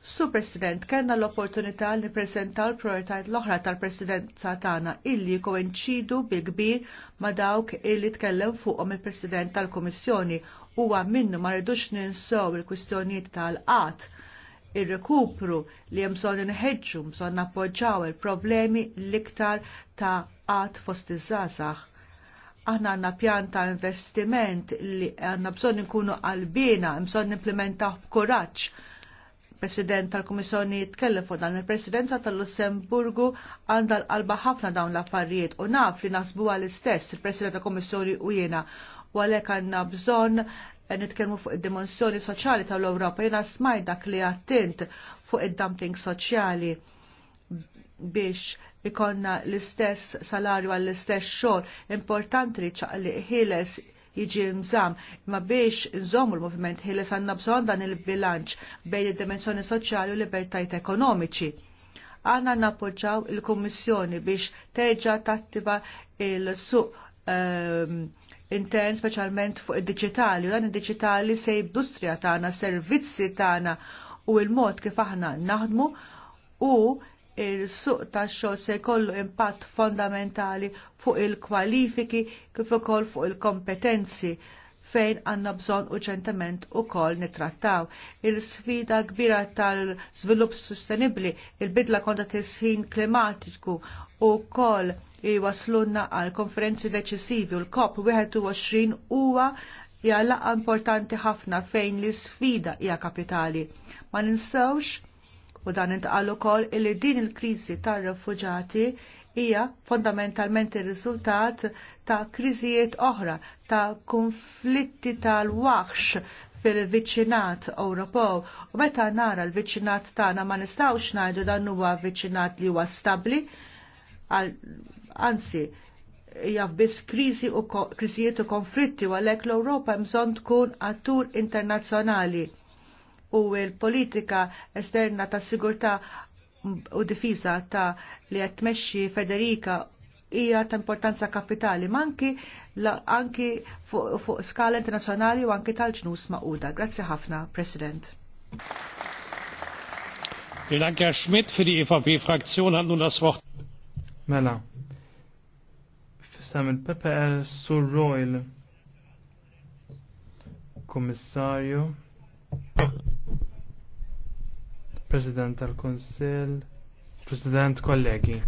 Su President, kellna l-opportunità li presenta l-prioritajt l-oħra tal-Presidenza tagħna illi koinċidu bil-kbir ma dawk illi tkellem fuqhom il-President tal-Kummissjoni huwa minnu ma rridux ninsew il-kwistjonijiet tal-qatt ir-rekupru li hemm bżonn inħeġġu bżonn nappoġġaw il-problemi l-iktar ta' qatt fost iż-żgħażagħ. Aħna għandna pjan ta' investiment li għandna bżonn inkunu qalbina, bżonn nimplementaw b'kuraġġ President tal-Kummissjoni tkellem fuq dan il-Presidenza tal-Lussemburgu għandha l-qalba ħafna dawn l-affarijiet u naf li nasbu għal-istess il-President tal-Kummissjoni u jiena u għalhekk għandna bżonn eh, nitkellmu fuq id-dimensjoni soċjali tal-Ewropa. Jiena smajt dak li attint fuq id-dumping soċjali biex ikonna l-istess salarju għall-istess xogħol importanti li ċaqli ħieles jiġi mżam. Ma biex nżommu l-moviment ħiles għanna bżon dan il-bilanċ bejn id-dimensjoni soċjali u libertajt ekonomiċi. Għanna nappoġġaw il-Kommissjoni biex terġa tattiva il-suq ehm, intern speċjalment fuq id-diġitali u dan id-diġitali se industrija tagħna, servizzi tagħna u l-mod kif aħna naħdmu u il-suq tax-xogħol se jkollu impatt fondamentali fuq il-kwalifiki kif ukoll fuq il-kompetenzi fejn għanna bżonn uċentament u kol nitrattaw. Il-sfida kbira tal-svilup sostenibli, il-bidla konta tisħin klimatiku u kol jwaslunna għal konferenzi deċisivi u l-COP 21 huwa jgħalla importanti ħafna fejn l-sfida hija kapitali. Ma ninsewx u dan intqal ukoll illi din il-kriżi tar-refuġati hija fondamentalment ir-riżultat ta' kriżijiet oħra, ta' konflitti tal-waħx fil-viċinat Ewropew. U meta nara l-viċinat tagħna ma nistgħux ngħidu dan huwa viċinat li huwa stabbli, anzi, hija biss kriżi u kriżijiet u konflitti u għalhekk l-Ewropa bżonn tkun attur internazzjonali u l-politika esterna ta' sigurtà u difiża ta' li qed tmexxi Federica hija ta' importanza kapitali, ma anki, anki fuq skala internazzjonali u anki tal-ġnus maquda. Grazzi ħafna, President. Vielen Dank, Herr Schmidt. Für die EVP-Fraktion hat nun das Wort. Mela. Fissam il-PPL Sur Royal. Kommissario. President tal-Konsil, President kollegi.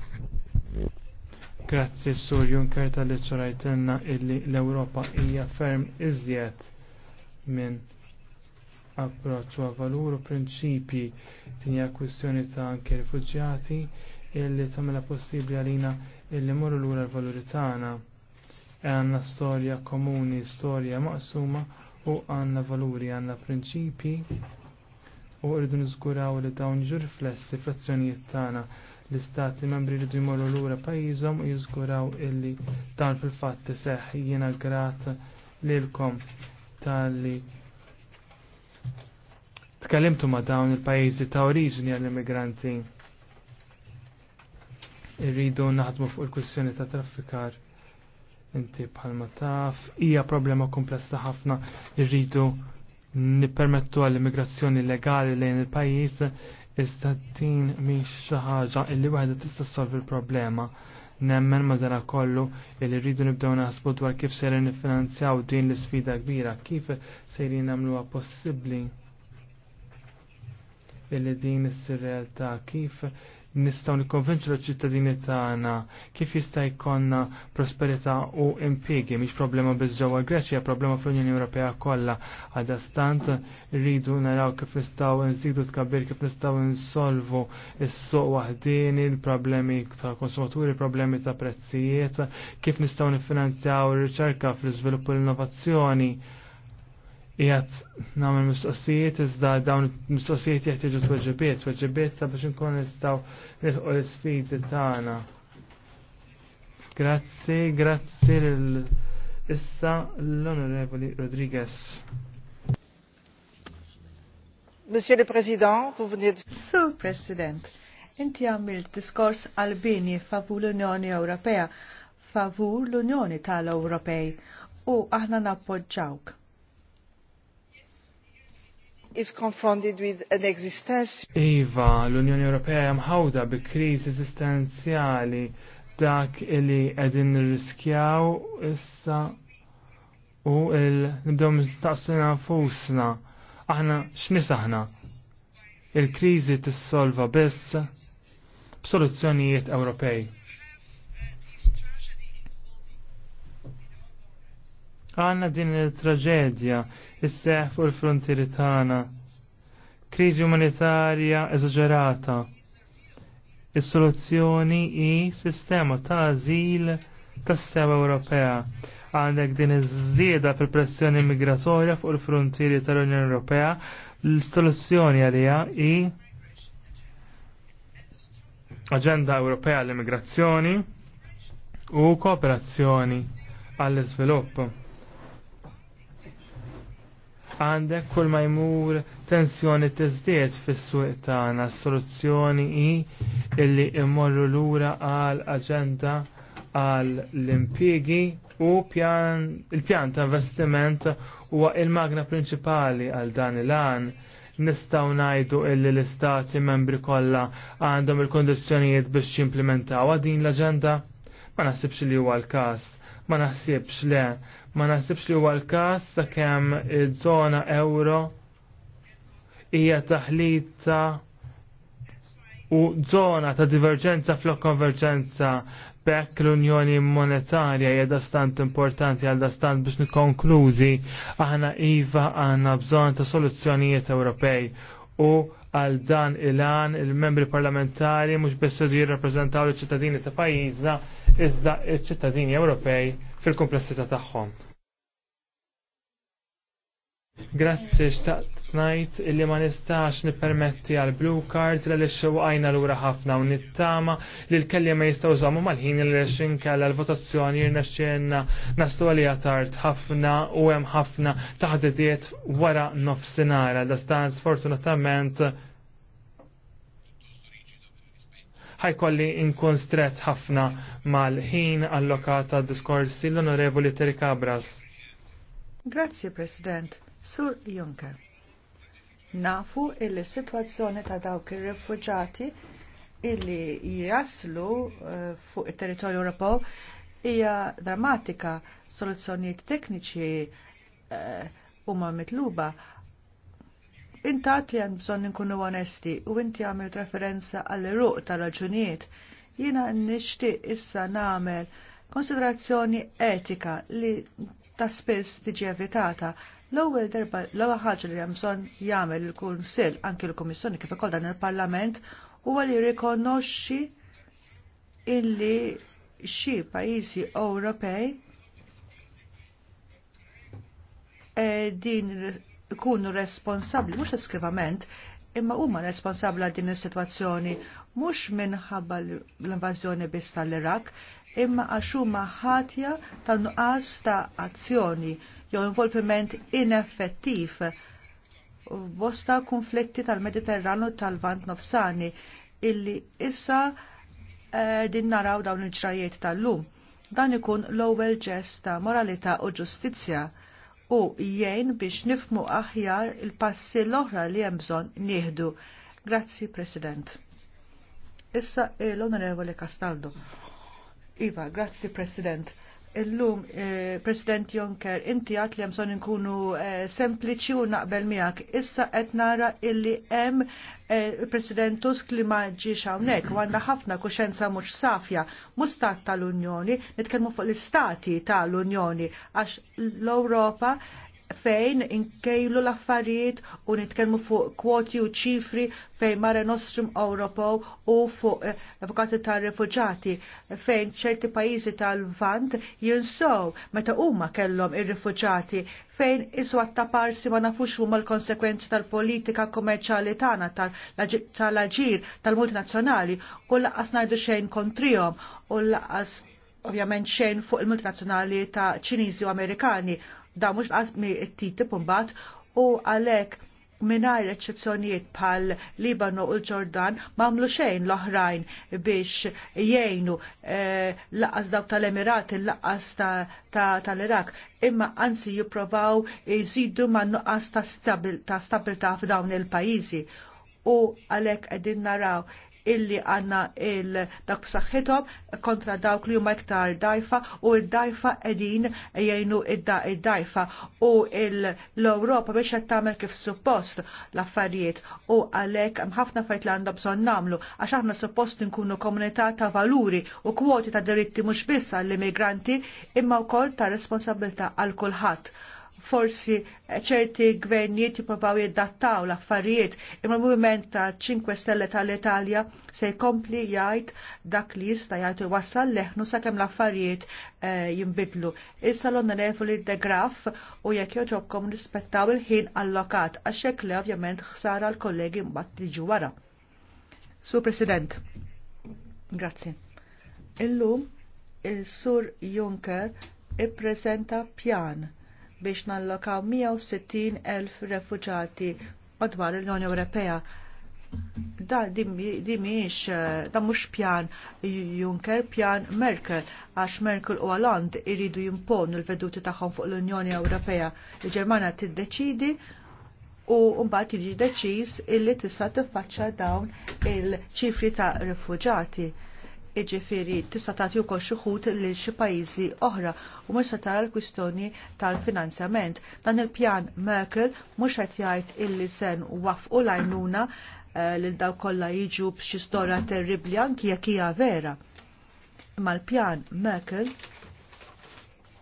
Grazzi Sur Juncker tal-li ċorajtenna illi l-Europa hija ferm iżjed minn approċċ għal valur u prinċipji tinja kwistjoni ta' anke rifuġjati illi tagħmilha possibbli għalina illi morru lura l-valuri tagħna. E għandna storja komuni, storja maqsuma u għandna valuri, għandna prinċipji u rridu niżguraw li dawn ġur flessi frazzjonijiet tagħna l-istati membri rridu jmorru lura pajjiżhom u jiżguraw illi dan fil-fatt seħ jiena grat lilkom tal-li tkellimtu ma' dawn il-pajjiżi ta' oriġini għall-immigranti. Irridu naħdmu fuq il-kwistjoni ta' traffikar. Inti bħalma taf, hija problema komplessa ħafna, irridu nippermettu għall-immigrazzjoni legali lejn il-pajjiż iżda din mhix xi ħaġa li waħda tista' solvi l-problema. Nemmen madara kollu li rridu nibdew naħsbu dwar kif sejrin niffinanzjaw din l-isfida kbira, kif sejrin nagħmluha possibbli illi din is-realtà kif nistaw nikkonvinċu l-ċittadini tagħna kif jista' jkollna prosperità u impiegi. mhix problema biss ġewwa Greċja, problema fl-Unjoni Ewropea kollha. Għadastant stant rridu naraw kif nistgħu nżidu tkabbir kif nistgħu nsolvu s-suq waħdini, il-problemi ta' konsumaturi, problemi ta' prezzijiet, kif nistgħu niffinanzjaw ir-riċerka fl-iżvilupp u l-innovazzjoni jgħat namel mistoqsijiet, iżda dawn mistoqsijiet jgħat jġu t-weġibiet, weġibiet ta' biex nkun nistaw nilħu l-sfidi tagħna. Grazzi, grazzi l-issa l-Onorevoli Rodriguez. Monsieur le Président, vous venez de... Sir President, inti għamil diskors għall-bini favur l-Unjoni Ewropea, favur l-Unjoni tal-Ewropej u aħna nappoġġawk is confronted with an existence. Iva, l-Unjoni Ewropea mħawda bi kriżi esistenzjali dak li qegħdin nirriskjaw issa u nibdew nistaqsu nafusna. Aħna x'nies aħna? Il-kriżi tissolva biss b'soluzzjonijiet Ewropej. Għanna din il-traġedja, il seħ fuq il-frontieri tagħna. Kriżi umanitarja eżagerata Is-soluzzjoni hi sistema ta' ażil tas-sewa Ewropea għandek din iż-żieda fil-pressjoni migratorja fuq il-frontieri tal-Unjoni Ewropea, l-soluzzjoni għalija i Aġenda Ewropea għall-immigrazzjoni u kooperazzjoni għall-iżvilupp għandek kull ma jmur tensjoni tiżdied fis-suq tagħna soluzzjoni hi illi immorru lura għal aġenda għal l-impjegi u pjan il-pjan ta' investiment huwa il-magna prinċipali għal dan il-għan nistaw najdu illi l-istati membri kollha għandhom il-kondizzjonijiet biex jimplementaw din l-aġenda ma naħsibx li huwa l-każ ma naħsibx le Ma nasibx li huwa l-każ sakemm iż-żona euro hija taħlita u żona ta' diverġenza flok konverġenza bekk l-Unjoni Monetarja hija stant importanti għal stant biex nikonkluzi aħna iva għandna bżon ta' soluzzjonijiet Ewropej u għal dan il-għan il-membri parlamentari mux bessu di jirrapprezentaw il-ċittadini ta' pajizna iżda il-ċittadini Ewropej fil-komplessità tagħhom. Grazzi xtaqt najt illi ma nistax nipermetti għal blue card l xewqajna l-ura ħafna u nittama li l-kelli ma jistaw zomu mal-ħin li xinkella l-votazzjoni xienna nastu għalija tard ħafna u hemm ħafna taħdidiet wara nofsinara. Da stan sfortunatament ħajkolli inkun stret ħafna mal-ħin allokata diskorsi l-Onorevoli Terry Cabras. Grazie, President. Sur Juncker. Nafu illi situazzjoni ta' dawk ir-refuġati illi jaslu eh, fuq il-territorju Ewropew hija drammatika soluzzjonijiet tekniċi eh, huma uh, mitluba Intat li għan bżon nkunu onesti u inti għamil referenza għall-ruq ta' raġunijiet, jina nishti issa namel konsiderazzjoni etika li ta' spess tiġi evitata l-ewwel darba l-ewwel ħaġa li hemm bżonn jagħmel il-Kunsill anke l-Kummissjoni kif ukoll dan il-Parlament huwa li jirrikonoxxi illi xi pajjiżi Ewropej eh, din ikunu responsabli, mux eskivament, imma huma responsabli għal din is-sitwazzjoni mhux minħabba l-invażjoni biss tal-Irak, imma għax huma ħatja tan-nuqqas ta' azzjoni jew involviment ineffettiv bosta konflitti tal-Mediterranu tal-Vant Nofsani illi issa eh, din naraw dawn il-ġrajiet tal-lum. Dan ikun l-ewwel ġest ta' moralità u ġustizzja u jgħin biex nifmu aħjar il-passi l-oħra li hemm bżonn nieħdu. Grazzi, President. Issa eh, l-Onorevole Castaldo. Iva, grazzi, President. Illum, eh, President Juncker, inti għat li jemson nkunu eh, sempliċi u naqbel miegħek. Issa qed nara illi hemm eh, President Tusk li maġi xawnek, hawnhekk u għandha ħafna kuxenza mhux safja, mhux stat tal-Unjoni, nitkellmu fuq l-istati tal-Unjoni għax l-Ewropa fejn inkejlu l-affarijiet u nitkellmu fuq kwoti u ċifri fejn Mare Nostrum Ewropew u fuq eh, avukati tar-rifuġati fejn ċerti pajjiżi tal-Vant jinsow meta huma kellhom ir-rifuġati fejn isu attaparsi ma nafux huma l-konsekwenzi tal-politika kommerċjali tagħna tal-aġir tal-multinazzjonali u laqas ngħidu xejn kontrihom u laqas ovvjament xejn fuq il-multinazzjonali ta' Ċiniżi u Amerikani da mux qasmi t-titib unbat u għalek minar eccezzjonijiet bħal Libano u l-Ġordan mamlu xejn l-oħrajn biex jgħinu eh, laqas dawk tal-Emirati, laqas tal-Irak, imma anzi jipprovaw jżidu ma' nuqqas ta' stabilta' f'dawn il-pajizi. U għalek għedin naraw illi għanna il-dak b'saħħithom kontra dawk li huma iktar dajfa u id-dajfa qegħdin jgħinu id-dajfa u l-Ewropa biex qed tagħmel kif suppost l-affarijiet u għalhekk hemm ħafna affarijiet li għandhom bżonn nagħmlu għax aħna suppost nkunu komunità ta' valuri u kwoti ta' diritti mhux biss għall-immigranti imma wkoll ta' responsabilità għal kulħadd forsi ċerti gvernijiet jipprovaw jiddattaw l-affarijiet imma l-moviment ta' 5 Stelle tal-Italja se jkompli jgħid dak li jista' jgħid iwassal leħnu sakemm l-affarijiet eh, jinbidlu. Issa l-onorevoli de Graf u jekk joġobkom rispettaw il-ħin allokat għax hekk li ovvjament ħsara l-kollegi mbagħad tiġu wara. Sur President, grazzi. Illum il-Sur Juncker ippreżenta pjan biex nallokaw 160.000 refuġati madwar l-Unjoni Ewropea. Da dimiex, eh, da mux pjan Juncker, pjan Merkel, għax Merkel u Hollande iridu jimponu l-veduti tagħhom fuq l-Unjoni Ewropea. Il-Ġermana tiddeċidi u mbagħad jiġi deċiż illi tista' tiffaċċja dawn il-ċifri ta' rifuġati. Iġifiri, tista' tagħti wkoll xi ħut lil xi pajjiżi oħra u mhux se tara l-kwistjoni tal-finanzjament. Dan il-pjan Merkel mhux qed jgħid illi sen wafqu lajnuna eh, lil daw kollha jiġu b'xi storja terribbli anki jekk hija vera. Imma l-pjan Merkel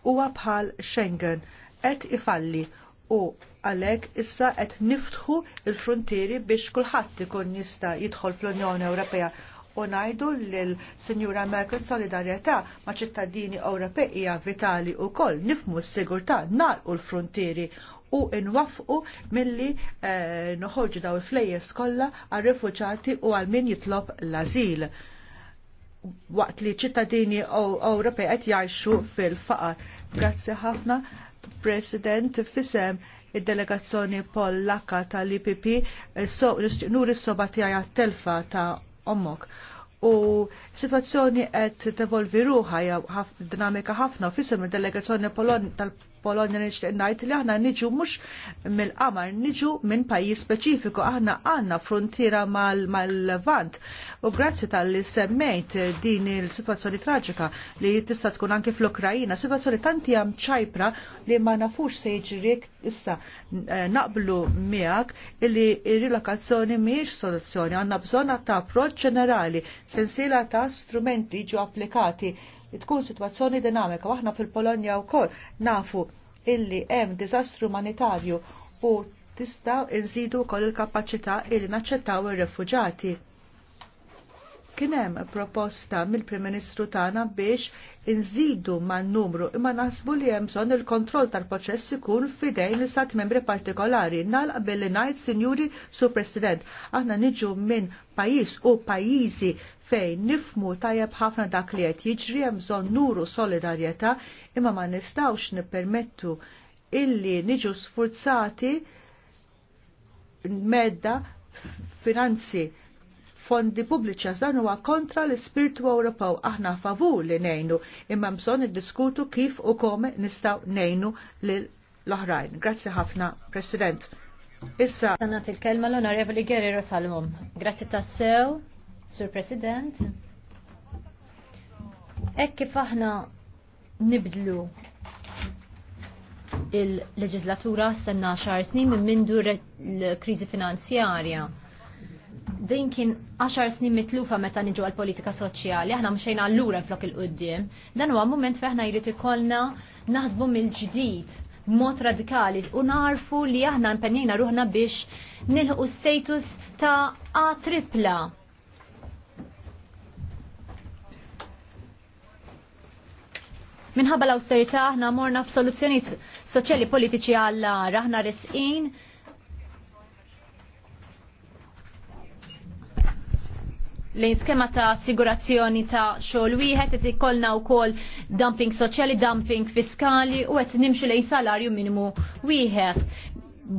huwa bħal Schengen qed ifalli u għalek issa qed niftħu il-frontieri biex kulħadd ikun jista' jidħol fl-Unjoni Ewropea u najdu l-Senjura Merkel solidarjetà ma' ċittadini Ewropej hija vitali u koll nifmu s-sigurtà u l-frontieri u nwaffqu milli eh, noħorġu daw il-flejjes kollha għal rifuġati u għal min jitlob l-azil waqt li ċittadini Ewropej qed jgħixu fil-faqar. Grazzi ħafna, President, fisem id-delegazzjoni Laka tal-IPP, eh, nuri s-soba tiegħi telfa ta' ommok. U situazzjoni għed t-evolvi ruħa dinamika ħafna u fisem il-delegazzjoni tal f'Polonja nixtieq ngħid li aħna niġu mhux mill-qamar, niġu minn pajjiż speċifiku, aħna għandna frontiera mal-Levant. U grazzi tal-li semmejt din il-sitwazzjoni traġika li tista' tkun anke fl-Ukrajina, sitwazzjoni tanti hemm ċajpra li ma nafux se jiġrik issa eh, naqblu miegħek illi r rilokazzjoni mhijiex soluzzjoni, għandna bżonn ta' approċċ ġenerali, sensiela ta' strumenti ġu applikati tkun situazzjoni dinamika. Waħna fil-Polonja wkoll nafu illi hemm diżastru umanitarju u tista' inżidu wkoll il-kapaċità illi naċċettaw ir-refuġati. Il Kien hemm proposta mill-Prim Ministru tagħna biex inżidu man numru imma nasbu li hemm bżonn il-kontroll tal-proċess ikun f'idejn istat membri partikolari. Nalqab billi ngħid, Sinjuri Sur President, aħna niġu minn pajjiż u pajjiżi fejn nifmu tajjeb ħafna dak li għet jiġri hemm bżonn nuru solidarjetà imma ma nistgħux nippermettu illi niġu sfurzati medda finanzi fondi pubbliċi dan huwa kontra l-ispirtu Ewropew aħna favur li nejnu imma bżonn diskutu kif u kome nistgħu nejnu lil l-oħrajn. Grazzi ħafna, President. Issa. Sanat il-kelma l-Onorevoli Guerrero Rosalmum. Grazzi tassew. Sur President, ekk kif aħna nibdlu il-leġislatura s-sanna xar snin minn mindu l-krizi finanzjarja. Din kien 10 snin mitlufa meta niġu għal-politika soċjali, aħna mxejna allura flok il-qoddim. Dan huwa moment feħna jrid ikollna naħsbu mill-ġdid mod radikali u narfu li aħna impenjina ruħna biex nilħu status ta' A tripla Minħabba l-austerità aħna morna f'soluzzjonijiet soċjali politiċi għall aħna resqin lejn skema ta' assigurazzjoni ta' xogħol wieħed qed ikollna wkoll dumping soċjali, dumping fiskali u qed nimxu lejn salarju minimu wieħed.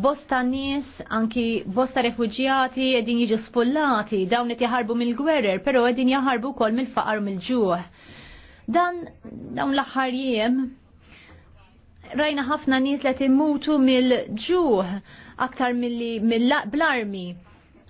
Bosta nies, anki bosta refuġjati qegħdin jiġu spullati, dawn qed jaħarbu mill-gwerer, però qegħdin jaħarbu wkoll mill-faqar mill-ġuħ Dan dawn l-aħħar jiem rajna ħafna nies li qed immutu mill-ġuħ aktar blarmi. mill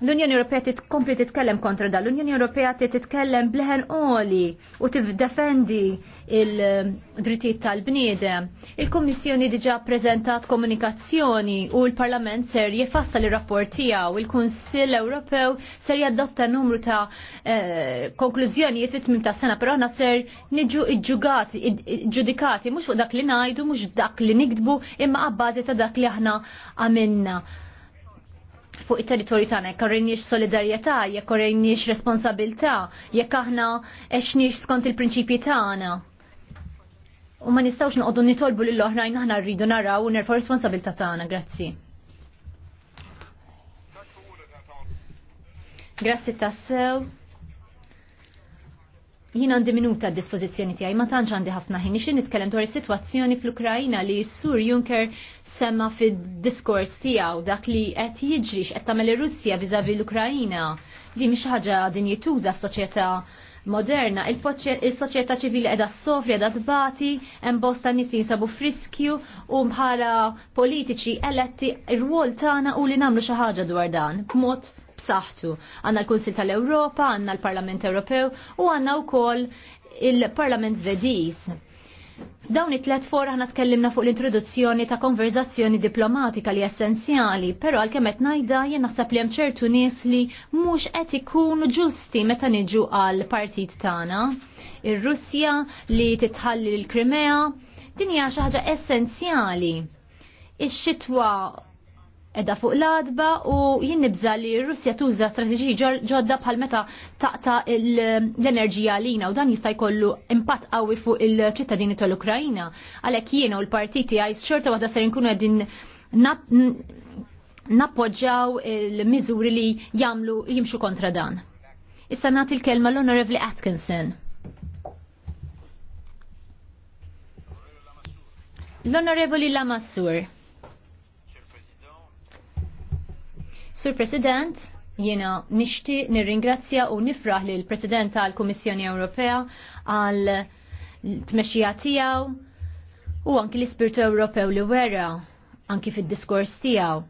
l-Unjoni Ewropea titkompli titkellem kontra dan, l-Unjoni Ewropea titkellem bleħen oli u tiddefendi il-drittijiet tal-bniedem. Il-Kommissjoni diġa prezentat komunikazzjoni u l-Parlament ser jifassa li rapport tiegħu il-Kunsill Ewropew ser jadotta numru ta' konklużjoni eh, konklużjonijiet ta' sena, però għana ser niġu iġġugati, ġudikati mhux fuq dak li ngħidu, mhux dak li nikdbu, imma qabbażi ta' dak li aħna għamilna fuq it-territorju tagħna, jekk rejniex solidarjetà, jekk rejniex responsabilità, jekk aħna għexniex skont il-prinċipji tagħna. U ma nistgħux noqogħdu nitolbu lil oħrajn aħna rridu naraw u nerfgħu responsabilità tagħna, grazzi. Grazzi tassew jien għandi minuta d-dispożizzjoni tiegħi ma tantx għandi ħafna ħin nixin nitkellem dwar is-sitwazzjoni fl ukraina li Sur Juncker semma fid-diskors tiegħu dak li qed jiġri x'qed tagħmel ir-Russja viżavi l-Ukrajna li mhix ħaġa din jituża f'soċjetà moderna, il-soċjetà ċivili qiegħda ssofri qiegħda tbati, hemm bosta nies li jinsabu friskju u bħala politiċi eletti r wol tagħna u li nagħmlu xi ħaġa dwar dan b'mod b'saħħtu. Għandna l-Kunsil tal-Ewropa, għandna l-Parlament Ewropew u għandna wkoll il-Parlament Zvediż. Dawn it-tlet fora aħna tkellimna fuq l-introduzzjoni ta' konverzazzjoni diplomatika li essenzjali, però għalkemm qed ngħidha jien naħseb li hemm ċertu nies li mhux qed ikunu ġusti meta niġu għal partit tagħna. Ir-Russja li titħalli l-Krimea, din hija xi ħaġa essenzjali. Ix-xitwa edha fuq l-adba u jien nibża li Russja tuża strategiji ġodda bħal meta taqta l-enerġija lina u dan jista' jkollu impatt qawwi fuq il-ċittadini tal ukrajina Għalhekk jiena u l-partiti għaj xorta waħda ser inkunu qegħdin nappoġġaw il-miżuri li jagħmlu jimxu kontra dan. Issa nagħti il kelma l-Honorevli Atkinson. L-Onorevoli Lamassur. Sur President, jiena nishti nirringrazzja u nifraħ l President tal-Kummissjoni Ewropea għal tmexxija tiegħu u anki l-ispirtu Ewropew li wera anki fid-diskors tiegħu.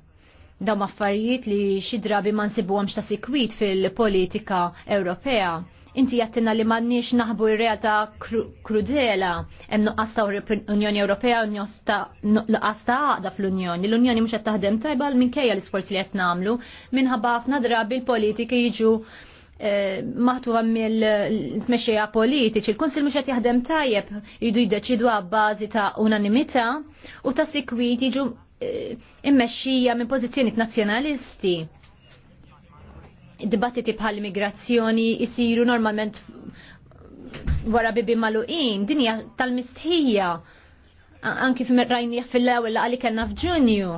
Dawn affarijiet li xi drabi ma nsibuhomx ta' sikwit fil-politika Ewropea Inti jattina li mannix naħbu ir-realtà krudela hemm nuqqas ta' Unjoni Ewropea nuqqas ta' għaqda fl-Unjoni. L-Unjoni mhux qed taħdem tajba minkejja l-isforzi li qed nagħmlu minħabba ħafna drabi l-politiki jiġu eh, maħtu għam il-tmexxija politiċi, il-Konsil mux għet jaħdem tajjeb jidu jiddeċidu għabbażi ta' unanimita u ta' sikwit jiġu eh, immexxija minn pożizzjoni nazjonalisti dibattiti bħal immigrazzjoni jisiru normalment wara bibi maluqin, dinja tal-mistħija anki f'merrajni fil-ewwel għalli kellna f'Ġunju.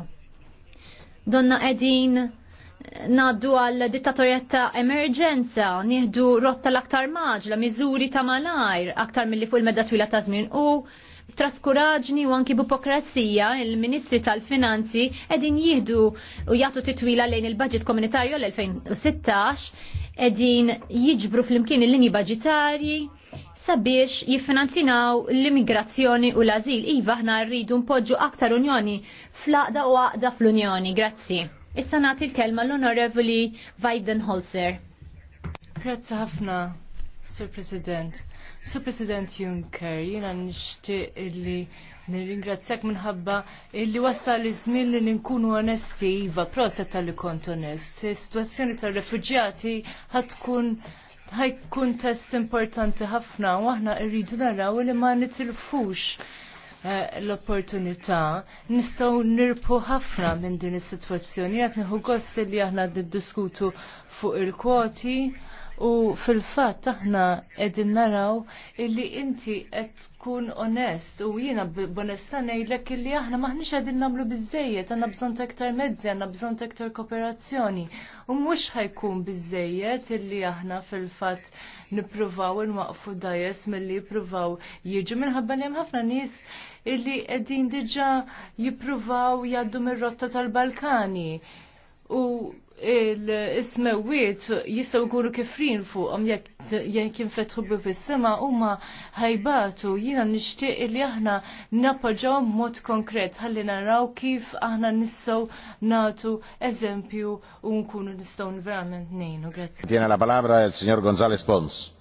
Donna qegħdin naddu għal dittatorjet ta' emerġenza, nieħdu rotta l-aktar maġla, miżuri ta' malajr, aktar mill-li fuq il-medda twila ta' żmien u traskuraġni u anki bupokrazija il-Ministri tal-Finanzi edin jihdu u jagħtu titwila lejn il-budget komunitarju l-2016 edin jiġbru fl-imkien il-linji budgetarji sabiex jiffinanzinaw l-immigrazzjoni u l-azil. Iva ħna rridu npoġġu aktar unjoni fl fl-aqda u għaqda fl-unjoni. Grazzi. Issa nagħti l-kelma l-Onorevoli Weidenholzer. Grazzi ħafna, Sir President. Su President Juncker, jina nishtiq illi nirringrazzjak minħabba illi wassa iż-żmien li nkunu onesti iva, proset tal-li kont onest. Situazzjoni tal-refuġjati ħatkun ħajkun test importanti ħafna u aħna rridu naraw li ma nitilfux eh, l-opportunità nistgħu nirpu ħafna minn din is-sitwazzjoni qed nieħu gost li aħna niddiskutu fuq il-kwoti U fil-fatt aħna qegħdin naraw illi inti qed tkun onest u jiena b'onestà ngħidlek illi aħna maħniex qegħdin nagħmlu biżejjed, għandna bżonn aktar mezzi, għandna bżonn aktar kooperazzjoni. U mhux ħajkun biżejjed illi aħna fil-fatt nippruvaw inwaqfu dajes milli jippruvaw jiġu minħabba li hemm ħafna nies illi qegħdin diġà jippruvaw jgħaddu mir-rotta tal-Balkani. U il-ismewiet jistaw jkunu kifrin fuqhom jekk jekk infetħu bis-sema huma ħajbatu jiena nixtieq li aħna nappoġġaw mod konkret ħalli naraw kif aħna nistgħu nagħtu eżempju u nkunu nistgħu verament ngħinu. Grazzi. la palabra il signor González Pons.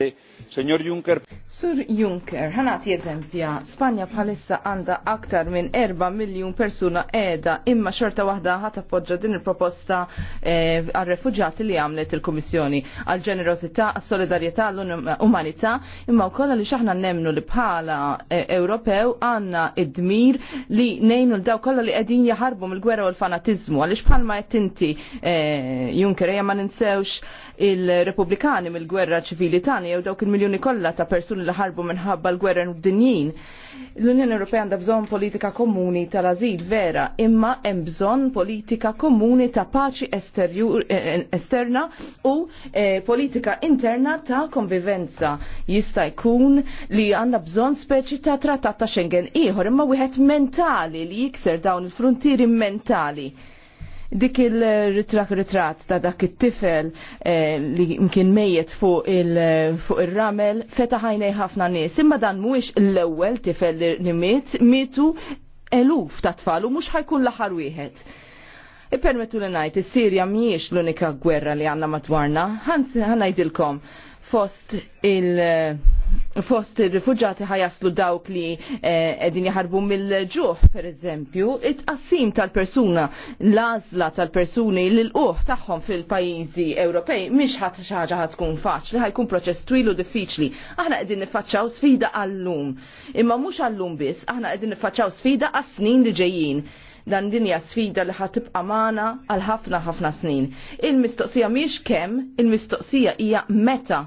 Eh, Senjor Juncker. Sur Juncker, ħanati eżempja, Spanja bħalissa għanda aktar minn 4 miljon persuna edha imma xorta waħda ħat appoġġa din il-proposta eh, għal refugjati li għamlet il komissjoni għal ġenerosità, solidarjetà, l-umanità, imma wkoll li xaħna nemnu li bħala eh, Ewropew għanna id-dmir li nejnu l-daw kolla li qegħdin jaħarbu mill-gwerra u l-fanatizmu għaliex bħalma qed inti eh, Juncker ma ninsewx il-Repubblikani mill-gwerra ċivili tani jew dawk il miljoni kollha ta' persuni li ħarbu minħabba l-gwerra dinjin. L-Unjoni Ewropea għandha bżonn politika komuni tal-azil vera, imma hemm bżonn politika komuni ta' paċi eh, esterna u e, politika interna ta' konvivenza. Jista' jkun li għandha bżonn speċi ta' trattat ta' Schengen ieħor, imma wieħed mentali li jikser dawn il-frontieri mentali dik il-ritrak ritrat ta' dak it-tifel eh, li mkien mejjet fuq il-ramel feta ħajnej ħafna nies. Imma dan mhuwiex l-ewwel tifel li miet, mietu eluf ta' tfal u mhux ħajkun l-aħħar wieħed. Ipermetu li ngħid, is-Sirja mhijiex l-unika gwerra li għandna madwarna. Ħanajdilkom, fost il- fost il-rifugġati ħajaslu dawk li eh, edin jaħarbu mill-ġuħ, per eżempju, it-qassim tal-persuna, l-azla tal-persuni l uħ tagħhom fil-pajizi Ewropej, miex ħat xaġa ħat faċ faċli, ħajkun proċess twil u diffiċli. Aħna qegħdin nifacċaw sfida għallum. Imma mhux għallum biss, aħna qegħdin nifacċaw sfida għas-snin li ġejjin dan dinja sfida li ħatib magħna għal ħafna ħafna snin. Il-mistoqsija miex kemm, il-mistoqsija hija meta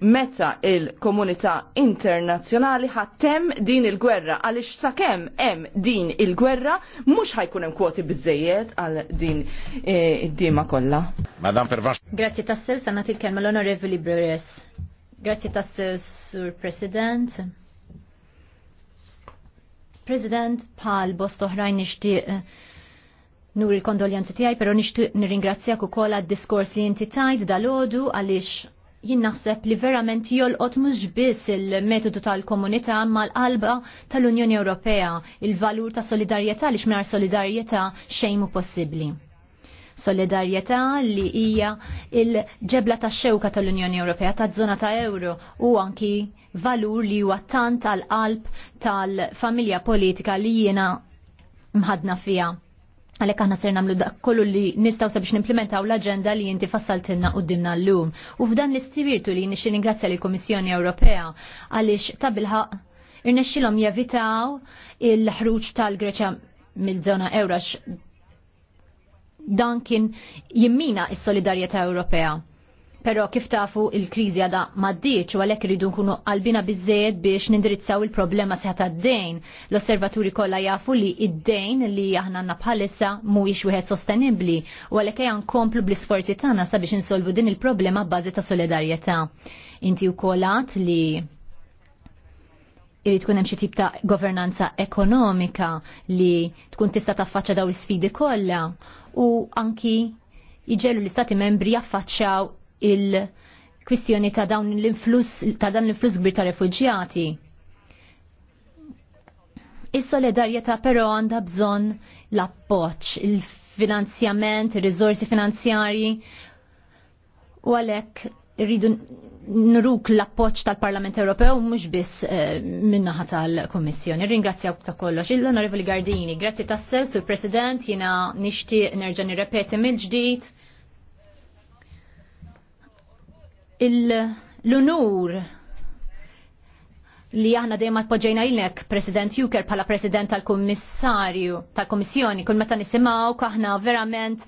meta il-komunità internazzjonali ħattem din il-gwerra għaliex sakemm hemm din il-gwerra mhux ħajkun hemm kwoti biżejjed għal din e, id-diema kollha. Madam Pervax. Grazzi tassew sa nagħti l-kelma l-Onorevoli Breres. Grazzi tassew Sur President. President pal bost oħrajn nixtieq eh, Nur il-kondoljanzi tiegħi, però nixtieq nirringrazzjak ukoll għad-diskors li inti tajt dal-għodu għaliex jien naħseb li verament jolqot mhux biss il-metodu tal-komunità ma l-qalba tal-Unjoni Ewropea, il-valur ta' solidarjetà li xmar solidarjetà xejn possibli. possibbli. Solidarjetà li hija il-ġebla ta' xewka tal-Unjoni Ewropea ta' żona ta' euro u anki valur li huwa tant tal-qalb tal-familja politika li jiena mħadna fija għalek aħna ser namlu da kollu li nistaw sabiex nimplementaw l-agenda li jinti fassaltilna u dimna l-lum. U f'dan l-ispirtu li nixin ingrazzja li Komissjoni Ewropea għalix ta' bilħaq irnexxilhom jevitaw il-ħruġ tal-Greċja mill-żona Ewrax dan kien jimmina il solidarjetà Ewropea. Pero kif tafu il-krizi għada maddiċ u għalek rridu nkunu qalbina bizzejed biex nindirizzaw il-problema seħta d-dejn. L-osservaturi kolla jafu li id-dejn li aħna għanna bħalissa mu wieħed sostenibli u għalek jgħan komplu bl-sforzi tana sabiex insolvu din il-problema bazi ta' solidarieta. Inti u kolat li irrid tkun hemm xi tip ta' governanza ekonomika li tkun tista' taffaċċa daw l-sfidi kollha u anki jġelu l-istati membri jaffaċċaw il-kwistjoni ta' dawn l-influss ta' dan l-influss kbir ta' refuġjati. Is-solidarjetà però għandha bżonn l-appoġġ, il-finanzjament, ir-riżorsi finanzjarji u għalhekk irridu nruk l-appoċ tal-Parlament Ewropew mhux biss eh, minnaħa tal-Kummissjoni. Ringrazzjaw ta' kollox. Il-Onorevoli Gardini, grazzi tassew sur President, jiena nixtieq nerġa' nirrepeti mill-ġdid l-unur li aħna dejjem poġġejna ilek President Juker bħala President tal-Kummissarju tal-Kummissjoni kull meta nisimgħu aħna verament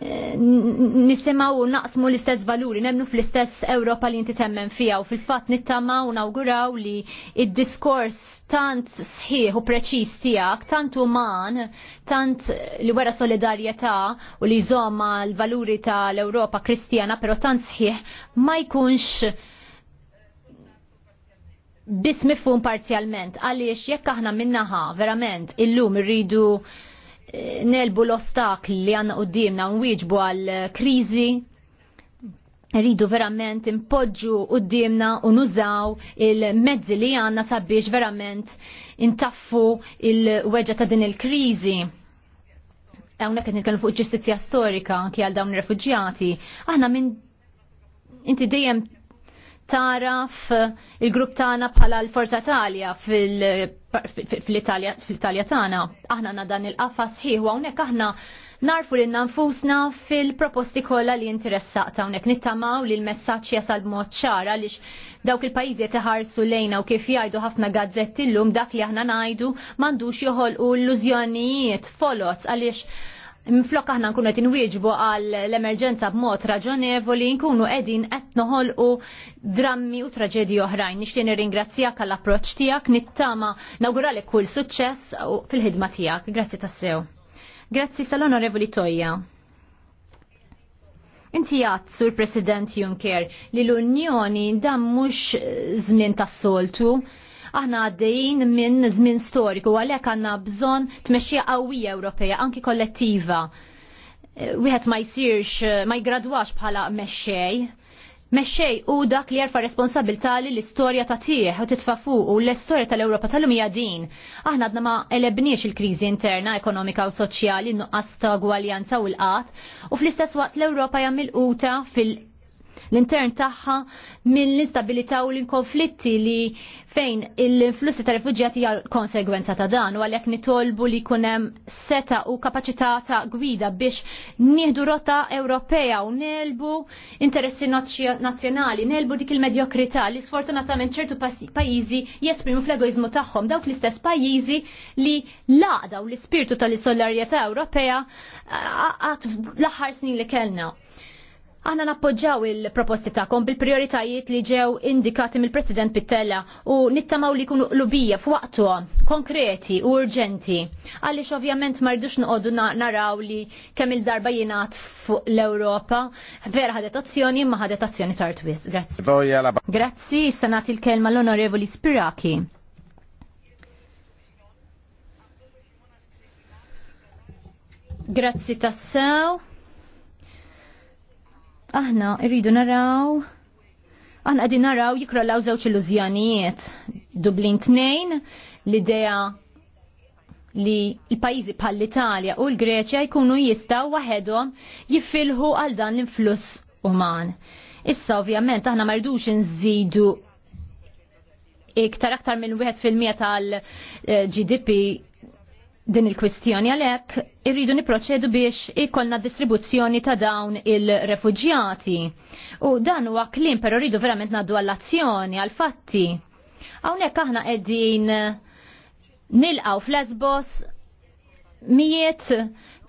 Eh, nisimaw u naqsmu l-istess valuri, nemnu fl-istess Ewropa li inti temmen fija u fil-fat nittamaw u nawguraw li id-diskors tant sħiħ u preċis tijak, tant uman, tant li wera solidarieta u li zoma l-valuri ta' l-Ewropa kristjana, pero tant sħiħ ma jkunx bismifun parzialment, parzjalment għaliex jekk aħna minnaħa verament illum irridu nelbu l-ostakli li għanna dimna nwieġbu għal krizi rridu verament impoġġu qoddimna u nużaw il-mezzi li għanna sabiex verament intaffu il-weġa ta' din il-krizi għawnek għet nitkellmu fuq ġustizja storika anki għal dawn ir-refuġjati, aħna minn inti dejjem taraf eh, il-grupp tagħna bħala l-Forza Talja fil-Italja fil tagħna. Aħna għandna dan il-qafa sħiħ u hawnhekk aħna narfu li nanfusna fil-proposti kollha li ta' hawnhekk nittamaw li l-messaġġ jasal b'mod ċara għaliex dawk il-pajjiżi iħarsu lejna u kif jgħidu ħafna gazzetti llum dak li aħna ngħidu m'għandux joħolqu l-lużjonijiet folot għaliex Minflok aħna nkunu qed inwieġbu għal l-emerġenza b'mod raġonevoli nkunu qegħdin qed noħolqu drammi u traġedji oħrajn. Nixtieq nirringrazzjak għall approċċ tiegħek, nittama nawguralek kull suċċess fil-ħidma tiegħek. Grazzi tassew. Grazzi sal-Onorevoli Tojja. Inti għat, Sur President Juncker, li l-Unjoni dam mux zmin tas-soltu, Aħna għaddejjin minn żmien storiku għalhekk għandna bżonn tmexxija qawwija Ewropea anki kollettiva. Eh, wieħed ma jsirx eh, ma jgradwax bħala mexxej, Mexxej u dak li jarfa responsabilta li l-istorja ta' tieħ u titfa' fuq u l-istorja tal-Ewropa tal-lum hija din. Aħna għadna ma elebniex il-kriżi interna, ekonomika u soċjali, nuqqas ta' gwaljanza u l-qat, u fl-istess waqt l-Ewropa hija milquta fil- l-intern tagħha mill-instabilità u l inkonflitti li fejn il influssi ta' rifuġjati hija konsegwenza ta' dan u għalhekk nitolbu li jkun hemm seta u kapaċità ta' gwida biex nieħdu rotta Ewropea u nelbu interessi nazzjonali, nelbu dik il-medjokrità li sfortunatament ċertu pajjiżi jesprimu fl-egoizmu tagħhom dawk l-istess pajjiżi li laqdaw l-ispirtu tal-solidarjetà Ewropea għat l-aħħar snin li kellna. Aħna nappoġġaw il-proposti tagħkom bil-prioritajiet li ġew indikati mill-President Pittella u nittamaw li jkunu qlubija f'waqtu konkreti u urġenti. Għaliex ovvjament ma rridux noqogħdu naraw li kemm il-darba jingħat fuq l-Ewropa vera ħadet azzjoni imma ħadet azzjoni tard wis. Grazzi. Grazzi, issa nagħti kelma l-Onorevoli Spiraki. Grazzi tassew. Aħna rridu naraw Aħna għadin naraw law żewġ illużjonijiet. Dublin 2, l-idea li l-pajizi bħal l-Italja u l-Greċja jkunu jistaw waħedhom jiffilħu għal dan l-influss uman. Issa ovvjament aħna mardux nżidu iktar aktar minn 1% tal-GDP din il-kwistjoni għalek irridu niproċedu biex ikollna distribuzzjoni ta' dawn il-refugjati. U dan huwa klim però rridu verament naddu għall-azzjoni, għall-fatti. Hawnhekk aħna qegħdin nilqaw fl-esbos mijiet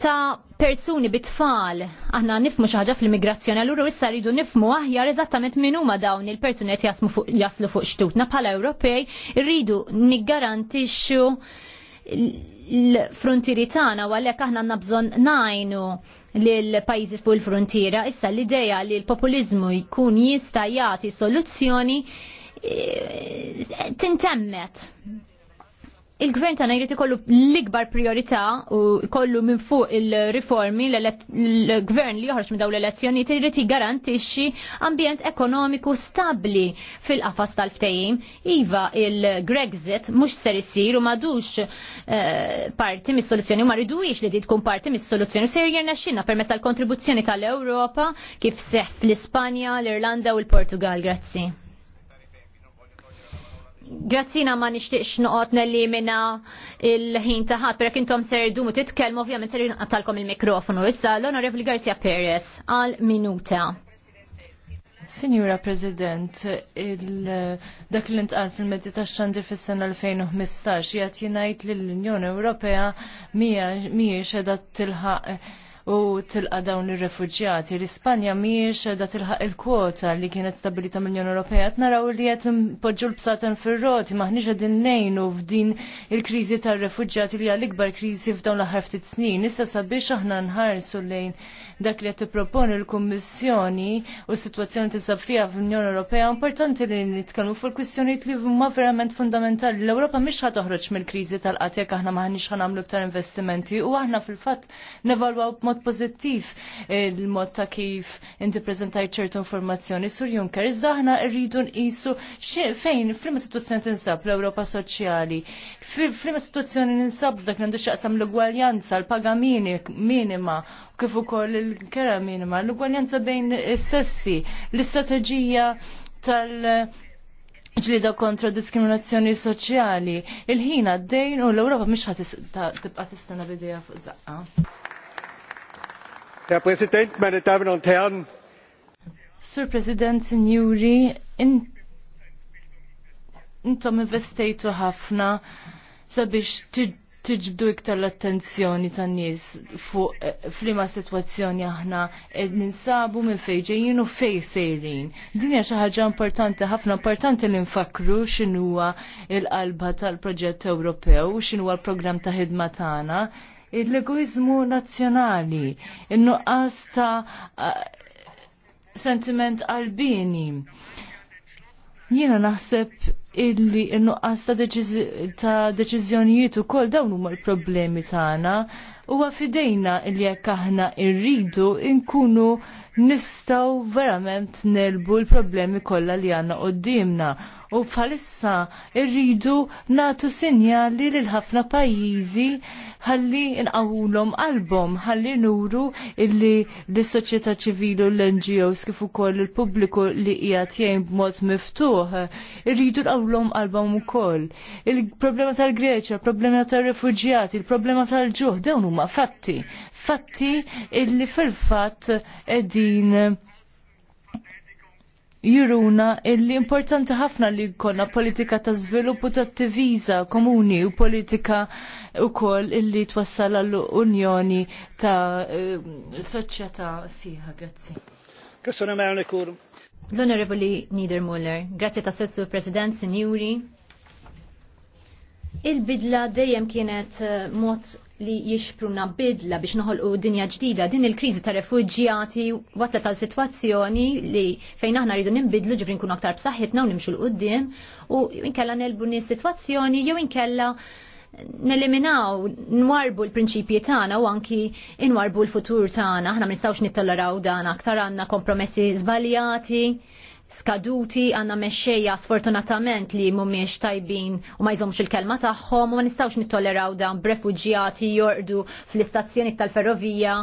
ta' persuni bitfall. Aħna nifmu xi ħaġa fl-immigrazzjoni, allura issa rridu nifmu aħjar eżattament min huma dawn il-persuni qed jaslu fuq xtutna bħala Ewropej, rridu niggarantixxu l-frontieri tagħna u aħna nabżon bżonn najnu l pajjiżi fuq il-frontiera. Issa l-idea li l-populiżmu jkun jista' jagħti soluzzjoni eh, tintemmet il-gvern tagħna jrid ikollu l-ikbar priorità u kollu minn fuq il-riformi l-gvern li joħroġ minn dawn l-elezzjonijiet irid jiggarantixxi ambjent ekonomiku stabbli fil-qafas tal-ftehim. Iva il-Grexit mhux ser isir u m'għadux eh, parti mis-soluzzjoni u ma ridux li tkun parti mis-soluzzjoni ser jirnexxinna permezz tal-kontribuzzjoni tal-Ewropa kif seħħ fl-Ispanja, l-Irlanda u l-Portugal. Grazzi grazzina ma nixtieqx noqgħod nellimina il-ħin ta' ħadd, perek intom ser dumu titkellmu ovvjament ser għattalkom il-mikrofonu. Issa l-Onorevoli Garcia Perez għal minuta. Signora President, dak li ntqal fil medja tax-xandi fis-sena 2015 jgħat jingħid l-Unjoni Ewropea mhijiex qiegħda tilħaq u tilqa dawn ir-refuġjati. L-Ispanja mhijiex da tilħaq il-kwota li kienet stabilita mill-Unjoni Ewropea. Qed naraw li qed impoġġu l-bsaten fir-roti maħniex qegħdin ngħinu f'din il-kriżi tar-refuġjati li hija l-ikbar kriżi f'dawn l-aħħar ftit snin. Issa sabiex aħna nħarsu lejn dak li qed tipproponi l-Kummissjoni u s-sitwazzjoni tinsab fiha fl-Unjoni Ewropea importanti li nitkellmu fuq kwistjonijiet li huma verament fundamentali. L-Ewropa mhix ħad toħroġ mill-kriżi tal-qatt jekk aħna maħniex ħanamlu iktar investimenti u aħna fil-fatt nevalwaw b'mod pożittiv il-mod eh, ta' kif inti preżentajt ċertu informazzjoni sur Juncker. Iżda aħna rridu nqisu fejn fl-imma sitwazzjoni tinsab l-Ewropa soċjali Fil-prima situazzjoni ninsab dak għandu xaqsam l-ugwaljanza, l-paga minima, kif ukoll il-kera minima, l-ugwaljanza bejn is-sessi, l-istrateġija tal- ġlida kontra diskriminazzjoni soċjali, il d-dejn u l-Ewropa mhix tibqa' tistana bidejja fuq zaqqa. Herr Präsident, meine Damen und Herren! Sur President, Signori, intom investejtu ħafna sabiex tiġbdu iktar l-attenzjoni tan nies fuq eh, flima situazzjoni aħna ninsabu minn fejn u fej sejrin. Dinja xi ħaġa importanti ħafna importanti li nfakru xinuwa l-qalba tal-proġett Ewropew, x'inhuwa l-programm ta' ħidma tagħna, l-egoizmu nazzjonali, in-nuqqas ta' eh, sentiment għalbini. Jiena naħseb illi n-nuqqas ta' deċiżjonijiet ukoll dawn huma l-problemi tagħna huwa fidejna illi jekk aħna irridu nkunu nistaw verament nelbu l-problemi kollha li għanna qoddimna. U bħalissa irridu natu sinjali li l ħafna pajjiżi ħalli nqawlhom qalbhom, ħalli nuru illi l-soċjetà ċivili u l-NGOs kif ukoll il-pubbliku li qiegħed jgħin b'mod miftuħ, irridu nqawlhom qalbhom ukoll. Il-problema tal-Greċja, il-problema tal-refuġjati, il-problema tal-ġuħ dawn huma fatti fatti illi fil fat din juruna illi importanti ħafna li jkollna politika ta' żvilupp u ta' diviża komuni u politika wkoll illi twassal għall unjoni ta' eh, soċjetà siħa, Grazzi. Kessunna Elnök úr. L-Onorevoli Niedermuller, grazzi ta' sessu President, Sinjuri. Il-bidla dejjem kienet eh, mod li jixpruna bidla biex noħolqu dinja ġdida. Din il-kriżi ta' refuġjati wasla tal situazzjoni li fejn aħna rridu nimbidlu ġifri nkunu aktar b'saħħitna u nimxu l-qudiem u inkella nelbu nis situazzjoni jew inkella neliminaw, nwarbu l-prinċipji tagħna u anki nwarbu l-futur tagħna. Aħna ma nistgħux nittolleraw dan aktar għandna kompromessi żbaljati, skaduti għanna meċxejja sfortunatament li mumiex tajbin u ma jżomx il-kelma tagħhom u ma nistawx nittoleraw dan b'refuġjati jordu fl-istazzjoni tal-ferrovija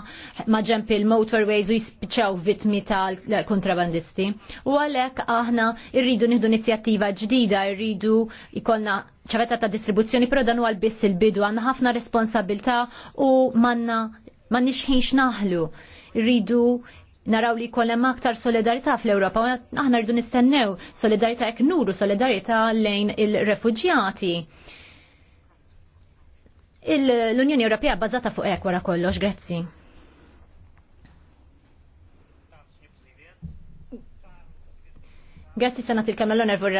ma il-motorways u jispiċċaw vitmi tal-kontrabandisti. U għalhekk aħna rridu nieħdu inizjattiva ġdida, rridu ikolna ċavetta ta' distribuzzjoni, pero dan huwa biss il-bidu għandna ħafna responsabilta u manna ma nixħinx naħlu. Irridu naraw li kollem aktar solidarità fl-Ewropa, aħna rridu nistennew solidarità ek nuru, solidarità lejn il-refugjati. Il refugjati l unjoni Ewropea bbażata fuq ek wara kollox, grazzi. Grazzi sena il-kamellon Ervor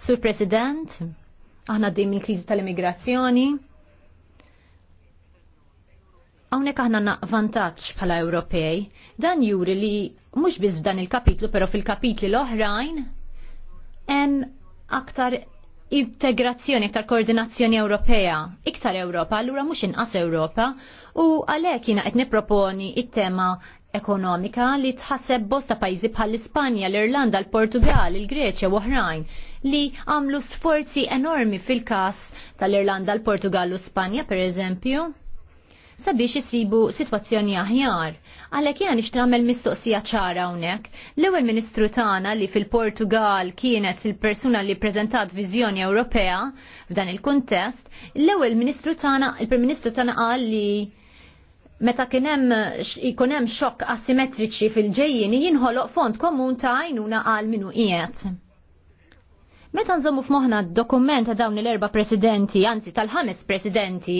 Sur President, aħna d-dim il-krizi tal-immigrazzjoni, Hawnhekk aħna vantaġġ bħala Ewropej. Dan juri li mhux biss dan il-kapitlu, però fil-kapitli l-oħrajn hemm aktar integrazzjoni, aktar koordinazzjoni Ewropea, iktar Ewropa, allura mhux inqas Ewropa, u għalhekk jiena qed nipproponi it-tema ekonomika li tħasseb bosta pajjiżi bħall ispanja l-Irlanda, l-Portugal, il-Greċja u oħrajn li għamlu sforzi enormi fil-kas tal-Irlanda, l-Portugal u Spanja, per eżempju, sabiex jisibu sitwazzjoni aħjar. Għalhekk jiena nixtramel mistoqsija ċara hawnhekk. L-ewwel Ministru tagħna li fil-Portugal kienet il-persuna li prezentat viżjoni Ewropea f'dan il-kuntest, l-ewwel Ministru tagħna, il-Prim Ministru tagħna qal li meta kien hemm ikun hemm xokk asimetriċi fil ġejjini jinħoloq fond komun ta' għajnuna għal minu qiegħed. Meta nżommu f'moħħna d-dokument ta' dawn l erba presidenti, anzi tal-ħames presidenti,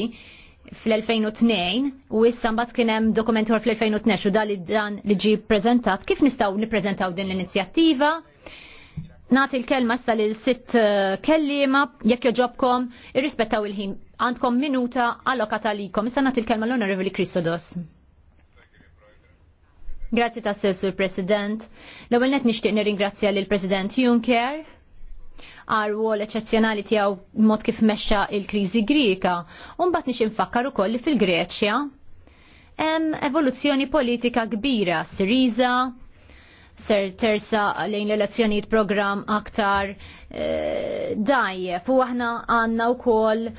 fl-2002 u issa mbagħad kien hemm dokument fl-2012 u dan li dan li ġi preżentat, kif nistgħu nippreżentaw din l-inizjattiva? Nagħti l-kelma issa lil sitt eh, kelliema jekk joġobkom irrispettaw il-ħin. Għandkom minuta allokata lilkom. Issa nagħti l-kelma l-Onorevoli Kristodos. Grazzi tas Sur President. L-ewwel net nixtieq nirringrazzja lill President Juncker għar wol eċezzjonali tiegħu mod kif mexxa il krizi Grika. Umbagħad nix infakkar ukoll li fil-Greċja hemm evoluzzjoni politika kbira, Siriza, ser tersa lejn l-elezzjonijiet program aktar e, dajjef u aħna għandna wkoll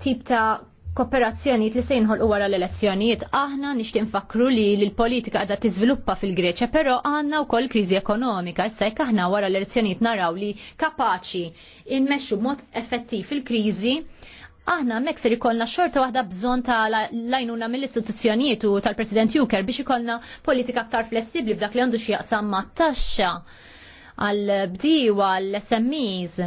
tip ta' kooperazzjonijiet li se jinħolqu wara l-elezzjonijiet. Aħna nixtieq nfakru li l-politika qiegħda tiżviluppa fil-Greċja, però għandna wkoll kriżi ekonomika. Issa jekk aħna wara l-elezzjonijiet naraw li kapaċi nmexxu b'mod effettiv il-kriżi, Aħna mek ser ikollna xorta waħda bżon ta' lajnuna mill-istituzzjonijiet u tal-President Juncker biex ikollna politika aktar flessibli f'dak li għandu jaqsam ma' taxxa għal bdiewa għall SMEs,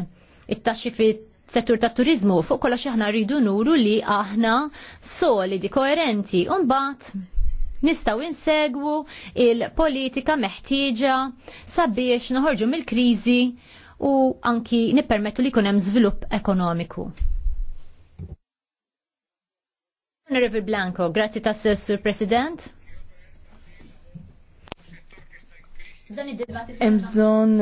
it-taxxi fit settur ta' turizmu fuq kollox aħna rridu nuru li aħna solidi, koerenti, unbat nistaw insegwu il-politika meħtieġa sabiex noħorġu mill-kriżi u anki nippermettu li kunem żvilupp ekonomiku. Honorable Blanco, grazzi tas Sur President. Emżon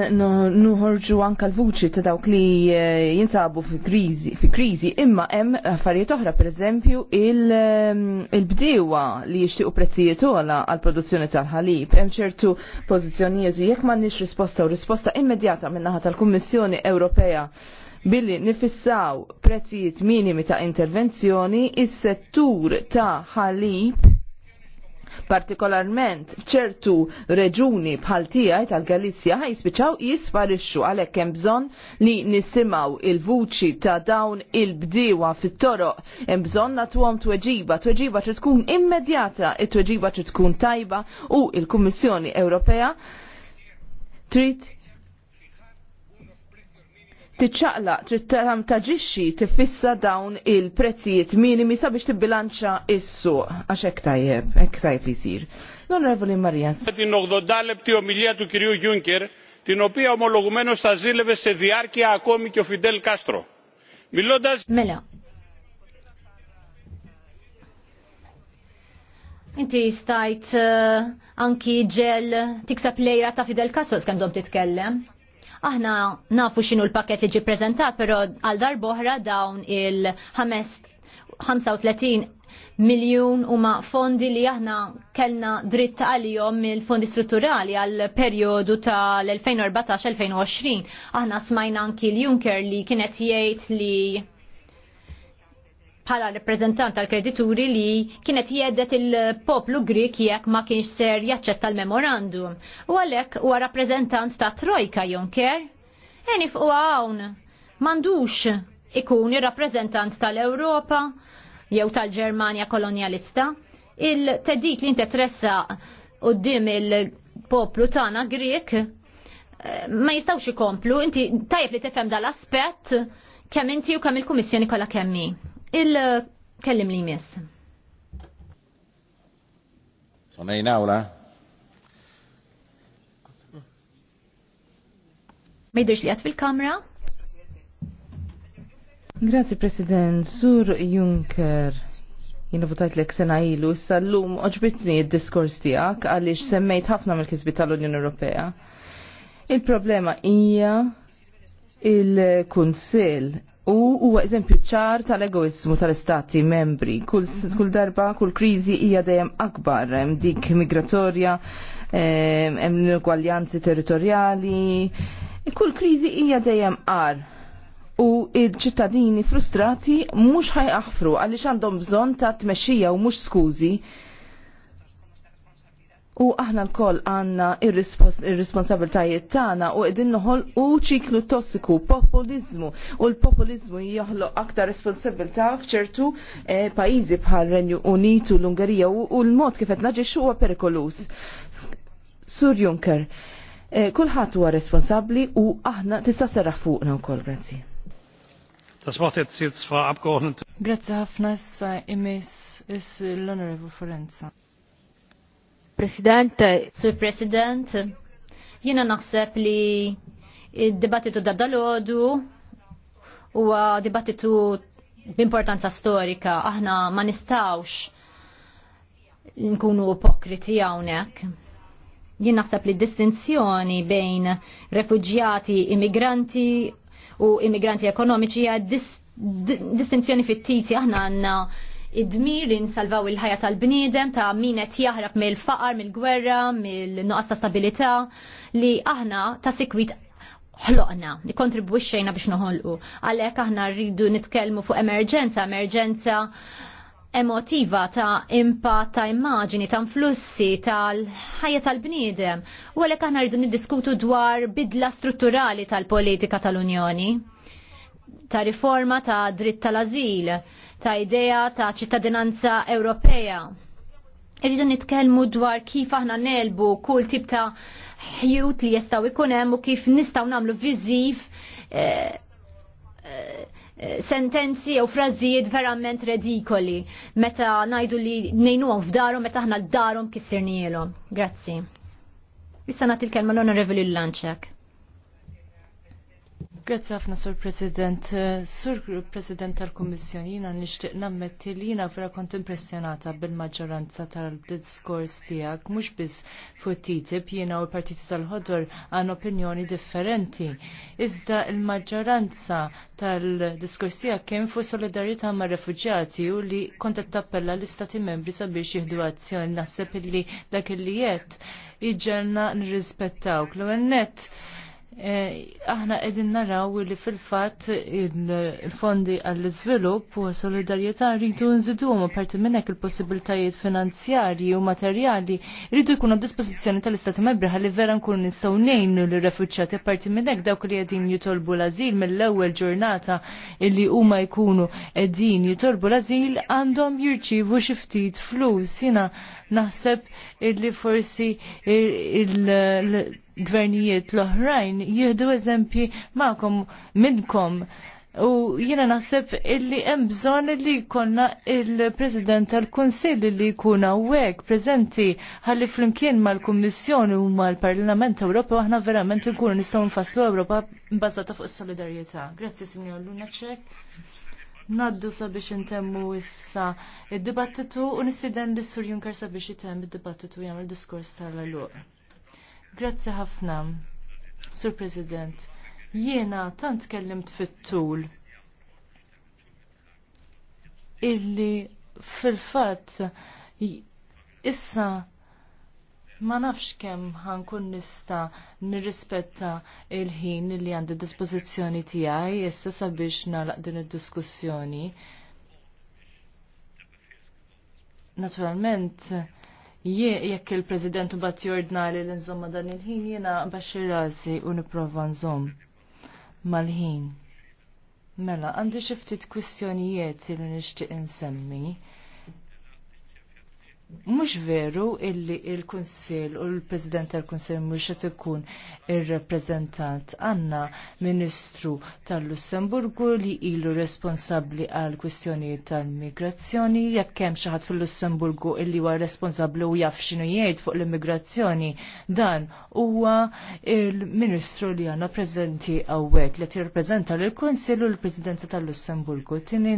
nuħorġu anka l-vuċi ta' dawk li eh, jinsabu fi krizi, imma hemm affarijiet oħra, per eżempju, eh, il-bdiewa li jixtiequ prezzijiet ola għal produzzjoni tal-ħalib. Hemm ċertu pożizzjonijiet jekk m'għandniex risposta u risposta immedjata minnaħa tal-Kummissjoni Ewropea billi nifissaw prezzijiet minimi ta' intervenzjoni, is-settur ta' ħalib partikolarment ċertu reġuni bħal tiegħi tal-Galizja ħajspiċaw jisparixxu għalhekk hemm bżonn li nisimgħu il-vuċi ta' dawn il-bdiewa fit-toroq hemm bżonn nagħtuhom tweġiba, tweġiba trid tkun immedjata, it-tweġiba trid tkun tajba u l-Kummissjoni Ewropea trid tiċċaqlaq trid taġixxi tifissa dawn il-prezzijiet minimi sabiex tibbilanċa is-suq għax hekk tajjeb, hekk tajjeb isir. L-Onorevoli Marjas. Την 80 λεπτή ομιλία του κυρίου Γιούνκερ, την οποία ομολογουμένως θα ζήλευε σε διάρκεια ακόμη και ο Φιντέλ Κάστρο. Μιλώντας... Μελά. Inti stajt anki ġel tiksa plejra ta' Fidel Castro skem dom titkellem. Aħna nafu x'inhu l-pakket li ġi preżentat, però għal darboħra dawn il-35 miljun huma fondi li aħna kellna dritt għalihom mill-fondi strutturali għal perjodu tal-2014-2020. Aħna smajna anki l-Junker li kienet jgħid li bħala reprezentant tal-kredituri li kienet jedet il-poplu Grik jekk ma kienx ser jaċċetta l-memorandum. U għalhekk huwa rappreżentant ta' Trojka Juncker. Eni fuq hawn m'għandux ikun il rappreżentant tal-Ewropa jew tal-Ġermanja kolonjalista. Il-tedik li inti tressa qudiem il-poplu tagħna Grik, eh, ma jistawx ikomplu, inti tajjeb li tifhem dal-aspett kemm inti u kemm il-Kummissjoni kollha kemmi il-kellim li jmiss. Sonej nawla. Mejdeġ li għat fil-kamra? Grazie, President. Sur Juncker, jina votajt l-ek sena ilu, issa l-lum oġbitni id diskors tijak għalix semmejt ħafna mill kizbi tal-Unjoni Ewropea. Il-problema hija il-Kunsil U huwa eżempju ċar tal-egoizmu tal-istati membri. Kull, kull darba, kull kriżi hija dejjem akbar hemm dik migratorja, hemm l-ugwaljanzi territorjali. Kull kriżi hija dejjem qar u il-ċittadini frustrati mhux ħajqaħfru għaliex għandhom bżonn ta' tmexxija u mhux skużi U aħna l-koll għanna ir-responsabiltajiet tagħna u qegħdin noħol u ċiklu tossiku, populizmu. U l-populizmu jieħlo aktar responsabilità f'ċertu eh, pajjiżi bħal Renju Unitu l-Ungerija u l-mod kif qed naġix huwa perikolus. Sur Juncker, eh, kulħadd huwa responsabbli u aħna tista' serraħ fuqna wkoll, grazzi. Das Wort jetzt jetzt Frau Abgeordnete. Grazie ħafna issa imis l-Honorable Forenza. President. Sur President, jiena naħseb li id-dibattitu da dal-ħodu huwa dibattitu b'importanza storika. Aħna ma nistawx nkunu ipokriti hawnhekk. Jien naħseb li distinzjoni bejn refugjati immigranti u immigranti ekonomiċi hija distinzjoni fit-titi aħna għandna id-dmir li nsalvaw il-ħajja tal-bniedem ta' min qed jaħrab mill-faqar, mill-gwerra, mill-nuqqas ta' stabilità li aħna ta' sikwit ħloqna, li kontribwixxejna biex noħolqu. Għalhekk aħna rridu nitkellmu fuq emerġenza, emerġenza emotiva ta' impatt, ta' immaġini, ta' influssi, tal-ħajja tal-bniedem. U għalhekk aħna rridu niddiskutu dwar bidla strutturali tal-politika tal-Unjoni ta' riforma ta' dritt tal-azil, ta' idea ta' ċittadinanza Ewropea. Irridu nitkellmu dwar kif aħna nelbu kull tip ta' ħjut li jistaw ikunem u kif nistaw namlu viziv eh, eh, sentenzi u frażijiet verament redikoli meta najdu li nejnuhom f'darhom meta aħna l-darhom kissirnielhom. Grazzi. Issa nagħti l-kelma l-Onorevoli Lanċek. Grazie ħafna Sur President. Sur President tal-Kommissjoni jiena nixtieq nammetti li jiena vera kont impressjonata bil-maġġoranza tal-diskors tiegħek mhux biss fuq TTIP jiena u l-Partiti tal-Ħodor għan opinjoni differenti. Iżda il-maġġoranza tal-diskors tiegħek kien fuq solidarita mar refuġjati u li kont qed tappella l-Istati Membri sabiex jieħdu azzjoni naħseb illi dak li jett iġenna nirrispettawk. L-għennet Eh, aħna qegħdin naraw li fil-fatt il-fondi għall-iżvilupp u solidarjetà rridu nżidu apparti minn hekk il-possibilitajiet finanzjarji u materjali rridu jkunu dispożizzjoni tal-Istati Membri ħalli vera nkunu nistgħu ngħin lir-refuġġjati apparti minn hekk dawk li qegħdin jitolbu l azil mill-ewwel ġurnata illi huma jkunu qegħdin jitolbu l azil għandhom jirċievu xi ftit flus. Jiena naħseb illi forsi il-gvernijiet l-oħrajn jieħdu eżempji ma'kom minnkom. U jiena naħseb illi hemm bżonn li jkollna il-President tal-Kunsill li jkun hawnhekk prezenti ħalli flimkien mal-Kummissjoni u mal-Parlament u aħna verament nkunu nistgħu nfasslu Ewropa mbażata fuq is-solidarjetà. Grazzi Signor Lunacek naddu sabiex intemmu issa id-dibattitu u nistiden li sur Junker sabiex jitem id-dibattitu jagħmel diskors tal-għaluq. Grazzi ħafna, Sur President. Jiena tant kellimt fit-tul illi fil-fatt issa Ma nafx kemm ħankun nista nirrispetta il-ħin li għandi dispożizzjoni tiegħi issa sabiex nagħlaq din id-diskussjoni. Naturalment, jekk il-President bat jordnali li nżomma dan il-ħin jiena baxxi rasi u nipprova nżomm mal-ħin. Mela, għandi xi ftit kwistjonijiet li nixtieq insemmi mux veru illi il-Konsil u l-President tal-Konsil mux għet ikun il-reprezentant għanna Ministru tal-Lussemburgu li ilu responsabli għal kwistjoni tal-migrazzjoni. Jekk hemm xi ħadd fil-Lussemburgu illi huwa responsabli u jaf x'inhu jgħid fuq l-immigrazzjoni, dan huwa il-Ministru li għandna preżenti hawnhekk li tirrappreżenta lill-Kunsill u l-Presidenza tal-Lussemburgu. Tini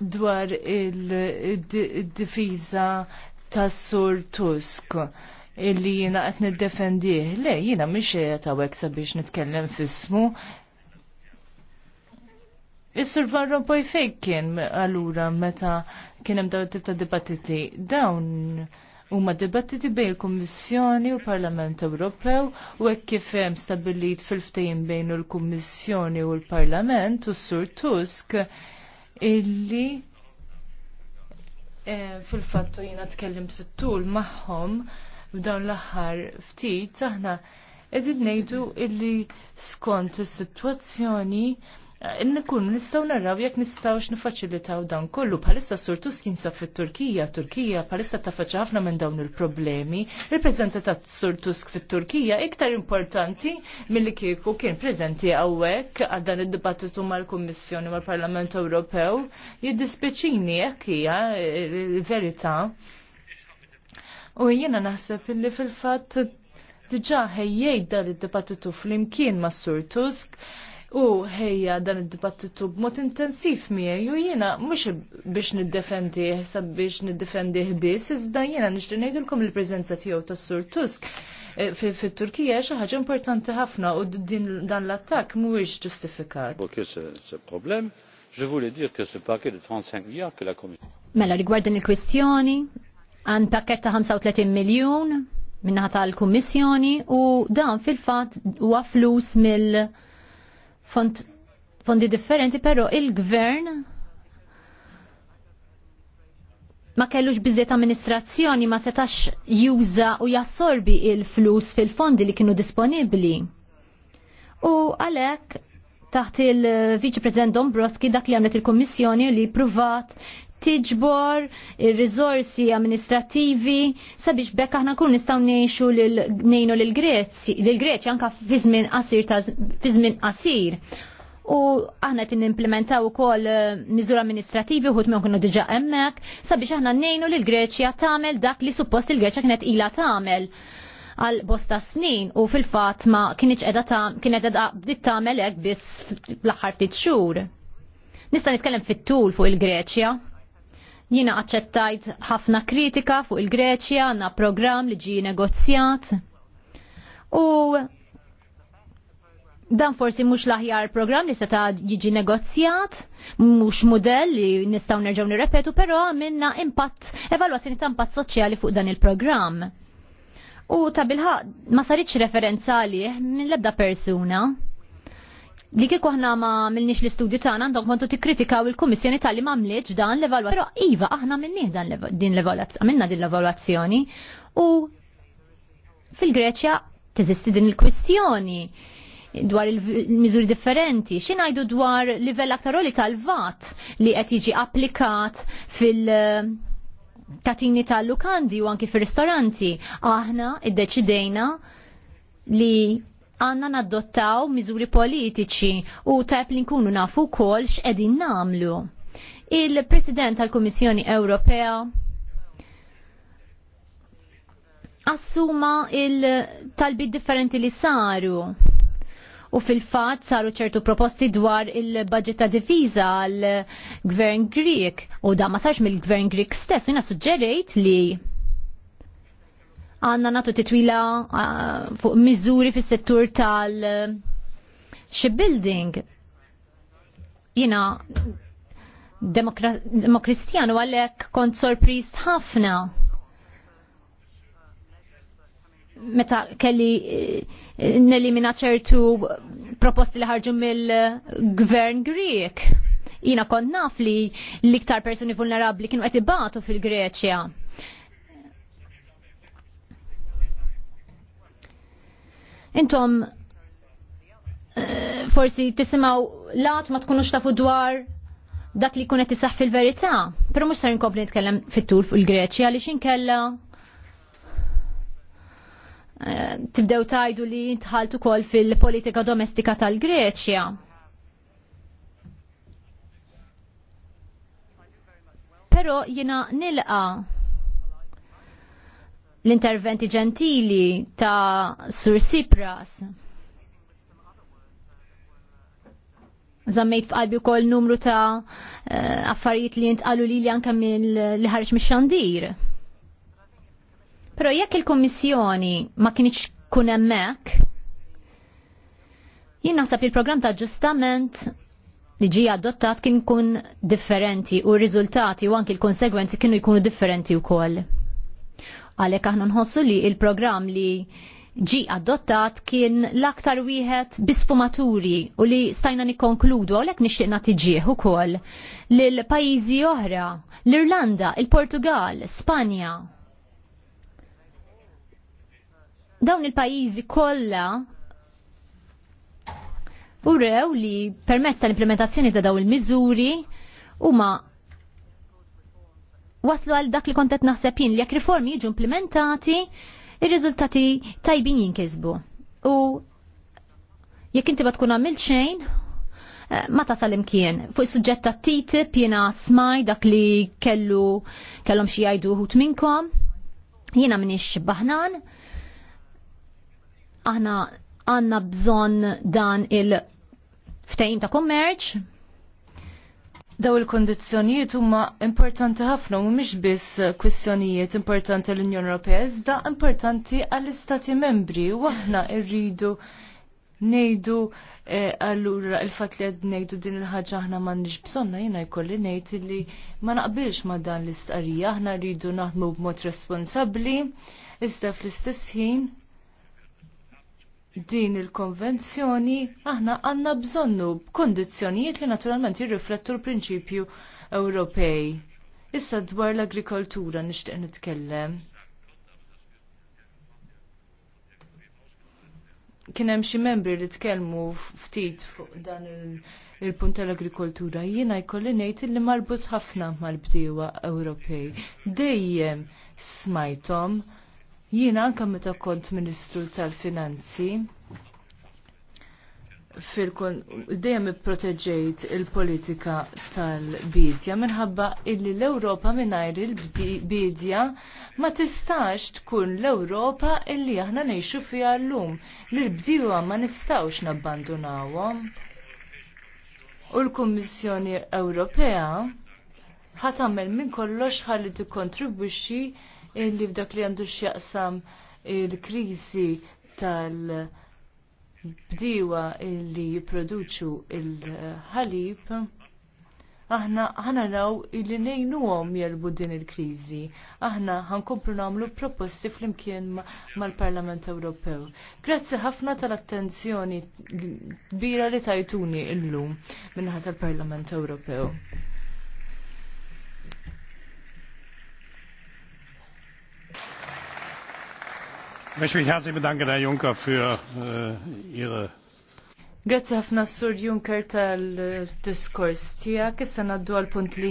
dwar il-difiża tas-Sur Tusk illi jina qed niddefendih. Le, jina mhix qiegħed hawnhekk sabiex nitkellem fismu. Is-Sur Van Rompuy fejn kien allura meta kien hemm dawn tip ta' dibattiti. Dawn huma dibattiti bejn il-Kummissjoni u Parlament Ewropew u hekk kif hemm stabbilit fil-ftehim bejn il-Kummissjoni u l-Parlament u s-Sur Tusk illi eh, fil-fattu jina tkellimt fit-tul maħħom b'dawn l-aħħar ftit aħna qegħdin ngħidu illi skont is-sitwazzjoni nkunu nistgħu narraw jekk nistgħux nifaċilitaw dan kollu. Bħalissa s Tusk jinsab fit-Turkija, Turkija bħalissa tafaċa ħafna minn dawn il-problemi. Il-preżenza ta' sur Tusk fit-Turkija iktar importanti milli kieku kien preżenti hawnhekk għal dan id-dibattitu mal-Kummissjoni mal-Parlament Ewropew. Jiddispjaċini jekk hija l-verità. U jiena naħseb illi fil-fatt diġa ħejjejt dal id-dibattitu fl-imkien ma' Sur Tusk u ħejja dan id-dibattitu b'mod intensiv miegħi u jiena mhux biex niddefendi sabiex niddefendi biss, iżda jiena nixtieq ngħidilkom il-preżenza tiegħu tas-Sur Tusk eh, fit-Turkija xi ħaġa importanti ħafna u dan l-attakk mhuwiex ġustifikat. je voulais dire que ce paquet de 35 milliards que la Commission Mela rigward din il-kwistjoni, għan pakket ta' 35 miljun minnaħat tal-Kummissjoni u dan fil-fatt huwa flus mill- fondi differenti, pero il-gvern ma kellux bizziet amministrazzjoni ma setax juża u jassorbi il-flus fil-fondi li kienu disponibli. U għalek taħt il-Viċi President Dombroski dak li għamlet il-Kommissjoni li provat tiġbor il-rizorsi amministrativi sabiex bekk aħna nkunu nistgħu ngħixu lil ngħinu lil Greċja anke fi żmien qasir ta' fi żmien qasir. U aħna tin implementaw ukoll eh, miżura amministrativi uħut minn kunu diġà hemmhekk sabiex aħna ngħinu lil Greċja tagħmel dak li suppost il-Greċja kienet ilha tagħmel għal bosta snin u fil-fat ma kienieċ edha ta' kienet edha bditt ta' melek bis l-ħar xhur. Nista' nitkellem fit-tul fuq il-Greċja. Jina aċċettajt ħafna kritika fuq il-Greċja, għanna program li ġi negozjat. U dan forsi mhux l-aħjar program li seta jiġi negozjat, mhux mudell li nistgħu nerġgħu nirrepetu, però għamilna impatt, evalwazzjoni ta' impatt soċjali fuq dan il-programm. U ta' ma saritx referenzali minn l-ebda persuna li kieku aħna ma milnix l-istudju tagħna għandhom kontu tikkritikaw il-Kummissjoni tal-li ma dan l-evalwazzjoni. Però iva aħna minnih dan din l-evalwazzjoni, għamilna din l-evalwazzjoni u fil-Greċja teżisti din il-kwistjoni dwar il-miżuri differenti, ngħidu dwar livell aktar tal-vat li qed jiġi applikat fil- tatini tal-lukandi u anki fil-ristoranti. Aħna id-deċidejna li għanna naddottaw miżuri politiċi u tajb li nkunu nafu kol x'qegħdin namlu. Il-President tal-Kummissjoni Ewropea assuma il-talbit differenti li saru u fil-fat saru ċertu proposti dwar il-budget ta' diviza għal gvern Greek u da ma sarx mill-gvern Greek stess, jina suġġerejt li għanna natu titwila fuq miżuri fis settur tal eh, shipbuilding. Jina demokristjanu għalek kont sorprist ħafna. Meta kelli eh, nelimina ċertu proposti li ħarġu mill-gvern Grek. Jina kont naf li l-iktar personi vulnerabli kienu għetibatu fil-Greċja Intom eh, forsi tisimaw lat ma tkunux tafu dwar dak li kunet tisaħ fil-verità. Pero mux sar inkompli nitkellem fit-tul fuq il-Greċja għaliex inkella eh, tibdew tajdu li tħaltu kol fil-politika domestika tal-Greċja. Pero jina nilqa' l-interventi ġentili ta' Sur Sipras. Zammejt f'qalbi koll numru ta' eh, affarijiet li jintqalu li li anka li ħarġ mi xandir Pero jekk il-Kommissjoni ma kienx kun hemmhekk, jien naħseb il programm ta' ġustament li ġi adottat kien kun differenti u r-riżultati u anki l-konsegwenzi kienu jkunu differenti wkoll. Għalhekk aħna nħossu li il-programm li ġi adottat kien l-aktar wieħed bisfumaturi u li stajna nikkonkludu għalhekk nixtieq nagħti ġieħ ukoll lil pajjiżi oħra, l-Irlanda, il-Portugal, Spanja. Dawn il-pajjiżi kollha urew li permezz tal-implementazzjoni ta' daw il-miżuri huma waslu għal dak li kontet jien li jekk riformi jiġu implementati, ir-riżultati tajbin jinkisbu. U jekk inti tkun għamilt xejn, eh, ma tasal imkien. Fuq is-suġġett ta' TTIP jiena smaj dak li kellu kellhom xi jgħidu uħut minnkom. Jiena m'iniex baħnan. Aħna għandna bżonn dan il-ftehim ta' kummerċ, daw il-kondizjonijiet huma importanti ħafna u mhix biss kwistjonijiet importanti l-Unjoni Ewropea iżda importanti għall-Istati Membri u aħna rridu ngħidu eh, allura il-fatt li qed ngħidu din il-ħaġa aħna m'għandniex bżonna jiena jkolli ngħid li ma naqbilx ma' dan l-istqarrija aħna rridu naħdmu b'mod responsabbli iżda fl-istess ħin din il-konvenzjoni aħna għanna bżonnu kondizjonijiet li naturalment jirriflettu l-prinċipju Ewropej. Issa dwar l-agrikoltura nixtieq nitkellem. Kien hemm xi membri li tkellmu ftit fuq dan il-punt tal-agrikoltura jiena jkolli ngħid li marbut ħafna mal-bdiewa Ewropej. Dejjem smajthom Jiena anke meta kont Ministru tal-Finanzi dejjem ipproteġejt il-politika tal-bidja minħabba illi l-Ewropa mingħajr il-bidja ma tistax tkun l-Ewropa illi aħna ngħixu fiha llum. L-bdiewa ma nistgħux nabbandunawhom. U l-Kummissjoni Ewropea ħatamel minn kollox ħalli tikkontribwixxi kontribuċi illi f'dak li għandu x'jaqsam il-kriżi tal- bdiwa illi jipproduċu il-ħalib, aħna ħanaraw illi nejnuhom jelbu din il-kriżi. Aħna ħankomplu nagħmlu proposti flimkien mal-Parlament Ewropew. Grazzi ħafna tal-attenzjoni kbira li tajtuni illum minnaħat tal-Parlament Ewropew. Juncker für äh, Ihre. Grazie a Sur Juncker tal-diskors tijak, issa naddu għal-punt li